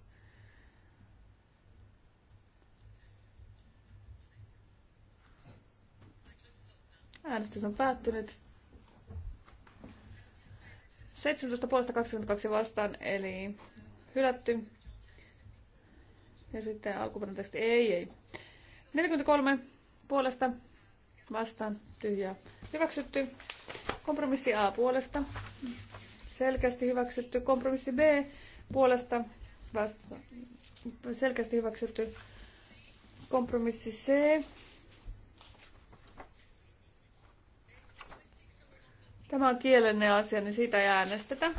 Äänestys on päättynyt. 17 puolesta 22 vastaan, eli hylätty. Ja sitten alkuperäinen teksti ei, ei. 43 puolesta vastaan, tyhjää, hyväksytty. Kompromissi A puolesta, selkeästi hyväksytty. Kompromissi B puolesta, vasta, selkeästi hyväksytty. Kompromissi C. Tämä on kielellinen asia, niin siitä ei äänestetä.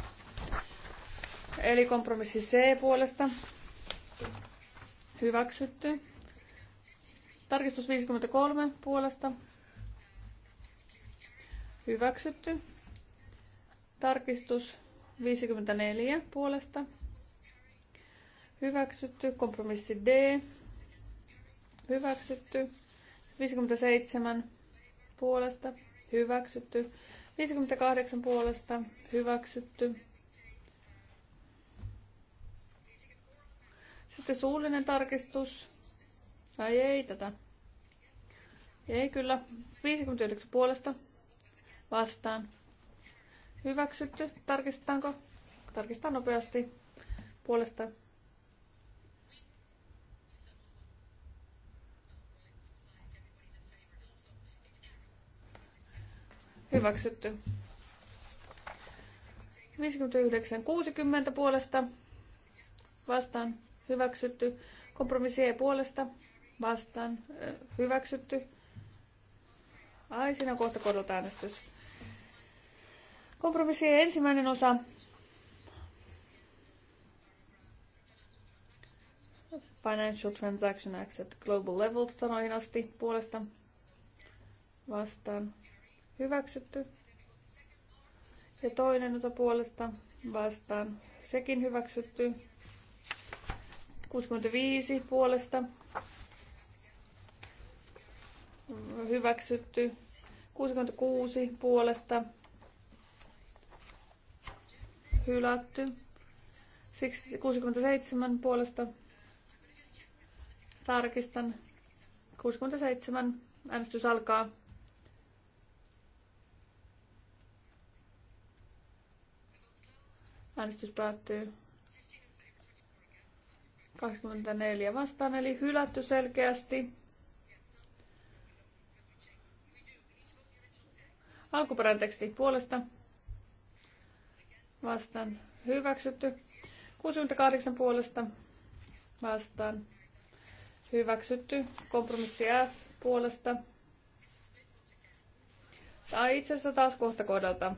Eli kompromissi C puolesta. Hyväksytty. Tarkistus 53 puolesta Hyväksytty. Tarkistus 54 puolesta. Hyväksytty. Kompromissi D. Hyväksytty. 57 puolesta. Hyväksytty. 58 puolesta. Hyväksytty. Sitten suullinen tarkistus. Ai ei tätä. Ei kyllä. 59 puolesta vastaan. Hyväksytty. Tarkistetaanko? Tarkistetaan nopeasti puolesta. Hyväksytty. 59.60 puolesta vastaan hyväksytty. Kompromissi ei puolesta vastaan hyväksytty. Ai, siinä on kohta kohdalta äänestys. Kompromissien ensimmäinen osa Financial Transaction Acts at Global Level sanoihin asti puolesta vastaan hyväksytty. Ja toinen osa puolesta vastaan sekin hyväksytty. 65 puolesta hyväksytty. 66 puolesta hylätty. Siksi 67 puolesta tarkistan. 67 äänestys alkaa. Äänestys päättyy 24 vastaan, eli hylätty selkeästi. Alkuperäinen teksti puolesta vastaan hyväksytty. 68 puolesta vastaan hyväksytty. Kompromissi F puolesta. Tai itse asiassa taas kohta kohdalta.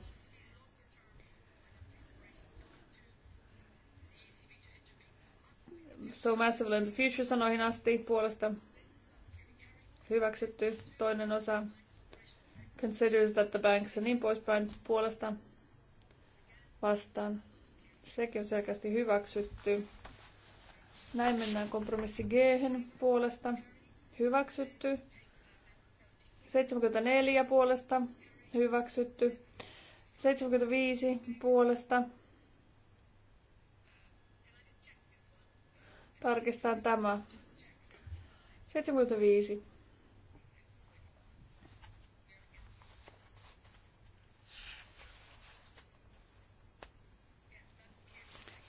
So Massively in the Future sanoihin asti puolesta hyväksytty toinen osa. Considers that the banks ja niin poispäin puolesta vastaan. Sekin on selkeästi hyväksytty. Näin mennään kompromissi g puolesta. Hyväksytty. 74 puolesta. Hyväksytty. 75 puolesta. Tarkistan tämä. 75.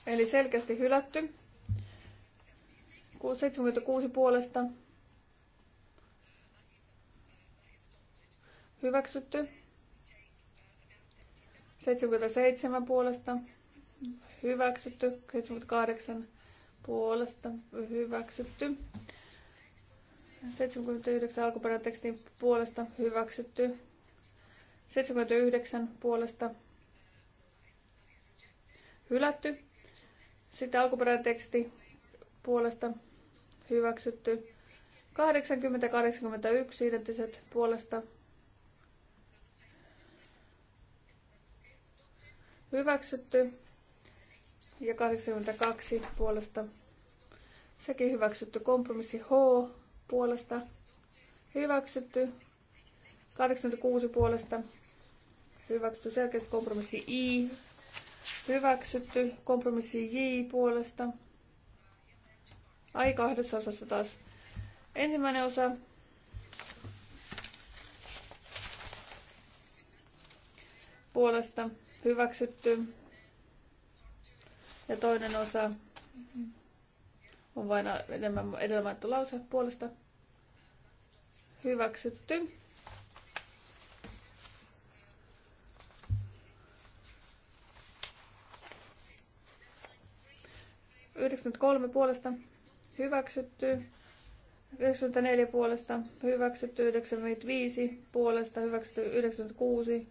Eli selkeästi hylätty. 76 puolesta. Hyväksytty. 77 puolesta. Hyväksytty. 78 puolesta. Hyväksytty. 79 alkuperätekstin puolesta. Hyväksytty. 79 puolesta. Hylätty. Sitten alkuperäinen teksti puolesta hyväksytty. 80-81 identtiset puolesta hyväksytty. Ja 82 puolesta sekin hyväksytty. Kompromissi H puolesta hyväksytty. 86 puolesta hyväksytty selkeästi kompromissi I Hyväksytty. Kompromissi J puolesta. Ai kahdessa osassa taas. Ensimmäinen osa. Puolesta hyväksytty. Ja toinen osa on vain edellä mainittu lause puolesta hyväksytty. 93 puolesta hyväksytty, 94 puolesta hyväksytty, 95 puolesta hyväksytty, 96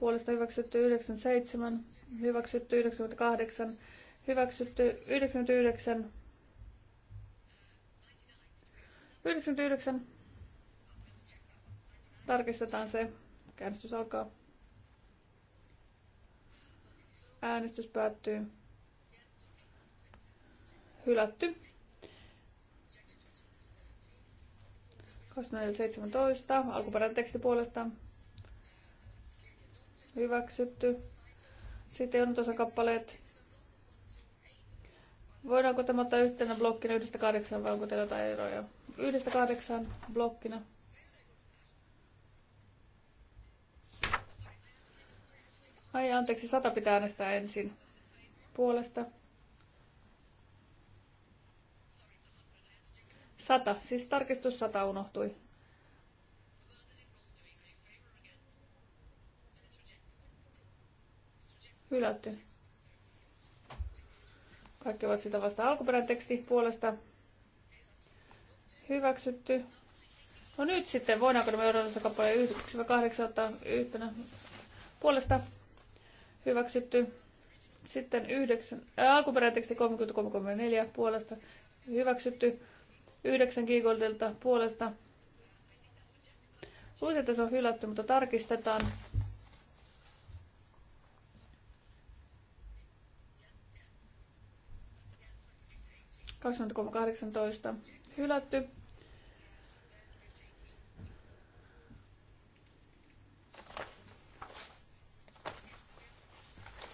puolesta hyväksytty, 97 hyväksytty, 98 hyväksytty, 99 99 tarkistetaan se. Äänestys alkaa. Äänestys päättyy hylätty. 2417 alkuperäinen teksti puolesta hyväksytty. Sitten on tuossa kappaleet. Voidaanko tämä ottaa yhtenä blokkina yhdestä kahdeksan vai onko teillä jotain eroja? Yhdestä kahdeksan blokkina. Ai anteeksi, sata pitää äänestää ensin puolesta. Sata, siis tarkistus sata unohtui. Hylätty. Kaikki ovat sitä vasta teksti puolesta. Hyväksytty. No nyt sitten, voidaanko nämä johdannossa kappaleen 1-8 ottaa yhtenä puolesta hyväksytty. Sitten 9, ää, äh, alkuperäinen teksti 33 34 puolesta hyväksytty yhdeksän Gigoldilta puolesta. Luulisin, että se on hylätty, mutta tarkistetaan. kahdeksantoista hylätty.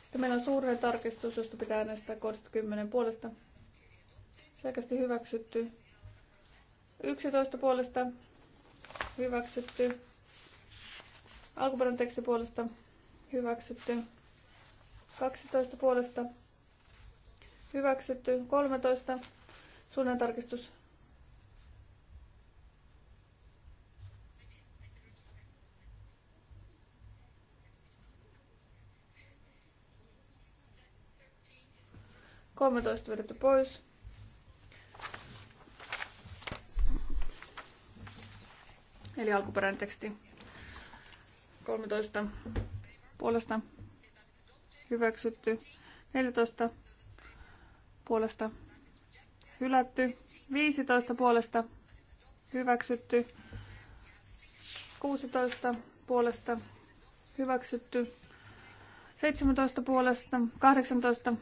Sitten meillä on suuri tarkistus, josta pitää äänestää kohdasta 10 puolesta. Selkeästi hyväksytty. 11 puolesta hyväksytty. Alkuperäinen teksti puolesta hyväksytty. 12 puolesta hyväksytty. 13 suunnan tarkistus Kolmetoista vedetty pois. eli alkuperäinen teksti 13 puolesta hyväksytty, 14 puolesta hylätty, 15 puolesta hyväksytty, 16 puolesta hyväksytty, 17 puolesta, 18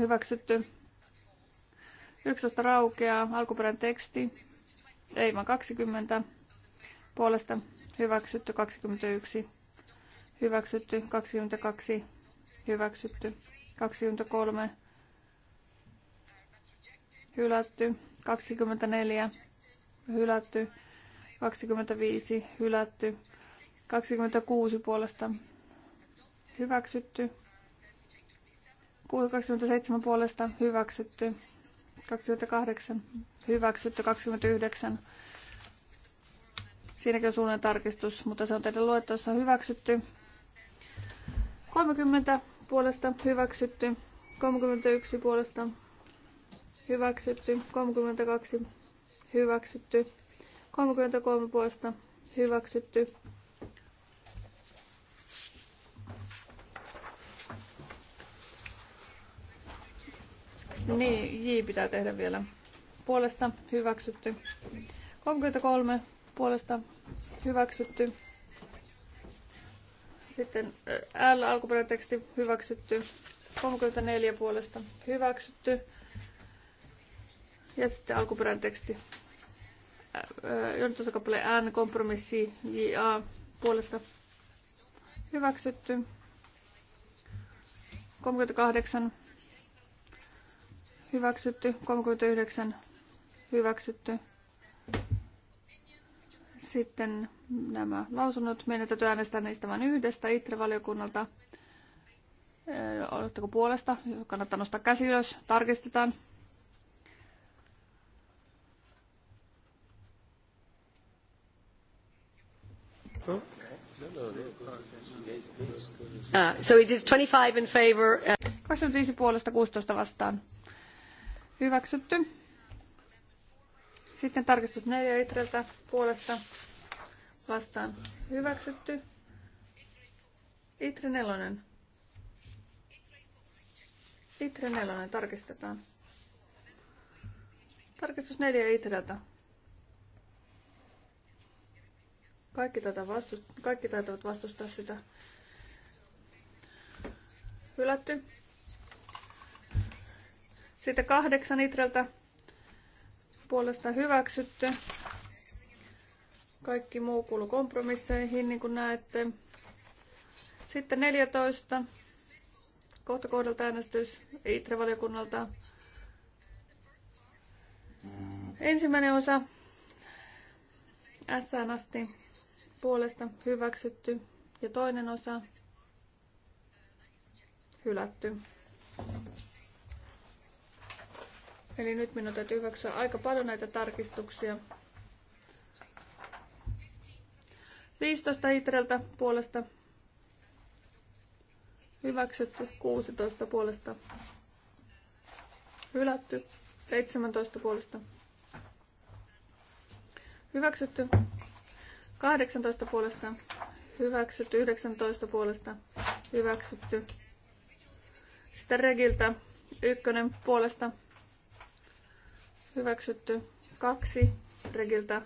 hyväksytty, 11 raukeaa, alkuperäinen teksti, ei vaan 20 puolesta hyväksytty 21, hyväksytty 22, hyväksytty 23, hylätty 24, hylätty 25, hylätty 26 puolesta hyväksytty 27 puolesta hyväksytty 28 hyväksytty 29 Siinäkin on suullinen tarkistus, mutta se on teidän luettelossa hyväksytty. 30 puolesta hyväksytty, 31 puolesta hyväksytty, 32 hyväksytty, 33 puolesta hyväksytty. Niin, J pitää tehdä vielä. Puolesta hyväksytty. 33 puolesta hyväksytty. Sitten äh, L alkuperäteksti hyväksytty. 34 puolesta hyväksytty. Ja sitten alkuperäinen teksti. Äh, äh, Jontosakapaleen N kompromissi JA puolesta hyväksytty. 38 hyväksytty. 39 hyväksytty. Sitten nämä lausunnot. Meidän täytyy äänestää niistä vain yhdestä ITRE-valiokunnalta. Oletteko puolesta? Kannattaa nostaa käsi ylös. Tarkistetaan. Ah, so it is 25 in favor. 25 uh puolesta 16 vastaan. Hyväksytty. Sitten tarkistus neljä Itreltä puolesta vastaan hyväksytty. Itri nelonen. Itri nelonen tarkistetaan. Tarkistus neljä Itreltä. Kaikki, tätä vastu, kaikki taitavat vastustaa sitä. Hylätty. Sitten kahdeksan Itreltä puolesta hyväksytty. Kaikki muu kuuluu kompromisseihin, niin kuin näette. Sitten 14. Kohta kohdalta äänestys ITRE-valiokunnalta. Ensimmäinen osa SN asti puolesta hyväksytty ja toinen osa hylätty. Eli nyt minun täytyy hyväksyä aika paljon näitä tarkistuksia. 15 Itreltä puolesta. Hyväksytty 16 puolesta. Hylätty 17 puolesta. Hyväksytty 18 puolesta. Hyväksytty 19 puolesta. Hyväksytty. Sitten Regiltä ykkönen puolesta hyväksytty. Kaksi regiltä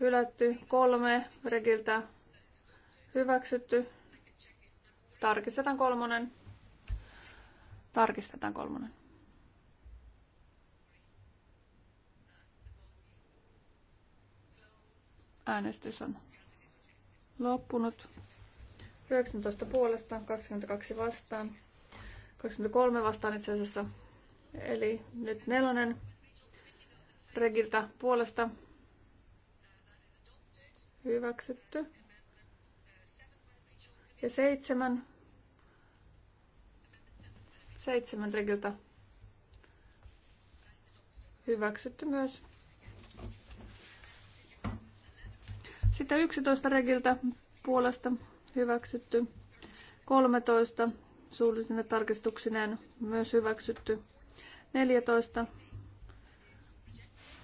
hylätty. Kolme regiltä hyväksytty. Tarkistetaan kolmonen. Tarkistetaan kolmonen. Äänestys on loppunut. 19 puolesta, 22 vastaan, 23 vastaan itse asiassa. Eli nyt nelonen Regiltä puolesta. Hyväksytty. Ja seitsemän. Seitsemän Regiltä. Hyväksytty myös. Sitten 11 Regiltä puolesta hyväksytty. 13 suullisine tarkistuksineen myös hyväksytty. 14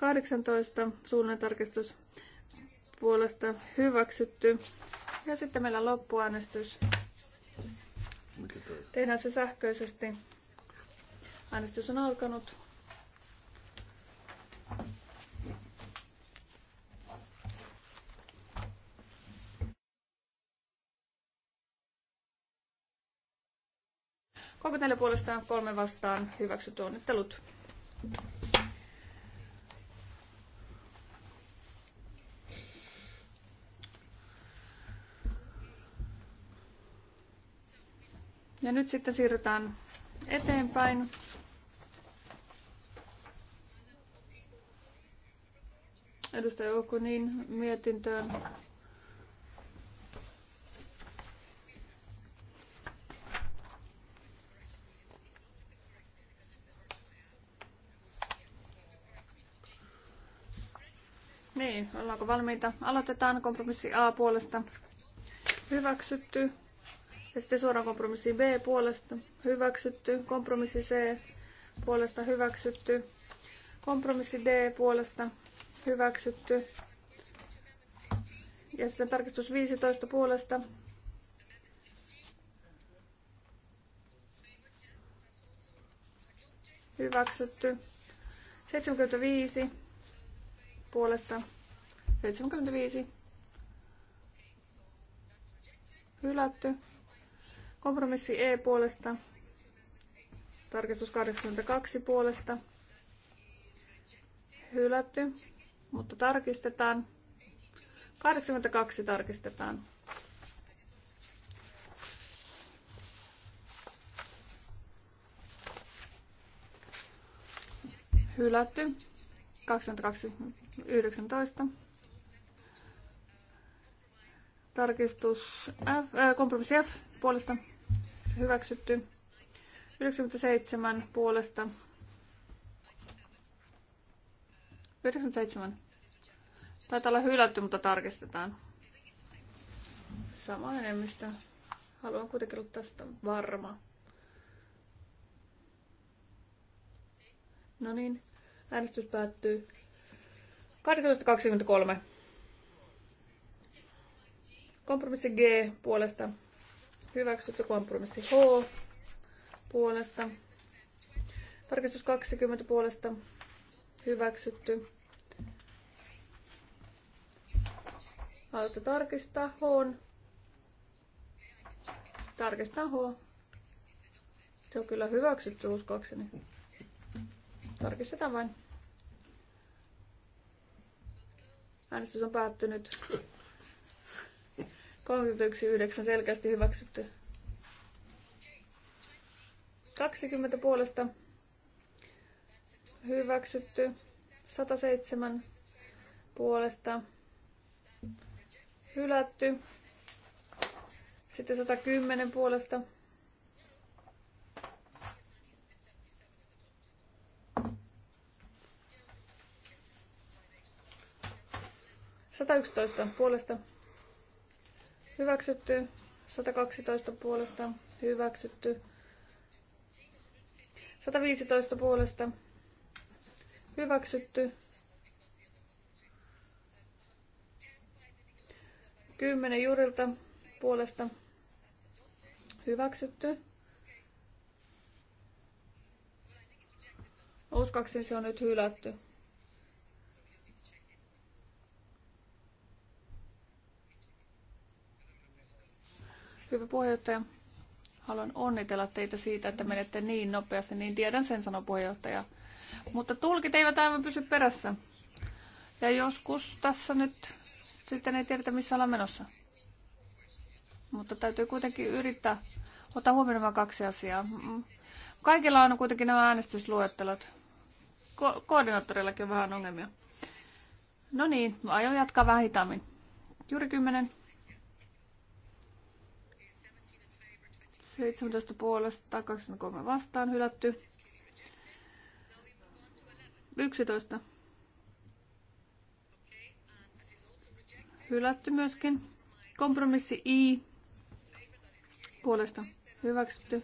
18 suunnantarkistus puolesta hyväksytty. Ja sitten meillä loppuäänestys. Tehdään se sähköisesti. Äänestys on alkanut. Koko puolestaan kolme vastaan hyväksytty onnittelut. Ja nyt sitten siirrytään eteenpäin. Edustaja Okunin mietintöön. Niin, ollaanko valmiita? Aloitetaan kompromissi A puolesta. Hyväksytty. Ja sitten suoraan kompromissi B puolesta hyväksytty, kompromissi C puolesta hyväksytty, kompromissi D puolesta hyväksytty. Ja sitten tarkistus 15 puolesta hyväksytty. 75 puolesta 75 hylätty. Kompromissi E puolesta. Tarkistus 82 puolesta. Hylätty, mutta tarkistetaan. 82 tarkistetaan. Hylätty. 22, Tarkistus F, äh, kompromissi F puolesta se hyväksytty. 97 puolesta. 97. Taitaa olla hylätty, mutta tarkistetaan. Sama enemmistö. Haluan kuitenkin olla tästä varma. No niin, äänestys päättyy 18.23. Kompromissi G puolesta Hyväksytty kompromissi H puolesta. Tarkistus 20 puolesta. Hyväksytty. Haluatte tarkistaa H. Tarkistaa H. Se on kyllä hyväksytty uskoakseni. Tarkistetaan vain. Äänestys on päättynyt. 31.9. selkeästi hyväksytty. 20 puolesta hyväksytty. 107 puolesta hylätty. Sitten 110 puolesta Sata yksitoista puolesta Hyväksytty. 112 puolesta. Hyväksytty. 115 puolesta. Hyväksytty. 10 jurilta puolesta. Hyväksytty. Uskakseni se on nyt hylätty. Hyvä puheenjohtaja, haluan onnitella teitä siitä, että menette niin nopeasti, niin tiedän sen, sanoi puheenjohtaja. Mutta tulkit eivät aivan pysy perässä. Ja joskus tässä nyt sitten ei tiedetä, missä ollaan menossa. Mutta täytyy kuitenkin yrittää ottaa huomioon nämä kaksi asiaa. Kaikilla on kuitenkin nämä äänestysluettelot. Ko- koordinaattorillakin on vähän ongelmia. No niin, aion jatkaa vähän hitaammin. Juuri kymmenen. 17 puolesta, tai 23 vastaan hylätty. 11. Hylätty myöskin. Kompromissi I puolesta hyväksytty.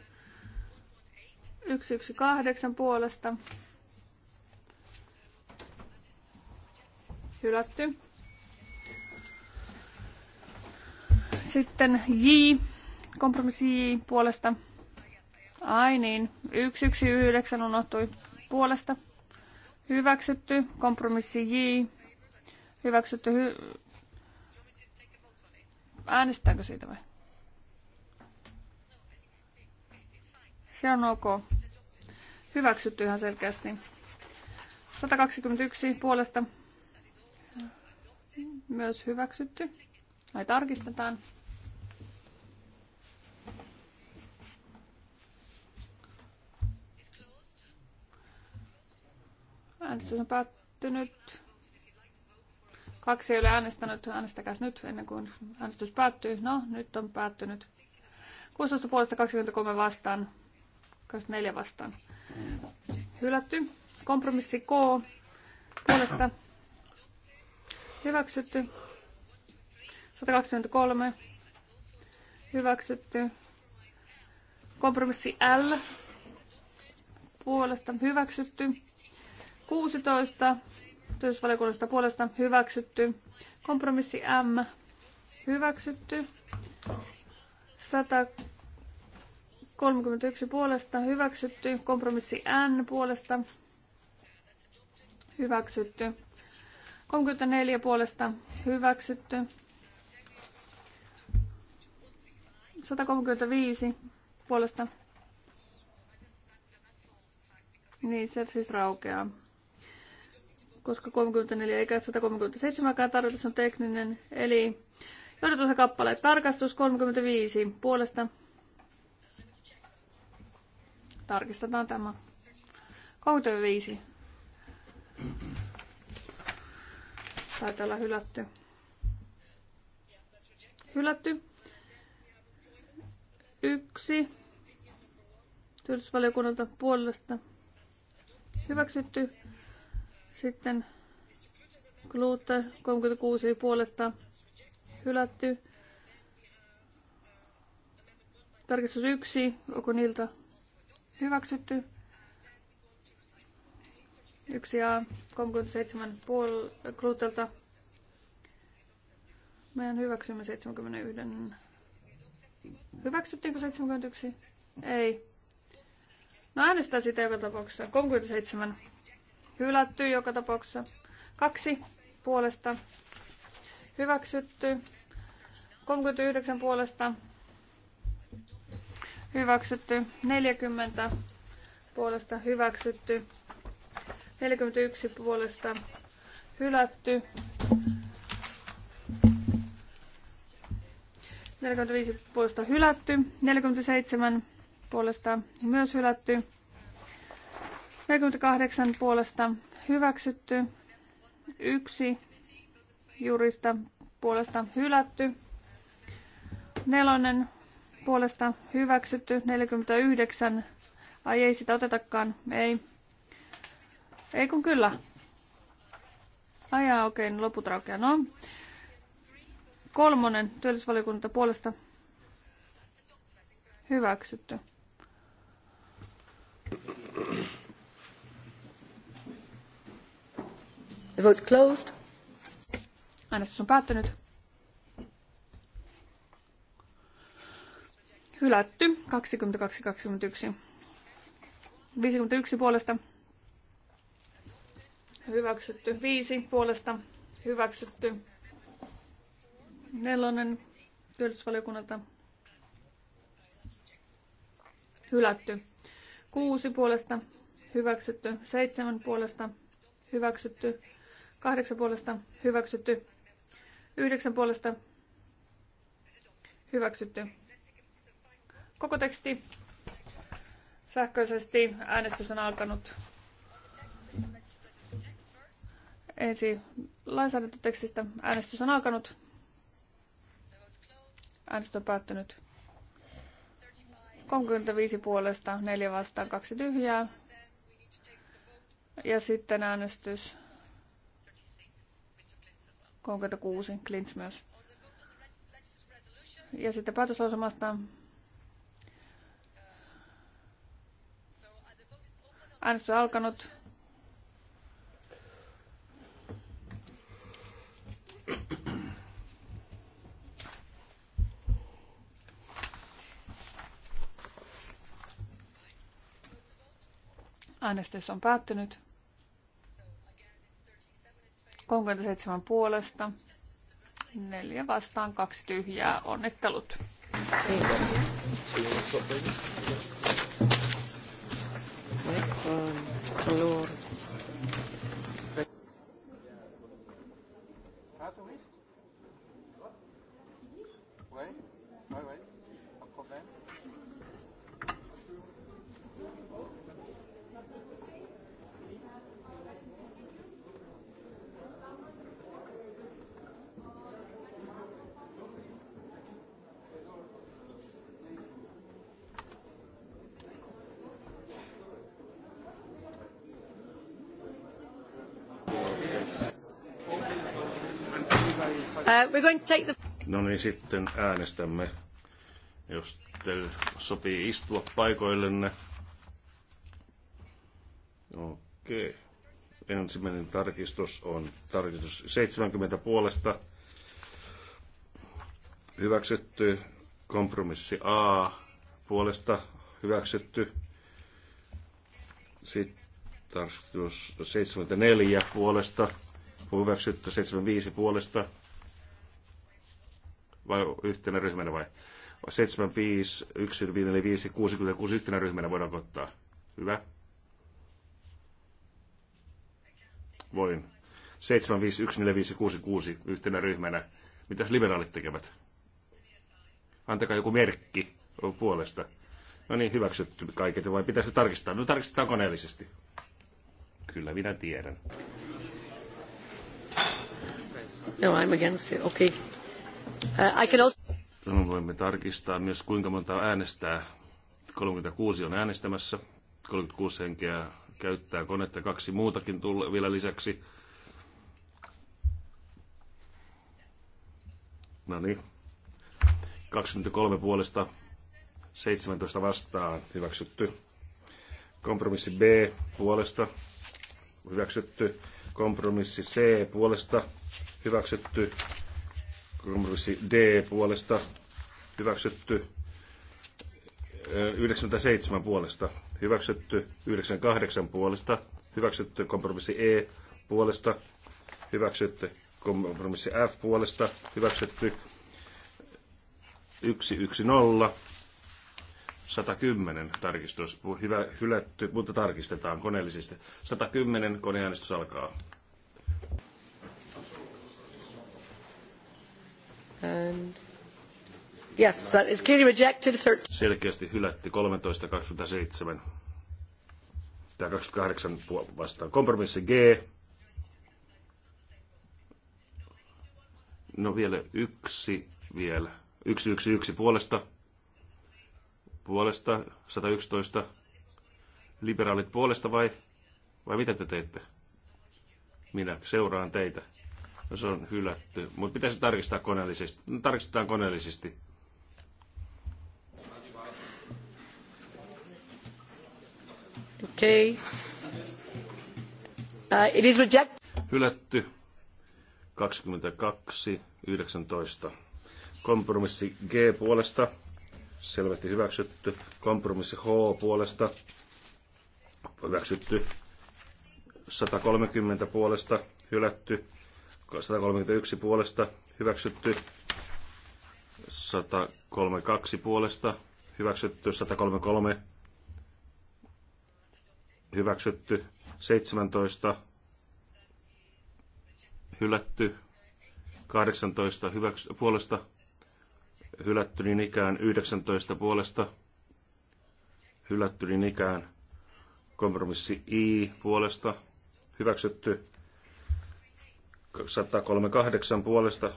118 puolesta hylätty. Sitten J Kompromissi puolesta. Ai niin, 119 unohtui puolesta. Hyväksytty. Kompromissi J. Hyväksytty. Hy- Äänestetäänkö siitä vai? Se on ok. Hyväksytty ihan selkeästi. 121 puolesta myös hyväksytty. Ai tarkistetaan. Äänestys on päättynyt. Kaksi ei ole äänestänyt. Äänestäkää nyt ennen kuin äänestys päättyy. No, nyt on päättynyt. 16 puolesta 23 vastaan. 24 vastaan. Hylätty. Kompromissi K puolesta. Hyväksytty. 123. Hyväksytty. Kompromissi L puolesta hyväksytty. 16 työllisyysvaliokunnasta puolesta hyväksytty. Kompromissi M hyväksytty. 131 puolesta hyväksytty. Kompromissi N puolesta hyväksytty. 34 puolesta hyväksytty. 135 puolesta. Niin, se siis raukeaa koska 34 eikä 137 tarjota, se on tekninen. Eli johdatus kappale tarkastus 35 puolesta. Tarkistetaan tämä. 35. Taitaa olla hylätty. Hylätty. Yksi. Työllisyysvaliokunnalta puolesta. Hyväksytty. Sitten Klute 36 puolesta hylätty. Tarkistus 1, onko niiltä hyväksytty? 1 ja 37 puol Glutelta. Meidän hyväksymme 71. Hyväksyttiinkö 71? Ei. No äänestää sitä joka tapauksessa. 37 Hylätty joka tapauksessa. Kaksi puolesta. Hyväksytty. 39 puolesta. Hyväksytty. 40 puolesta. Hyväksytty. 41 puolesta. Hylätty. 45 puolesta hylätty, 47 puolesta myös hylätty, 48 puolesta hyväksytty. Yksi jurista puolesta hylätty. Nelonen puolesta hyväksytty. 49. Ai ei sitä otetakaan. Ei. Ei kun kyllä. Ajaa okei, okay, no loput raukeaa. No. Kolmonen työllisvaliokunta puolesta hyväksytty. The vote's closed. Äänestys on päättynyt. Hylätty 22 51 puolesta. Hyväksytty. 5 puolesta. Hyväksytty. Nelonen työllisyysvaliokunnalta. Hylätty. Kuusi puolesta. Hyväksytty. Seitsemän puolesta. Hyväksytty. Kahdeksan puolesta hyväksytty. Yhdeksän puolesta hyväksytty. Koko teksti sähköisesti. Äänestys on alkanut. Ensi lainsäädäntötekstistä äänestys on alkanut. Äänestys on päättynyt. 35 puolesta, 4 vastaan, 2 tyhjää. Ja sitten äänestys 36, Klint myös. Ja sitten päätöslausemasta äänestys on alkanut. Äänestys on päättynyt. 37 puolesta, neljä vastaan, kaksi tyhjää. Onnittelut. Kiitos. Kiitos. Kiitos. Kiitos. Kiitos. Kiitos. Uh, we're going to take the... No niin, sitten äänestämme. Jos teille sopii istua paikoillenne. Okei. Ensimmäinen tarkistus on tarkistus 70 puolesta. Hyväksytty. Kompromissi A puolesta hyväksytty. Sitten tarkistus 74 puolesta hyväksytty, 75 puolesta vai yhtenä ryhmänä vai? 75, 1, 5, 4, 5, 66 yhtenä ryhmänä voidaan ottaa. Hyvä. Voin. 7, 5, 1, 4, 5, 6, 6 yhtenä ryhmänä. Mitäs liberaalit tekevät? Antakaa joku merkki puolesta. No niin, hyväksytty kaiket, vai pitäisi tarkistaa? No tarkistetaan koneellisesti. Kyllä minä tiedän. No, I'm against it. Okay. Uh, I voimme tarkistaa myös, kuinka monta äänestää. 36 on äänestämässä, 36 henkeä käyttää konetta, kaksi muutakin tulee vielä lisäksi. No niin. 23 puolesta 17 vastaan hyväksytty. Kompromissi B puolesta hyväksytty. Kompromissi C puolesta hyväksytty. Kompromissi D puolesta hyväksytty. 97 puolesta hyväksytty. 98 puolesta hyväksytty. Kompromissi E puolesta hyväksytty. Kompromissi F puolesta hyväksytty. 110 110 tarkistus, hyvä, hylätty, mutta tarkistetaan koneellisesti. 110 koneäänestys alkaa. And yes, that is clearly rejected. Selkeästi hylätty 13.27. Tämä 28 vastaan. Kompromissi G. No vielä yksi vielä. yksi yksi yksi puolesta. Puolesta 111. Liberaalit puolesta vai, vai mitä te teette? Minä seuraan teitä se on hylätty. Mutta pitäisi tarkistaa koneellisesti. Tarkistetaan koneellisesti. Okay. Uh, it is reject. Hylätty 22, 19. Kompromissi G puolesta, selvästi hyväksytty. Kompromissi H puolesta, hyväksytty. 130 puolesta, hylätty. 131 puolesta hyväksytty, 132 puolesta hyväksytty, 133 hyväksytty, 17 hylätty, 18 hyväks- puolesta hylätty niin ikään, 19 puolesta hylätty niin ikään, kompromissi I puolesta hyväksytty, 138 puolesta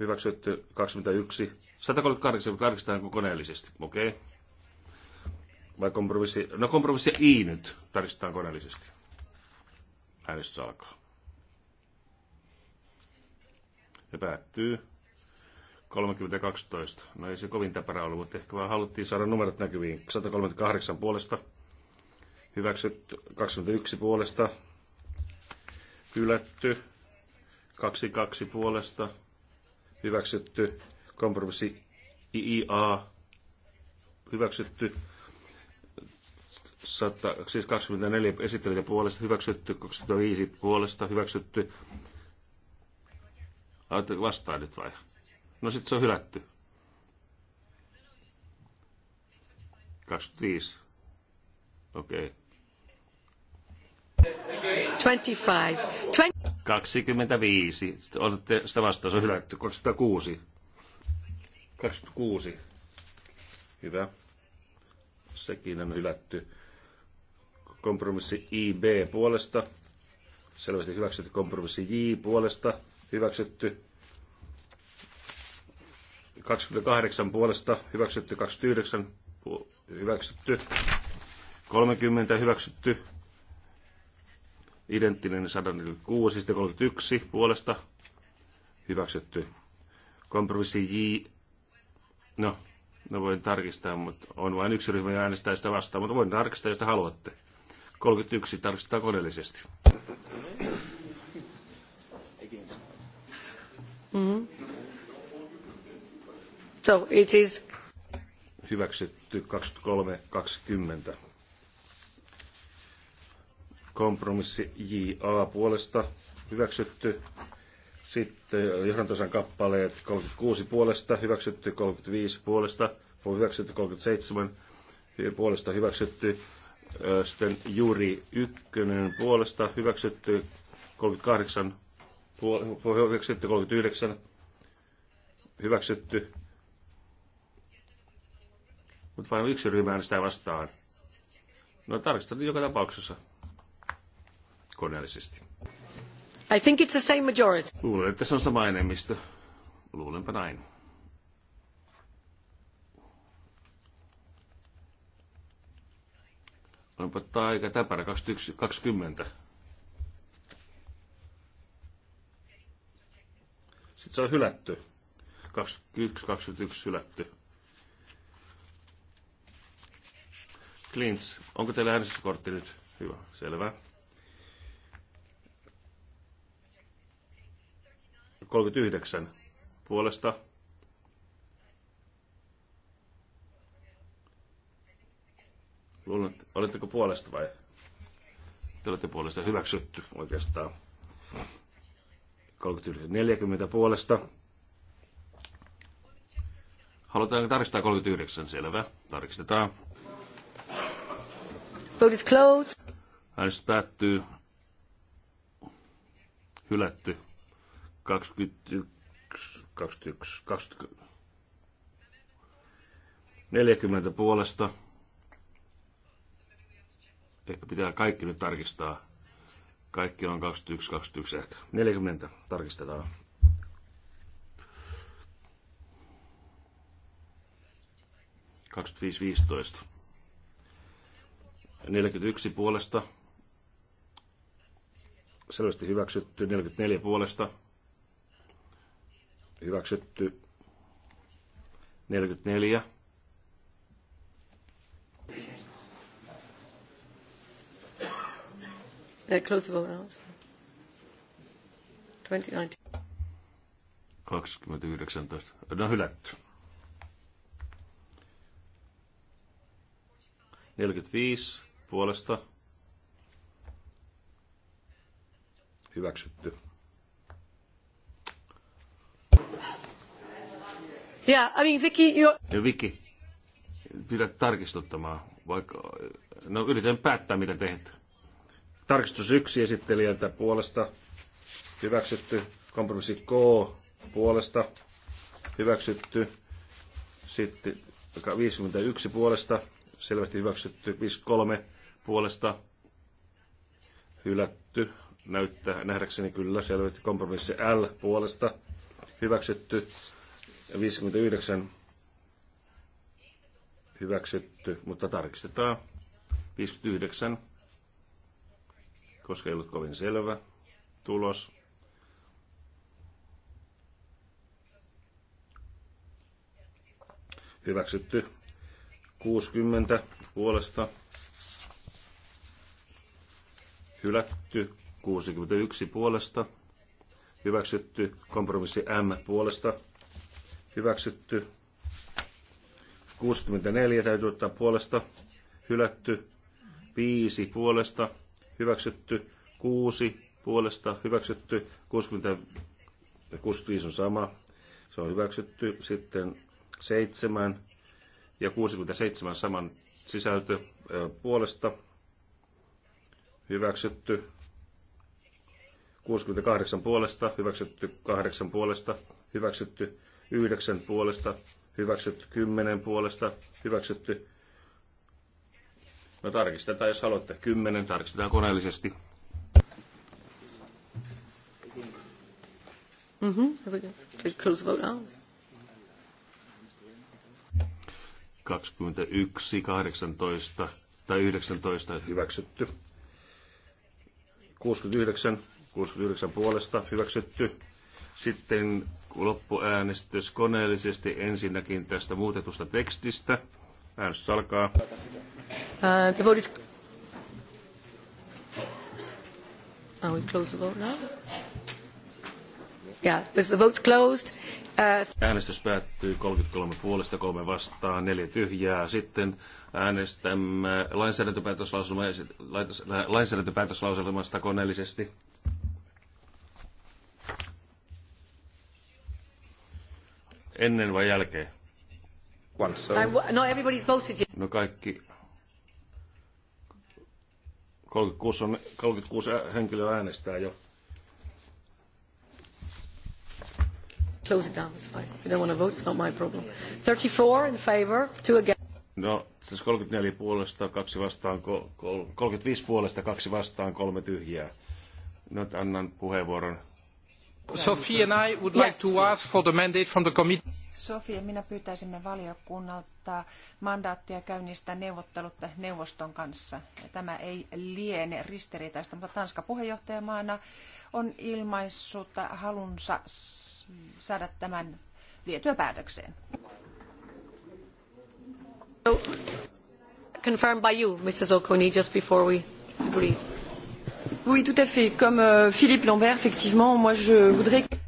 hyväksytty 21. 138 tarkistetaan koneellisesti, okei. Okay. Vai kompromissi, no kompromissi I nyt tarkistetaan koneellisesti. Äänestys alkaa. Ja päättyy 30.12. No ei se kovin täpärä ollut, mutta ehkä vaan haluttiin saada numerot näkyviin. 138 puolesta, hyväksytty 21 puolesta, hylätty 22 puolesta hyväksytty. Kompromissi IIA hyväksytty. 100, siis 24 esittelijä puolesta hyväksytty, 25 puolesta hyväksytty. Vastaa nyt vai? No sitten se on hylätty. 25. Okei. Okay. 25. 20. 25. Otatte sitä vastaan, se on hylätty. 26. 26. Hyvä. Sekin on hylätty. Kompromissi IB puolesta. Selvästi hyväksytty. Kompromissi J puolesta. Hyväksytty. 28 puolesta. Hyväksytty. 29 hyväksytty. 30 hyväksytty. Identtinen 146, sitten 31 puolesta hyväksytty. Kompromissi J. No, no voin tarkistaa, mutta on vain yksi ryhmä ja äänestää sitä vastaan, mutta voin tarkistaa, jos haluatte. 31 tarkistetaan koneellisesti. Mm-hmm. So it is... Hyväksytty 23.20. Kompromissi JA puolesta hyväksytty. Sitten johdantosan kappaleet 36 puolesta hyväksytty, 35 puolesta hyväksytty, 37 puolesta hyväksytty. Sitten juuri ykkönen puolesta hyväksytty, 38 puol- hyväksytty, 39 hyväksytty. Mutta vain yksi ryhmä äänestää vastaan. No tarkistetaan joka tapauksessa koneellisesti. I think it's the same majority. Luulen, että se on sama enemmistö. Luulenpa näin. Onpa tämä aika täpärä, 20. Sitten se on hylätty. 21, 21 hylätty. Klints, onko teillä äänestyskortti nyt? Hyvä, selvä. 39 puolesta. Luulen, että, oletteko puolesta vai? Te olette puolesta hyväksytty oikeastaan. 39, 40 puolesta. Halutaan tarkistaa 39, selvä. Tarkistetaan. Vote is closed. Äänestys päättyy. Hylätty. 21, 21, 20, 40 puolesta. Ehkä pitää kaikki nyt tarkistaa. Kaikki on 21, 21 ehkä. 40 tarkistetaan. Kaksikymmentäviisi viisitoista. 41 puolesta. Selvästi hyväksytty. 44 puolesta Hyväksytty 44. Yeah, close the vote 2019. No hylätty. 45 puolesta. Hyväksytty. Yeah, I mean, Vicky, you... Ja Vicky, pidä tarkistuttamaan, vaikka... No yritän päättää, mitä teet. Tarkistus yksi esittelijältä puolesta. Hyväksytty. Kompromissi K puolesta. Hyväksytty. Sitten 51 puolesta. Selvästi hyväksytty. 53 puolesta. Hylätty. Näyttää nähdäkseni kyllä selvästi kompromissi L puolesta. Hyväksytty ja 59 hyväksytty, mutta tarkistetaan. 59, koska ei ollut kovin selvä tulos. Hyväksytty 60 puolesta. Hylätty 61 puolesta. Hyväksytty kompromissi M puolesta hyväksytty. 64 täytyy ottaa puolesta, hylätty. 5 puolesta, hyväksytty. 6 puolesta, hyväksytty. 60, 65 on sama, se on hyväksytty. Sitten 7 ja 67 saman sisältö puolesta, hyväksytty. 68 puolesta, hyväksytty 8 puolesta, hyväksytty yhdeksän puolesta, hyväksytty kymmenen puolesta, hyväksytty. No tarkistetaan, jos haluatte. kymmenen, tarkistetaan koneellisesti. Mm-hmm. 21, 18 tai 19 hyväksytty. 69, 69 puolesta hyväksytty. Sitten loppuäänestys koneellisesti ensinnäkin tästä muutetusta tekstistä. Äänestys alkaa. Uh, the vote is... Are we close the vote now? Yeah, is the vote closed? Uh... Äänestys päättyy 33 puolesta, 3 vastaan, 4 tyhjää. Sitten äänestämme lainsäädäntöpäätöslauselmasta koneellisesti. ennen vai jälkeen? No kaikki 36, on, 36 henkilöä äänestää jo. Close it down, it's fine. If you don't want to vote, it's not my problem. 34 in favor, two against. No, siis 34 puolesta, kaksi vastaan, 35 puolesta, kaksi vastaan, kolme tyhjää. Nyt annan puheenvuoron Sophie and I would like to ask for the mandate from the committee. Sofie, minä pyytäisimme valiokunnalta mandaattia käynnistää neuvottelut neuvoston kanssa. Tämä ei liene ristiriitaista, mutta Tanska puheenjohtajamaana on ilmaissut halunsa saada tämän vietyä päätökseen. Confirmed by you, Mrs. O'Connor, just before we agreed. Euh,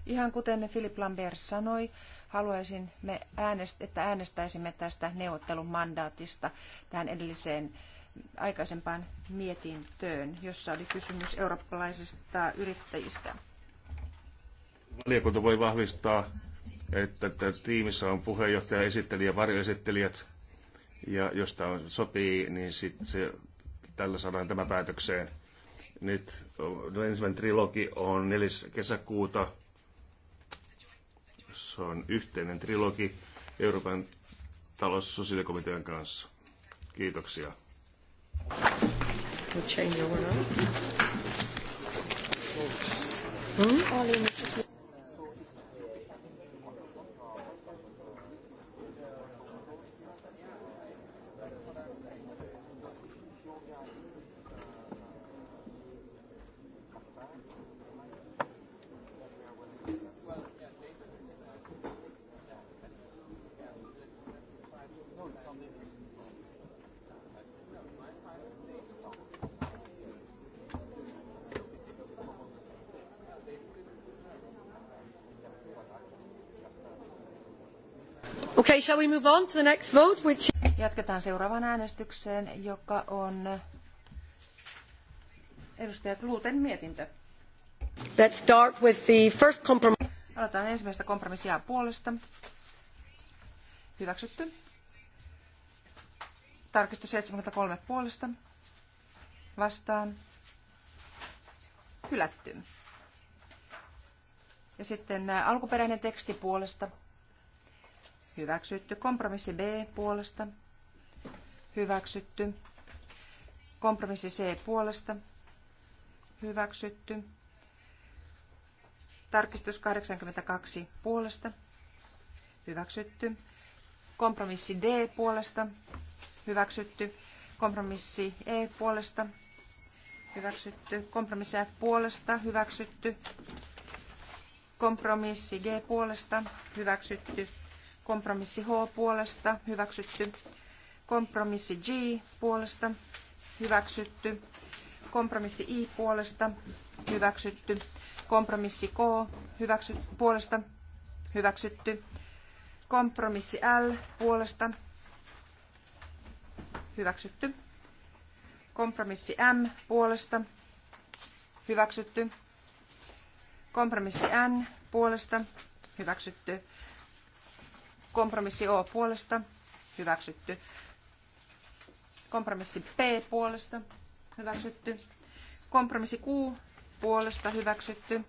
Ihan kuten Philippe Lambert sanoi, haluaisin, että äänestäisimme tästä neuvottelun mandaatista tähän edelliseen aikaisempaan mietintöön, jossa oli kysymys eurooppalaisista yrittäjistä. Valiokunta voi vahvistaa, että tiimissä on puheenjohtaja, esittelijä, varjoesittelijät, ja jos tämä sopii, niin sit se, tällä saadaan tämä päätökseen. Nyt no ensimmäinen trilogi on 4. kesäkuuta. Se on yhteinen trilogi Euroopan talous- sosiaalikomitean kanssa. Kiitoksia. We'll change your world. Hmm? Shall we move on to the next vote, which... Jatketaan seuraavaan äänestykseen, joka on edustaja Kluten mietintö. Let's start with the first compromise. Aloitetaan ensimmäistä kompromissia puolesta. Hyväksytty. Tarkistus 73 puolesta. Vastaan. Hylätty. Ja sitten alkuperäinen teksti puolesta Hyväksytty. Kompromissi B puolesta. Hyväksytty. Kompromissi C puolesta. Hyväksytty. Tarkistus 82 puolesta. Hyväksytty. Kompromissi D puolesta. Hyväksytty. Kompromissi E puolesta. Hyväksytty. Kompromissi F puolesta. Hyväksytty. Kompromissi G puolesta. Hyväksytty. Kompromissi H puolesta hyväksytty. Kompromissi G puolesta hyväksytty. Kompromissi I puolesta hyväksytty. Kompromissi K hyväksy, puolesta hyväksytty. Kompromissi L puolesta hyväksytty. Kompromissi M puolesta hyväksytty. Kompromissi N puolesta hyväksytty. Kompromissi O puolesta. Hyväksytty. Kompromissi P puolesta. Hyväksytty. Kompromissi Q puolesta. Hyväksytty.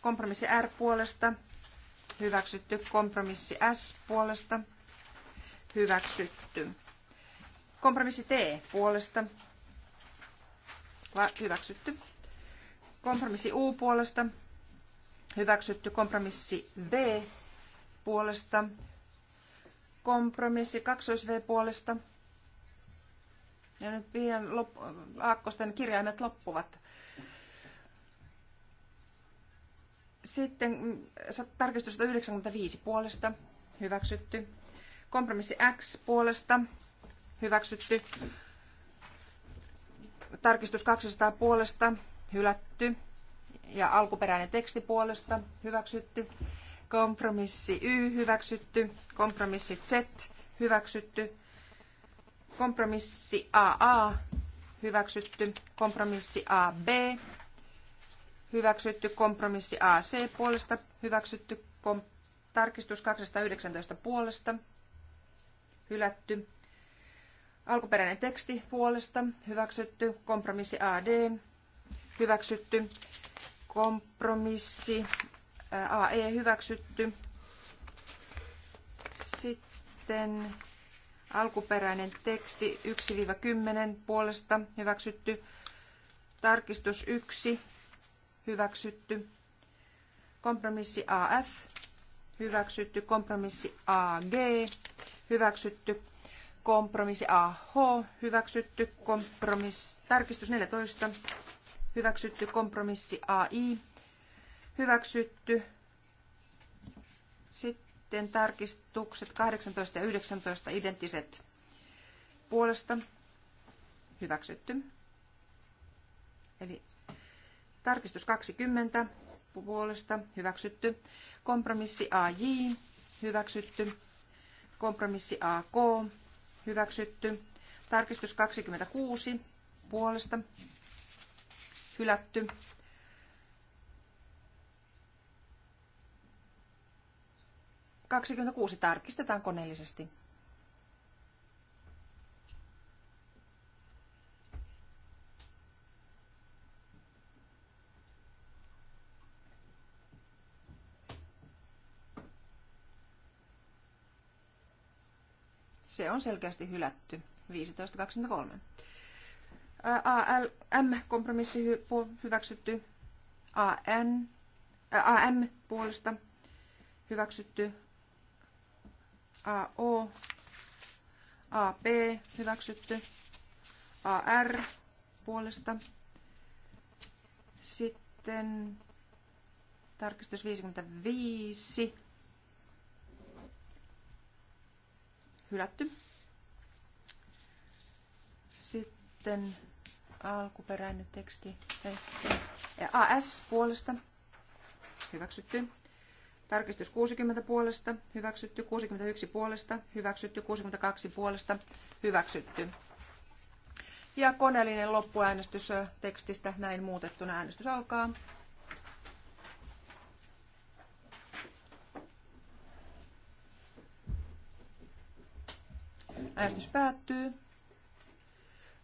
Kompromissi R puolesta. Hyväksytty. Kompromissi S puolesta. Hyväksytty. Kompromissi T puolesta. Hyväksytty. Kompromissi U puolesta. Hyväksytty. Kompromissi V puolesta kompromissi 2V puolesta. Ja nyt viien lop- aakkosten kirjaimet loppuvat. Sitten tarkistus 195 puolesta hyväksytty. Kompromissi X puolesta hyväksytty. Tarkistus 200 puolesta hylätty ja alkuperäinen teksti puolesta hyväksytty. Kompromissi Y hyväksytty. Kompromissi Z hyväksytty. Kompromissi AA hyväksytty. Kompromissi AB hyväksytty. Kompromissi AC puolesta hyväksytty. Kom- tarkistus 219 puolesta hylätty. Alkuperäinen teksti puolesta hyväksytty. Kompromissi AD hyväksytty. Kompromissi AE hyväksytty. Sitten alkuperäinen teksti 1-10 puolesta hyväksytty. Tarkistus 1 hyväksytty. Kompromissi AF hyväksytty. Kompromissi AG hyväksytty. Kompromissi AH hyväksytty. Kompromissi, tarkistus 14 hyväksytty. Kompromissi AI hyväksytty. Sitten tarkistukset 18 ja 19 identtiset puolesta hyväksytty. Eli tarkistus 20 puolesta hyväksytty. Kompromissi AJ hyväksytty. Kompromissi AK hyväksytty. Tarkistus 26 puolesta hylätty. 26 tarkistetaan koneellisesti. Se on selkeästi hylätty. 15.23. ALM-kompromissi hyväksytty. AN, AM puolesta hyväksytty. AO, AB hyväksytty, AR puolesta. Sitten tarkistus 55, hylätty. Sitten alkuperäinen teksti, eh, AS puolesta, hyväksytty. Tarkistus 60 puolesta, hyväksytty 61 puolesta, hyväksytty 62 puolesta, hyväksytty. Ja koneellinen loppuäänestys tekstistä näin muutettuna äänestys alkaa. Äänestys päättyy.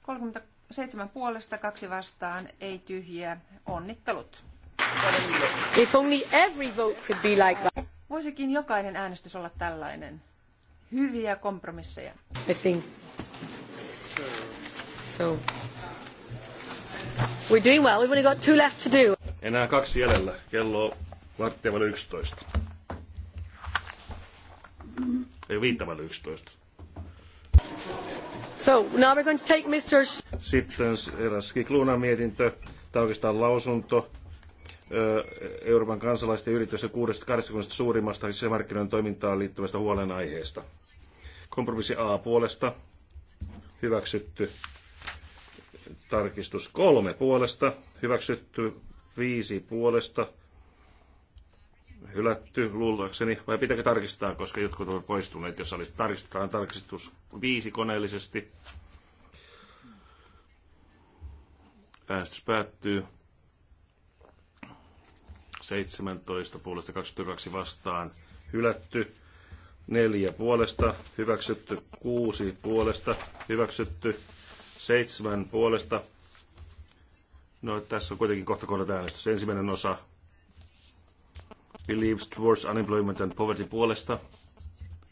37 puolesta, kaksi vastaan, ei tyhjiä. Onnittelut. If only every vote could be like that. Voisikin jokainen äänestys olla tällainen. Hyviä kompromisseja. I think. So. We're doing well. We've only got two left to do. Enää kaksi jäljellä. Kello varttia vaille 11. Ei viittä vaille 11. So, now we're going to take Mr. Sitten eräs Kikluunan mietintö, tai oikeastaan lausunto, Euroopan kansalaisten yritysten 60 suurimmasta sisämarkkinoiden toimintaan liittyvästä huolenaiheesta. Kompromissi A puolesta hyväksytty. Tarkistus kolme puolesta hyväksytty. Viisi puolesta hylätty luullakseni, vai pitääkö tarkistaa, koska jotkut ovat poistuneet, jos olisi tarkistetaan tarkistus viisi koneellisesti. Äänestys päättyy. 17 puolesta 22 vastaan hylätty, 4 puolesta hyväksytty, 6 puolesta hyväksytty, 7 puolesta. No tässä on kuitenkin kohta kohdat äänestys. Ensimmäinen osa Believes Towards Unemployment and Poverty puolesta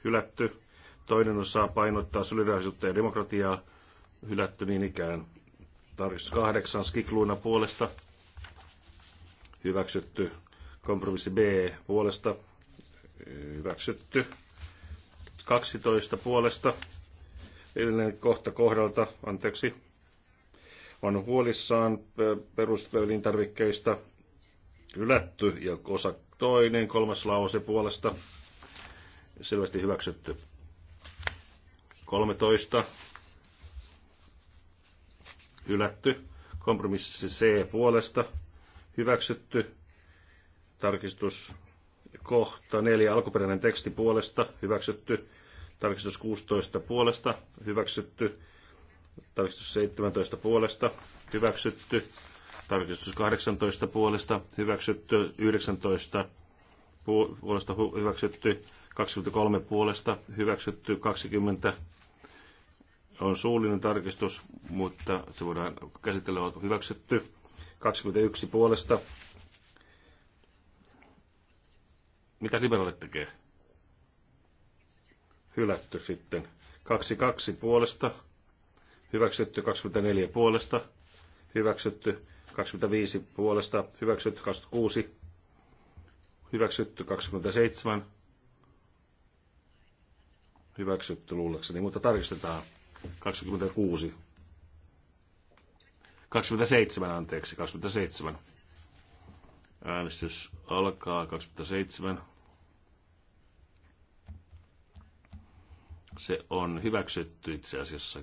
hylätty. Toinen osa painottaa solidaarisuutta ja demokratiaa hylätty niin ikään. Tarkistus kahdeksan Skikluuna puolesta hyväksytty Kompromissi B puolesta hyväksytty. 12 puolesta, edellinen kohta kohdalta, anteeksi, on huolissaan perustelintarvikkeista ylätty ja osa toinen, kolmas lause puolesta selvästi hyväksytty. 13 Ylätty. kompromissi C puolesta hyväksytty, Tarkistus kohta 4 alkuperäinen teksti puolesta hyväksytty. Tarkistus 16 puolesta hyväksytty. Tarkistus 17 puolesta hyväksytty. Tarkistus 18 puolesta hyväksytty. 19 puolesta hyväksytty. 23 puolesta hyväksytty. 20 on suullinen tarkistus, mutta se voidaan käsitellä on hyväksytty. 21 puolesta Mitä liberaalit tekee? Hylätty sitten. 22 puolesta. Hyväksytty 24 puolesta. Hyväksytty 25 puolesta. Hyväksytty 26. Hyväksytty 27. Hyväksytty luullakseni, mutta tarkistetaan. 26. 27, anteeksi, 27. Äänestys alkaa 27. Se on hyväksytty itse asiassa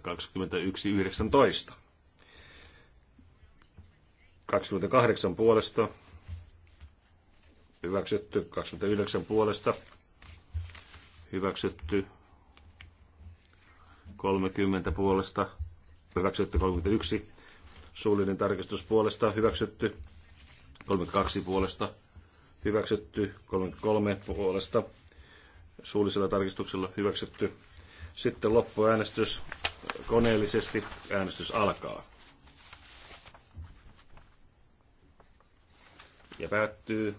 21.19. 28 puolesta hyväksytty, 29 puolesta hyväksytty, 30 puolesta hyväksytty, 31 suullinen tarkistus puolesta hyväksytty, 32 puolesta hyväksytty, 33 puolesta suullisella tarkistuksella hyväksytty, sitten loppuäänestys koneellisesti. Äänestys alkaa. Ja päättyy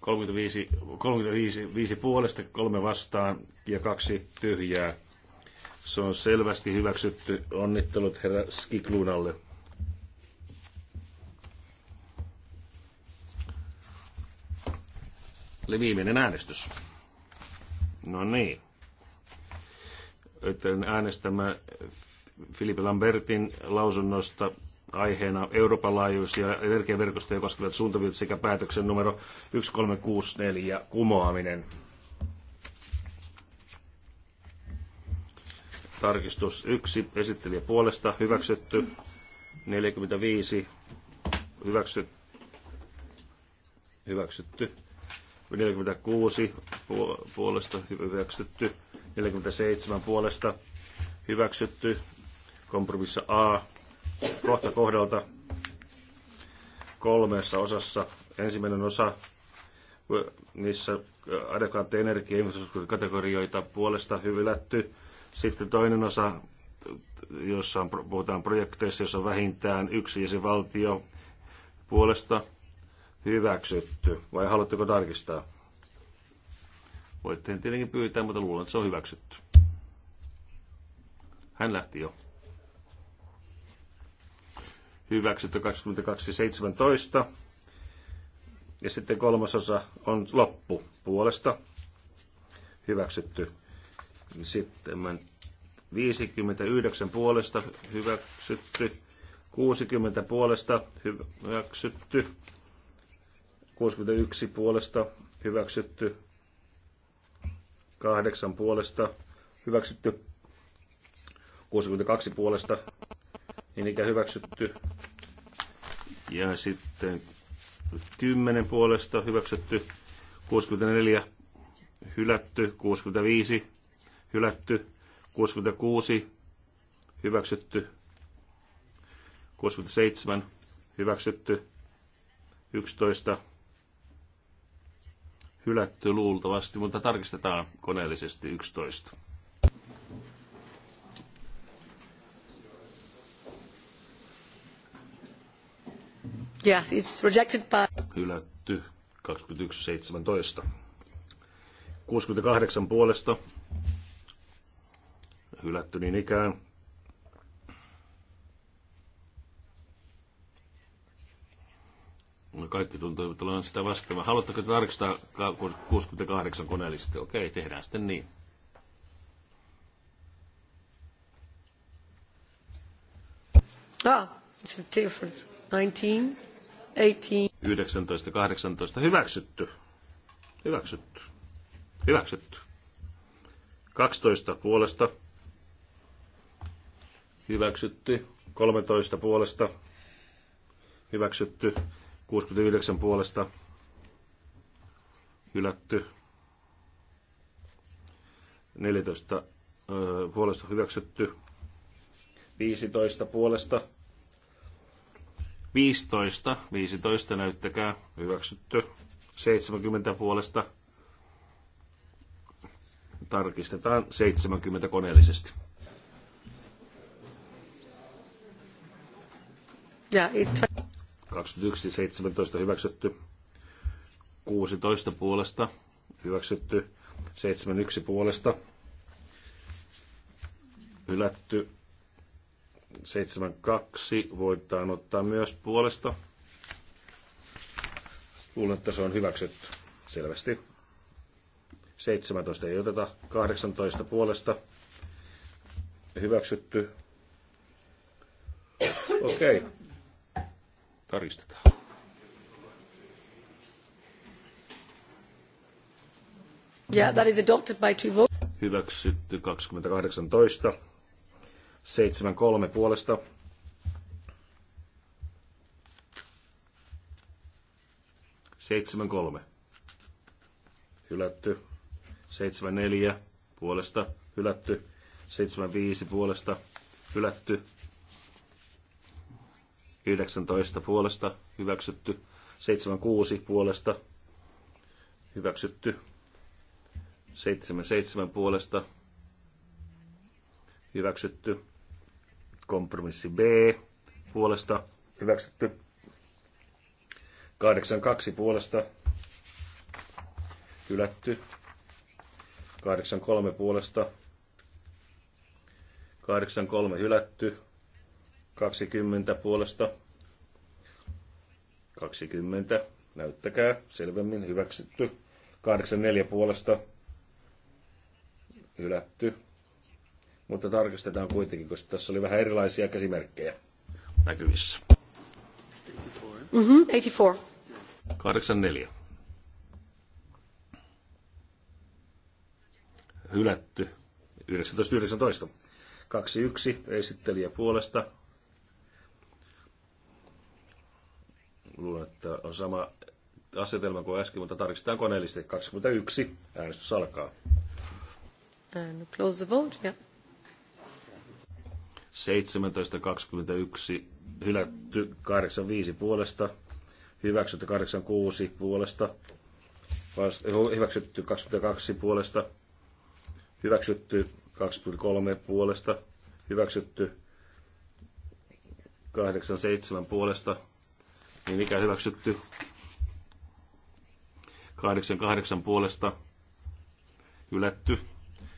35, 35 5 puolesta, kolme vastaan ja kaksi tyhjää. Se on selvästi hyväksytty. Onnittelut herra Skiklunalle. Eli viimeinen äänestys. No niin äänestämään Philippe Lambertin lausunnosta aiheena Euroopan laajuisia energiaverkostoja koskevat suuntaviot sekä päätöksen numero 1364 kumoaminen. Tarkistus 1. Esittelijä puolesta hyväksytty. 45 hyväksytty. Hyväksytty. 46 puolesta hyväksytty. 47 puolesta hyväksytty. Kompromissa A kohta kohdalta kolmessa osassa. Ensimmäinen osa niissä adekvaatti energia- kategorioita puolesta hyvilätty. Sitten toinen osa, jossa on, puhutaan projekteissa jossa on vähintään yksi jäsenvaltio puolesta hyväksytty. Vai haluatteko tarkistaa? Voitte tietenkin pyytää, mutta luulen, että se on hyväksytty. Hän lähti jo. Hyväksytty 22.17. Ja sitten kolmasosa on loppu puolesta. Hyväksytty. Sitten 59 puolesta hyväksytty. 60 puolesta hyväksytty. 61 puolesta hyväksytty. 8 puolesta hyväksytty. 62 puolesta niin ikä hyväksytty. Ja sitten 10 puolesta hyväksytty. 64 hylätty. 65 hylätty. 66 hyväksytty. 67 hyväksytty. 11 hylätty luultavasti, mutta tarkistetaan koneellisesti 11. Yes, it's rejected by... Hylätty 21.17. 68 puolesta. Hylätty niin ikään kaikki tuntuivat olevan sitä vastaan. Haluatteko tarkistaa 68 koneellisesti? Okei, tehdään sitten niin. Ah, it's a difference. 19, 18. 19, 18. Hyväksytty. Hyväksytty. Hyväksytty. 12 puolesta. Hyväksytty. 13 puolesta. Hyväksytty. 69 puolesta hylätty. 14 puolesta hyväksytty. 15 puolesta. 15, 15 näyttäkää, hyväksytty. 70 puolesta. Tarkistetaan 70 koneellisesti. Yeah, it's 21, 17 hyväksytty, 16 puolesta hyväksytty, 71 puolesta hylätty, 72 voidaan ottaa myös puolesta. Luulen, että se on hyväksytty selvästi. 17 ei oteta, 18 puolesta hyväksytty. Okei. Okay. Tarkistetaan. Yeah, that is adopted by two votes. Hyväksytty 2018. 73 puolesta. Seitsemän kolme. Hylätty. Seitsemän neljä puolesta. Hylätty. Seitsemän viisi puolesta. Hylätty. 19 puolesta hyväksytty, 76 puolesta hyväksytty, 77 puolesta hyväksytty, kompromissi B puolesta hyväksytty, 82 puolesta hylätty, 83 puolesta, 83 hylätty, 20 puolesta. 20. Näyttäkää selvemmin. Hyväksytty. 84 puolesta. Hylätty. Mutta tarkistetaan kuitenkin, koska tässä oli vähän erilaisia käsimerkkejä näkyvissä. Mm-hmm, 84. 84. Hylätty. 1919. 21 esittelijä puolesta Luulen, että on sama asetelma kuin äsken, mutta tarkistetaan koneellisesti. 21. Äänestys alkaa. And close the vote, yeah. 17.21 hylätty 85 puolesta, hyväksytty 86 eh, puolesta, hyväksytty 22 puolesta, hyväksytty 23 puolesta, hyväksytty 87 puolesta, niin ikä hyväksytty. 88 puolesta hylätty.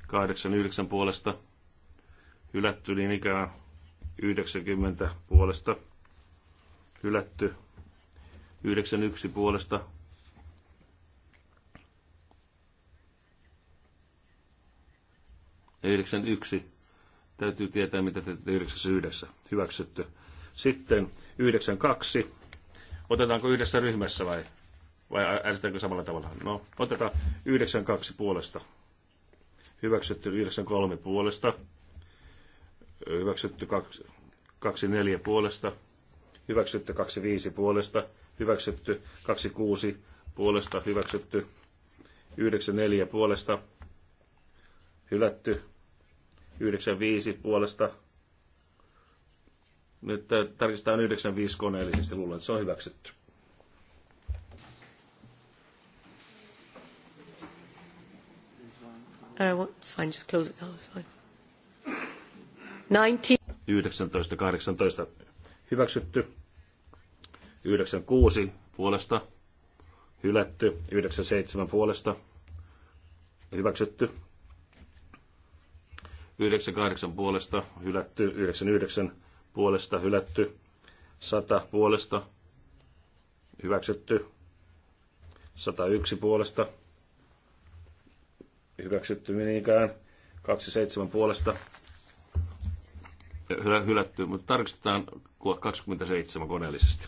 89 puolesta hylätty, niin ikään 90 puolesta hylätty. 91 puolesta ja 91. Täytyy tietää, mitä te teette 99. Hyväksytty. Sitten 92 Otetaanko yhdessä ryhmässä vai, vai äänestetäänkö samalla tavalla? No, otetaan 92 puolesta. Hyväksytty 93 puolesta. Hyväksytty 24 puolesta. Hyväksytty 25 puolesta. Hyväksytty 26 puolesta. Hyväksytty 94 puolesta. Hylätty 95 puolesta nyt äh, tarkistetaan 95 koneellisesti. Luulen, että se on hyväksytty. Uh, it's fine, just close it now, it's fine. 19. 18. Hyväksytty. 96 puolesta. Hylätty. 97 puolesta. Hyväksytty. 98 puolesta. Hylätty. 99 puolesta hylätty, 100 puolesta hyväksytty, 101 puolesta hyväksytty minikään, 27 puolesta hylätty, mutta tarkistetaan 27 koneellisesti.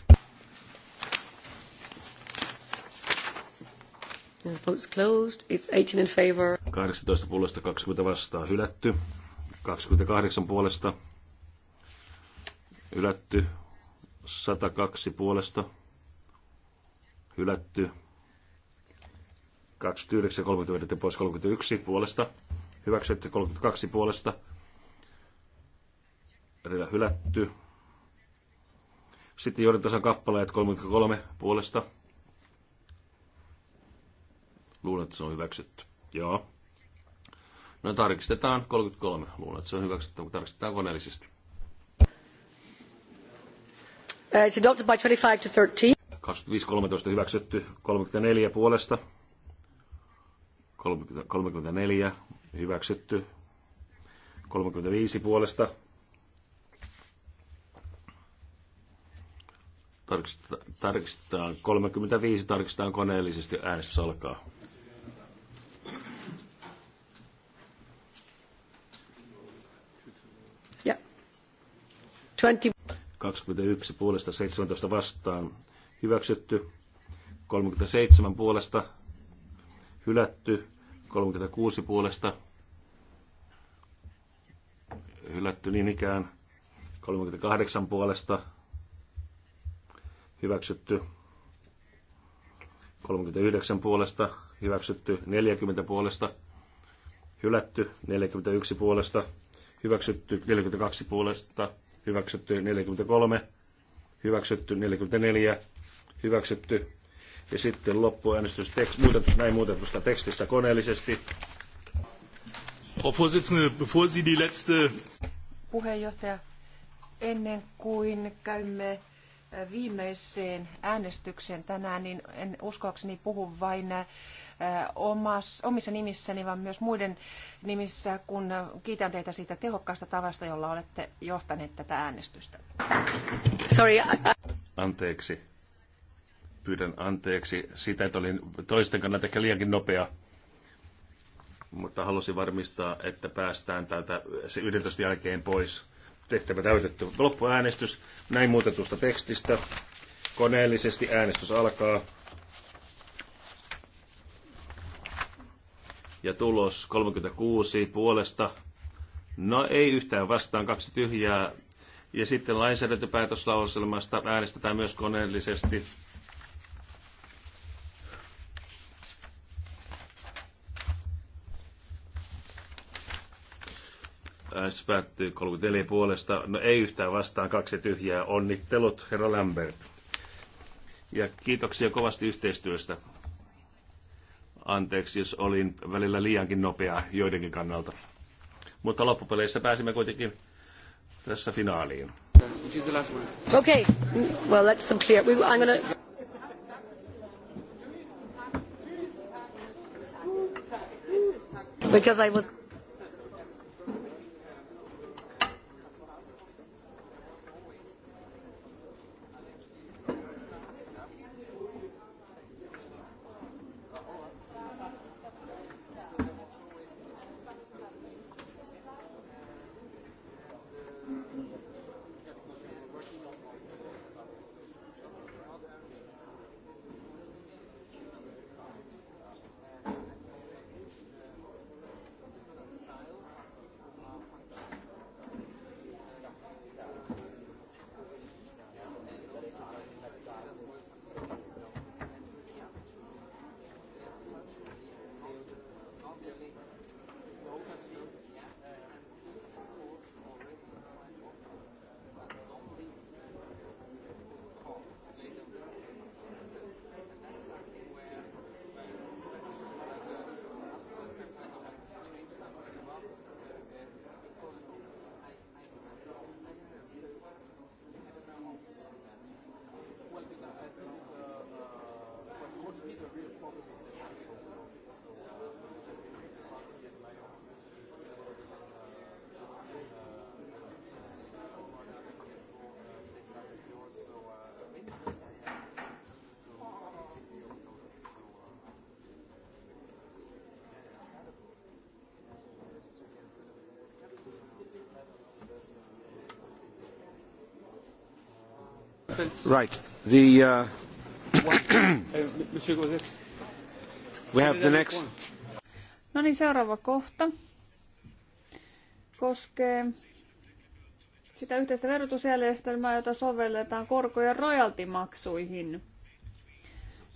The vote's closed. It's 18 in favor. 18 puolesta 20 vastaan hylätty. 28 puolesta hylätty 102 puolesta, hylätty 29, 30 pois 31 puolesta, hyväksytty 32 puolesta, hylätty. Sitten joiden tasan kappaleet 33 puolesta. Luulen, että se on hyväksytty. Joo. No tarkistetaan 33. Luulen, että se on hyväksytty, mutta tarkistetaan koneellisesti. Uh, it's adopted by 25 to 13. 25-13 hyväksytty, 34 puolesta, 30, 34 hyväksytty, 35 puolesta. Tarkistetaan 35, tarkistetaan koneellisesti, äänestys alkaa. Yeah. 20 21 puolesta 17 vastaan hyväksytty, 37 puolesta hylätty, 36 puolesta hylätty niin ikään, 38 puolesta hyväksytty, 39 puolesta hyväksytty, 40 puolesta hylätty, 41 puolesta hyväksytty, 42 puolesta hyväksytty 43, hyväksytty 44, hyväksytty. Ja sitten loppuäänestys tekst, muutettu, näin muutetusta tekstistä koneellisesti. Puheenjohtaja, ennen kuin käymme viimeiseen äänestykseen tänään, niin en uskoakseni puhu vain äh, omissa nimissäni, vaan myös muiden nimissä, kun kiitän teitä siitä tehokkaasta tavasta, jolla olette johtaneet tätä äänestystä. Sorry. Anteeksi. Pyydän anteeksi sitä, että olin toisten kannalta ehkä liiankin nopea mutta halusin varmistaa, että päästään täältä se 11 jälkeen pois tehtävä täytetty. Loppuäänestys näin muutetusta tekstistä. Koneellisesti äänestys alkaa. Ja tulos 36 puolesta. No ei yhtään vastaan, kaksi tyhjää. Ja sitten lainsäädäntöpäätöslauselmasta äänestetään myös koneellisesti. Se päättyy 34 puolesta. No ei yhtään vastaan, kaksi tyhjää. Onnittelut, herra Lambert. Ja kiitoksia kovasti yhteistyöstä. Anteeksi, jos olin välillä liiankin nopea joidenkin kannalta. Mutta loppupeleissä pääsimme kuitenkin tässä finaaliin. Okay, well some clear. We, I'm gonna... Because I was... Right. The, uh... uh we have the next... No niin, seuraava kohta koskee sitä yhteistä verotusjärjestelmää, jota sovelletaan korko- ja rojaltimaksuihin,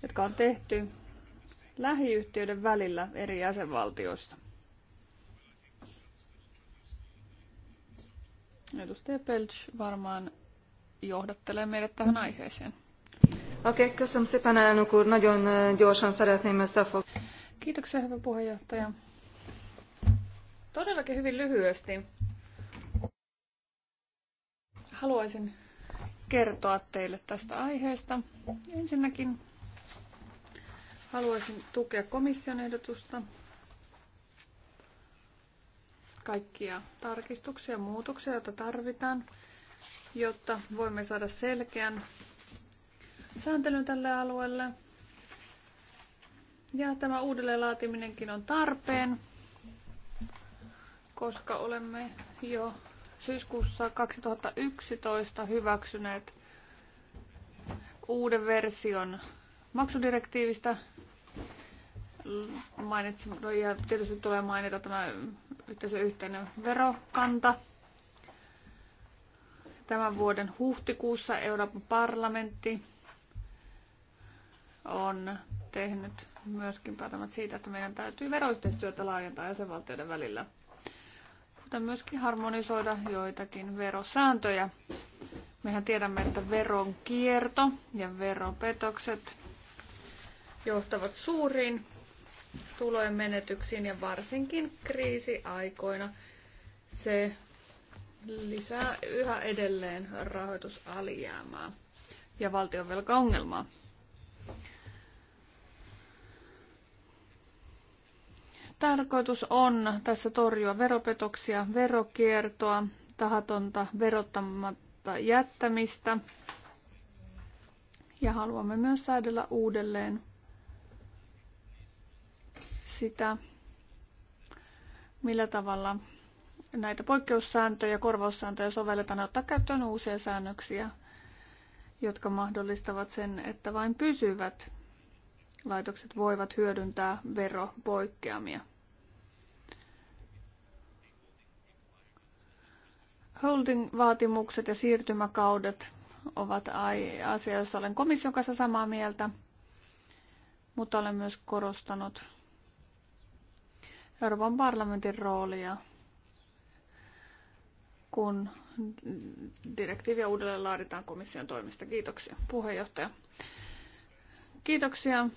jotka on tehty lähiyhtiöiden välillä eri jäsenvaltioissa. Edustaja Pelch varmaan johdattelee meidät tähän aiheeseen. Okei, okay, köszönöm szépen, elnök úr. Nagyon gyorsan szeretném összefog. Kiitoksia, hyvä puheenjohtaja. Todellakin hyvin lyhyesti. Haluaisin kertoa teille tästä aiheesta. Ensinnäkin haluaisin tukea komission ehdotusta, kaikkia tarkistuksia ja muutoksia, joita tarvitaan jotta voimme saada selkeän sääntelyn tälle alueelle. Ja tämä uudelleen laatiminenkin on tarpeen, koska olemme jo syyskuussa 2011 hyväksyneet uuden version maksudirektiivistä. Mainitsin, no, ja tietysti tulee mainita tämä yhteisön yhteinen verokanta – Tämän vuoden huhtikuussa Euroopan parlamentti on tehnyt myöskin päätämät siitä, että meidän täytyy veroyhteistyötä laajentaa jäsenvaltioiden välillä, mutta myöskin harmonisoida joitakin verosääntöjä. Mehän tiedämme, että veronkierto ja veropetokset johtavat suuriin tulojen menetyksiin ja varsinkin kriisiaikoina se lisää yhä edelleen rahoitusalijäämää ja valtionvelkaongelmaa. Tarkoitus on tässä torjua veropetoksia, verokiertoa, tahatonta verottamatta jättämistä ja haluamme myös säädellä uudelleen sitä, millä tavalla näitä poikkeussääntöjä, korvaussääntöjä sovelletaan ja ottaa käyttöön uusia säännöksiä, jotka mahdollistavat sen, että vain pysyvät laitokset voivat hyödyntää veropoikkeamia. Holding-vaatimukset ja siirtymäkaudet ovat asia, jossa olen komission kanssa samaa mieltä, mutta olen myös korostanut Euroopan parlamentin roolia kun direktiiviä uudelleen laaditaan komission toimesta. Kiitoksia, puheenjohtaja. Kiitoksia,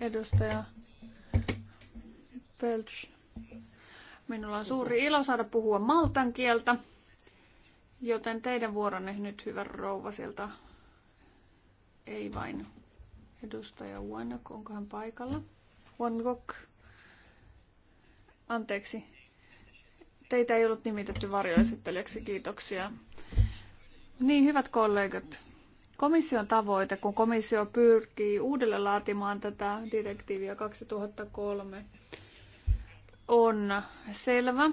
edustaja Pelch. Minulla on suuri ilo saada puhua maltan kieltä, joten teidän vuoronne nyt, hyvä rouva, sieltä ei vain edustaja Wannock, onko hän paikalla? Wannock, anteeksi, Teitä ei ollut nimitetty varjoesittelijäksi, kiitoksia. Niin, hyvät kollegat, komission tavoite, kun komissio pyrkii uudelle laatimaan tätä direktiiviä 2003, on selvä.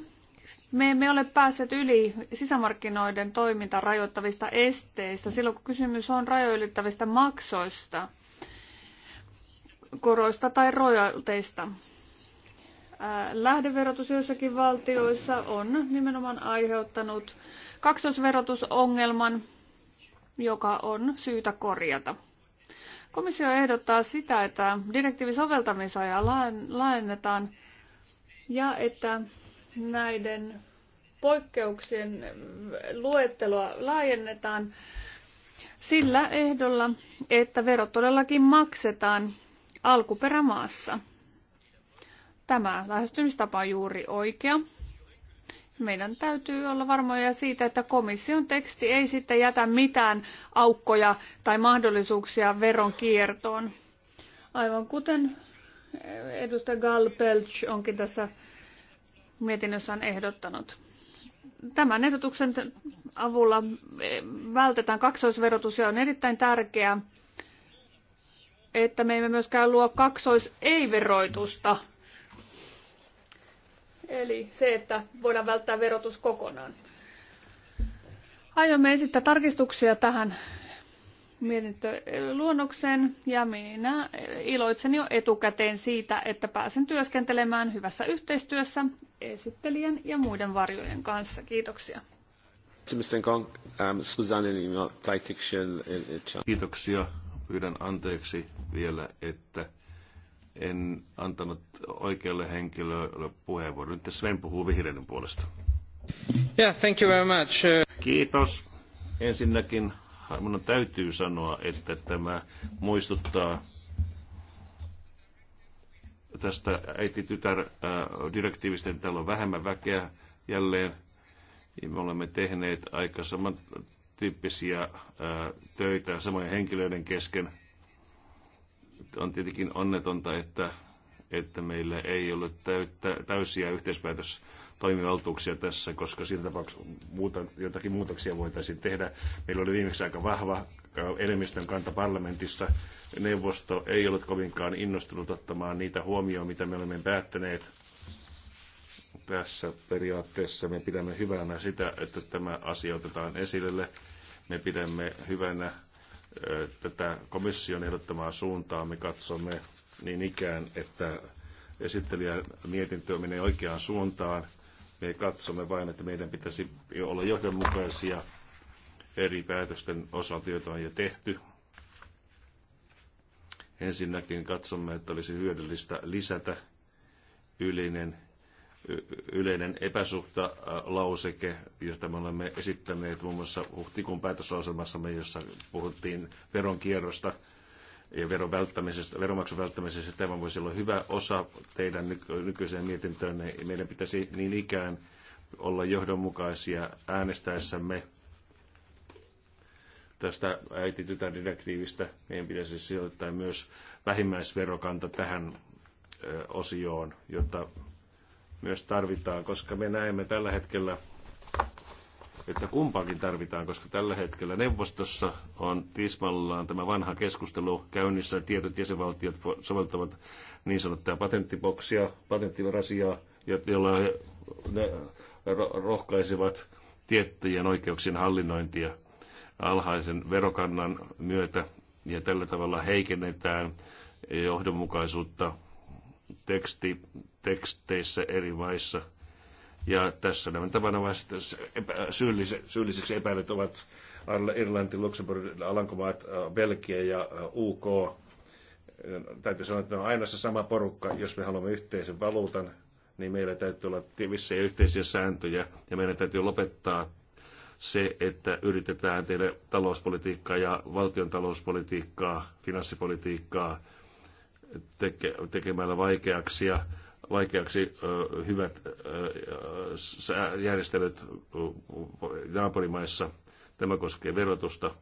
Me emme ole päässeet yli sisämarkkinoiden toiminta rajoittavista esteistä silloin, kun kysymys on rajoittavista maksoista, koroista tai rojalteista. Äh, lähdeverotus joissakin valtioissa on nimenomaan aiheuttanut kaksoisverotusongelman, joka on syytä korjata. Komissio ehdottaa sitä, että direktiivin soveltamisaja laajennetaan ja että näiden poikkeuksien luettelua laajennetaan sillä ehdolla, että verot todellakin maksetaan alkuperämaassa. Tämä lähestymistapa on juuri oikea. Meidän täytyy olla varmoja siitä, että komission teksti ei sitten jätä mitään aukkoja tai mahdollisuuksia veronkiertoon. Aivan kuten edustaja Gal Pelch onkin tässä mietinnössään ehdottanut. Tämän ehdotuksen avulla vältetään kaksoisverotus ja on erittäin tärkeää, että me emme myöskään luo kaksois-ei-veroitusta Eli se, että voidaan välttää verotus kokonaan. Aiomme esittää tarkistuksia tähän mietintöluonnokseen ja minä iloitsen jo etukäteen siitä, että pääsen työskentelemään hyvässä yhteistyössä esittelijän ja muiden varjojen kanssa. Kiitoksia. Um, uh, uh, Kiitoksia. Pyydän anteeksi vielä, että en antanut oikealle henkilölle puheenvuoron. Nyt Sven puhuu vihreiden puolesta. Yeah, thank you very much. Kiitos. Ensinnäkin minun täytyy sanoa, että tämä muistuttaa tästä äiti-tytär-direktiivistä, äh, täällä on vähemmän väkeä jälleen. Me olemme tehneet aika samantyyppisiä äh, töitä samojen henkilöiden kesken on tietenkin onnetonta, että, että meillä ei ole täyttä, täysiä yhteispäätös toimivaltuuksia tässä, koska siinä tapauksessa muuta, jotakin muutoksia voitaisiin tehdä. Meillä oli viimeksi aika vahva enemmistön kanta parlamentissa. Neuvosto ei ollut kovinkaan innostunut ottamaan niitä huomioon, mitä me olemme päättäneet. Tässä periaatteessa me pidämme hyvänä sitä, että tämä asia otetaan esille. Me pidämme hyvänä tätä komission ehdottamaa suuntaa me katsomme niin ikään, että esittelijän mietintö menee oikeaan suuntaan. Me katsomme vain, että meidän pitäisi olla johdonmukaisia eri päätösten osalta, joita on jo tehty. Ensinnäkin katsomme, että olisi hyödyllistä lisätä yleinen yleinen epäsuhta lauseke, jota me olemme esittäneet muun muassa huhtikuun päätöslauselmassamme, jossa puhuttiin veronkierrosta ja veron välttämisestä, veronmaksun välttämisestä. Tämä voisi olla hyvä osa teidän nykyiseen mietintöönne. Meidän pitäisi niin ikään olla johdonmukaisia äänestäessämme tästä äiti-tytär-direktiivistä. Meidän pitäisi sijoittaa myös vähimmäisverokanta tähän osioon, jotta myös tarvitaan, koska me näemme tällä hetkellä, että kumpaakin tarvitaan, koska tällä hetkellä neuvostossa on tismallaan tämä vanha keskustelu käynnissä. Tietyt jäsenvaltiot soveltavat niin sanottuja patenttiboksia, patenttirasiaa, joilla ne rohkaisevat tiettyjen oikeuksien hallinnointia alhaisen verokannan myötä ja tällä tavalla heikennetään johdonmukaisuutta teksti, teksteissä eri maissa. Ja tässä nämä tavanomaiset syylliseksi, syylliseksi epäilyt ovat Irlanti, Luxemburg, Alankomaat, Belgia ja UK. Täytyy sanoa, että ne on aina se sama porukka. Jos me haluamme yhteisen valuutan, niin meillä täytyy olla tiivissä yhteisiä sääntöjä ja meidän täytyy lopettaa se, että yritetään tehdä talouspolitiikkaa ja valtion talouspolitiikkaa, finanssipolitiikkaa teke, tekemällä vaikeaksi, ja, vaikeaksi ö, hyvät ö, järjestelyt naapurimaissa. Tämä koskee verotusta,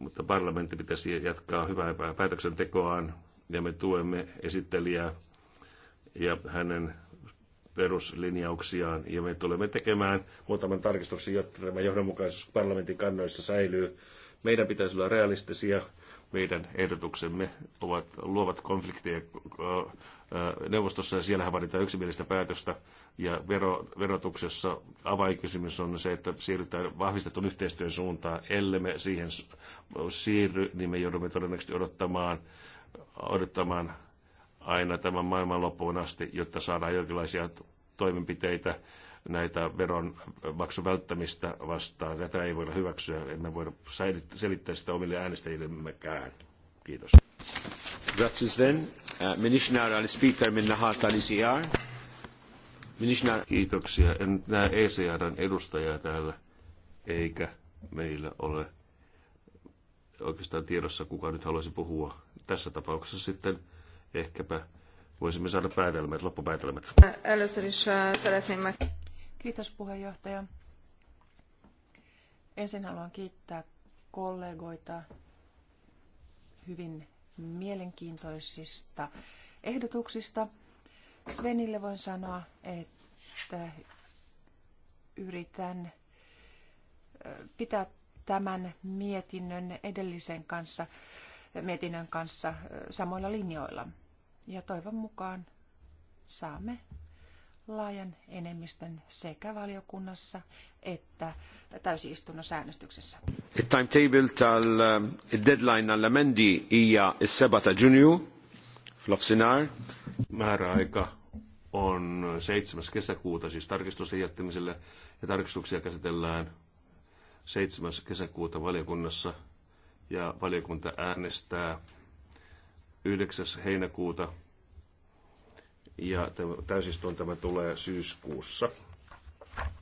mutta parlamentti pitäisi jatkaa hyvää päätöksentekoaan ja me tuemme esittelijää ja hänen peruslinjauksiaan ja me tulemme tekemään muutaman tarkistuksen, jotta tämä johdonmukaisuus parlamentin kannoissa säilyy meidän pitäisi olla realistisia. Meidän ehdotuksemme ovat luovat konflikteja äh, äh, neuvostossa ja siellähän vaaditaan yksimielistä päätöstä. Ja vero, verotuksessa avainkysymys on se, että siirrytään vahvistetun yhteistyön suuntaan. Ellei me siihen siirry, niin me joudumme todennäköisesti odottamaan, odottamaan aina tämän maailman loppuun asti, jotta saadaan jonkinlaisia toimenpiteitä näitä veronmaksun välttämistä vastaan. Tätä ei voida hyväksyä, emme voida selittää sitä omille äänestäjillemmekään. Kiitos. Grazie Sven. Minix speaker minna Kiitoksia. En näe ECRn edustajaa täällä, eikä meillä ole oikeastaan tiedossa, kuka nyt haluaisi puhua. Tässä tapauksessa sitten ehkäpä voisimme saada päätelmät, loppupäätelmät. Először eh, Kiitos puheenjohtaja. Ensin haluan kiittää kollegoita hyvin mielenkiintoisista ehdotuksista. Svenille voin sanoa, että yritän pitää tämän mietinnön edellisen kanssa, mietinnön kanssa samoilla linjoilla. Ja toivon mukaan saamme laajan enemmistön sekä valiokunnassa että täysistunnossa äänestyksessä. timetable tal-deadline uh, għall-amendi hija s-7 ta' ġunju Määräaika on 7. kesäkuuta, siis tarkistusten jättämiselle ja tarkistuksia käsitellään 7. kesäkuuta valiokunnassa ja valiokunta äänestää 9. heinäkuuta ja täysistuntamme tulee syyskuussa.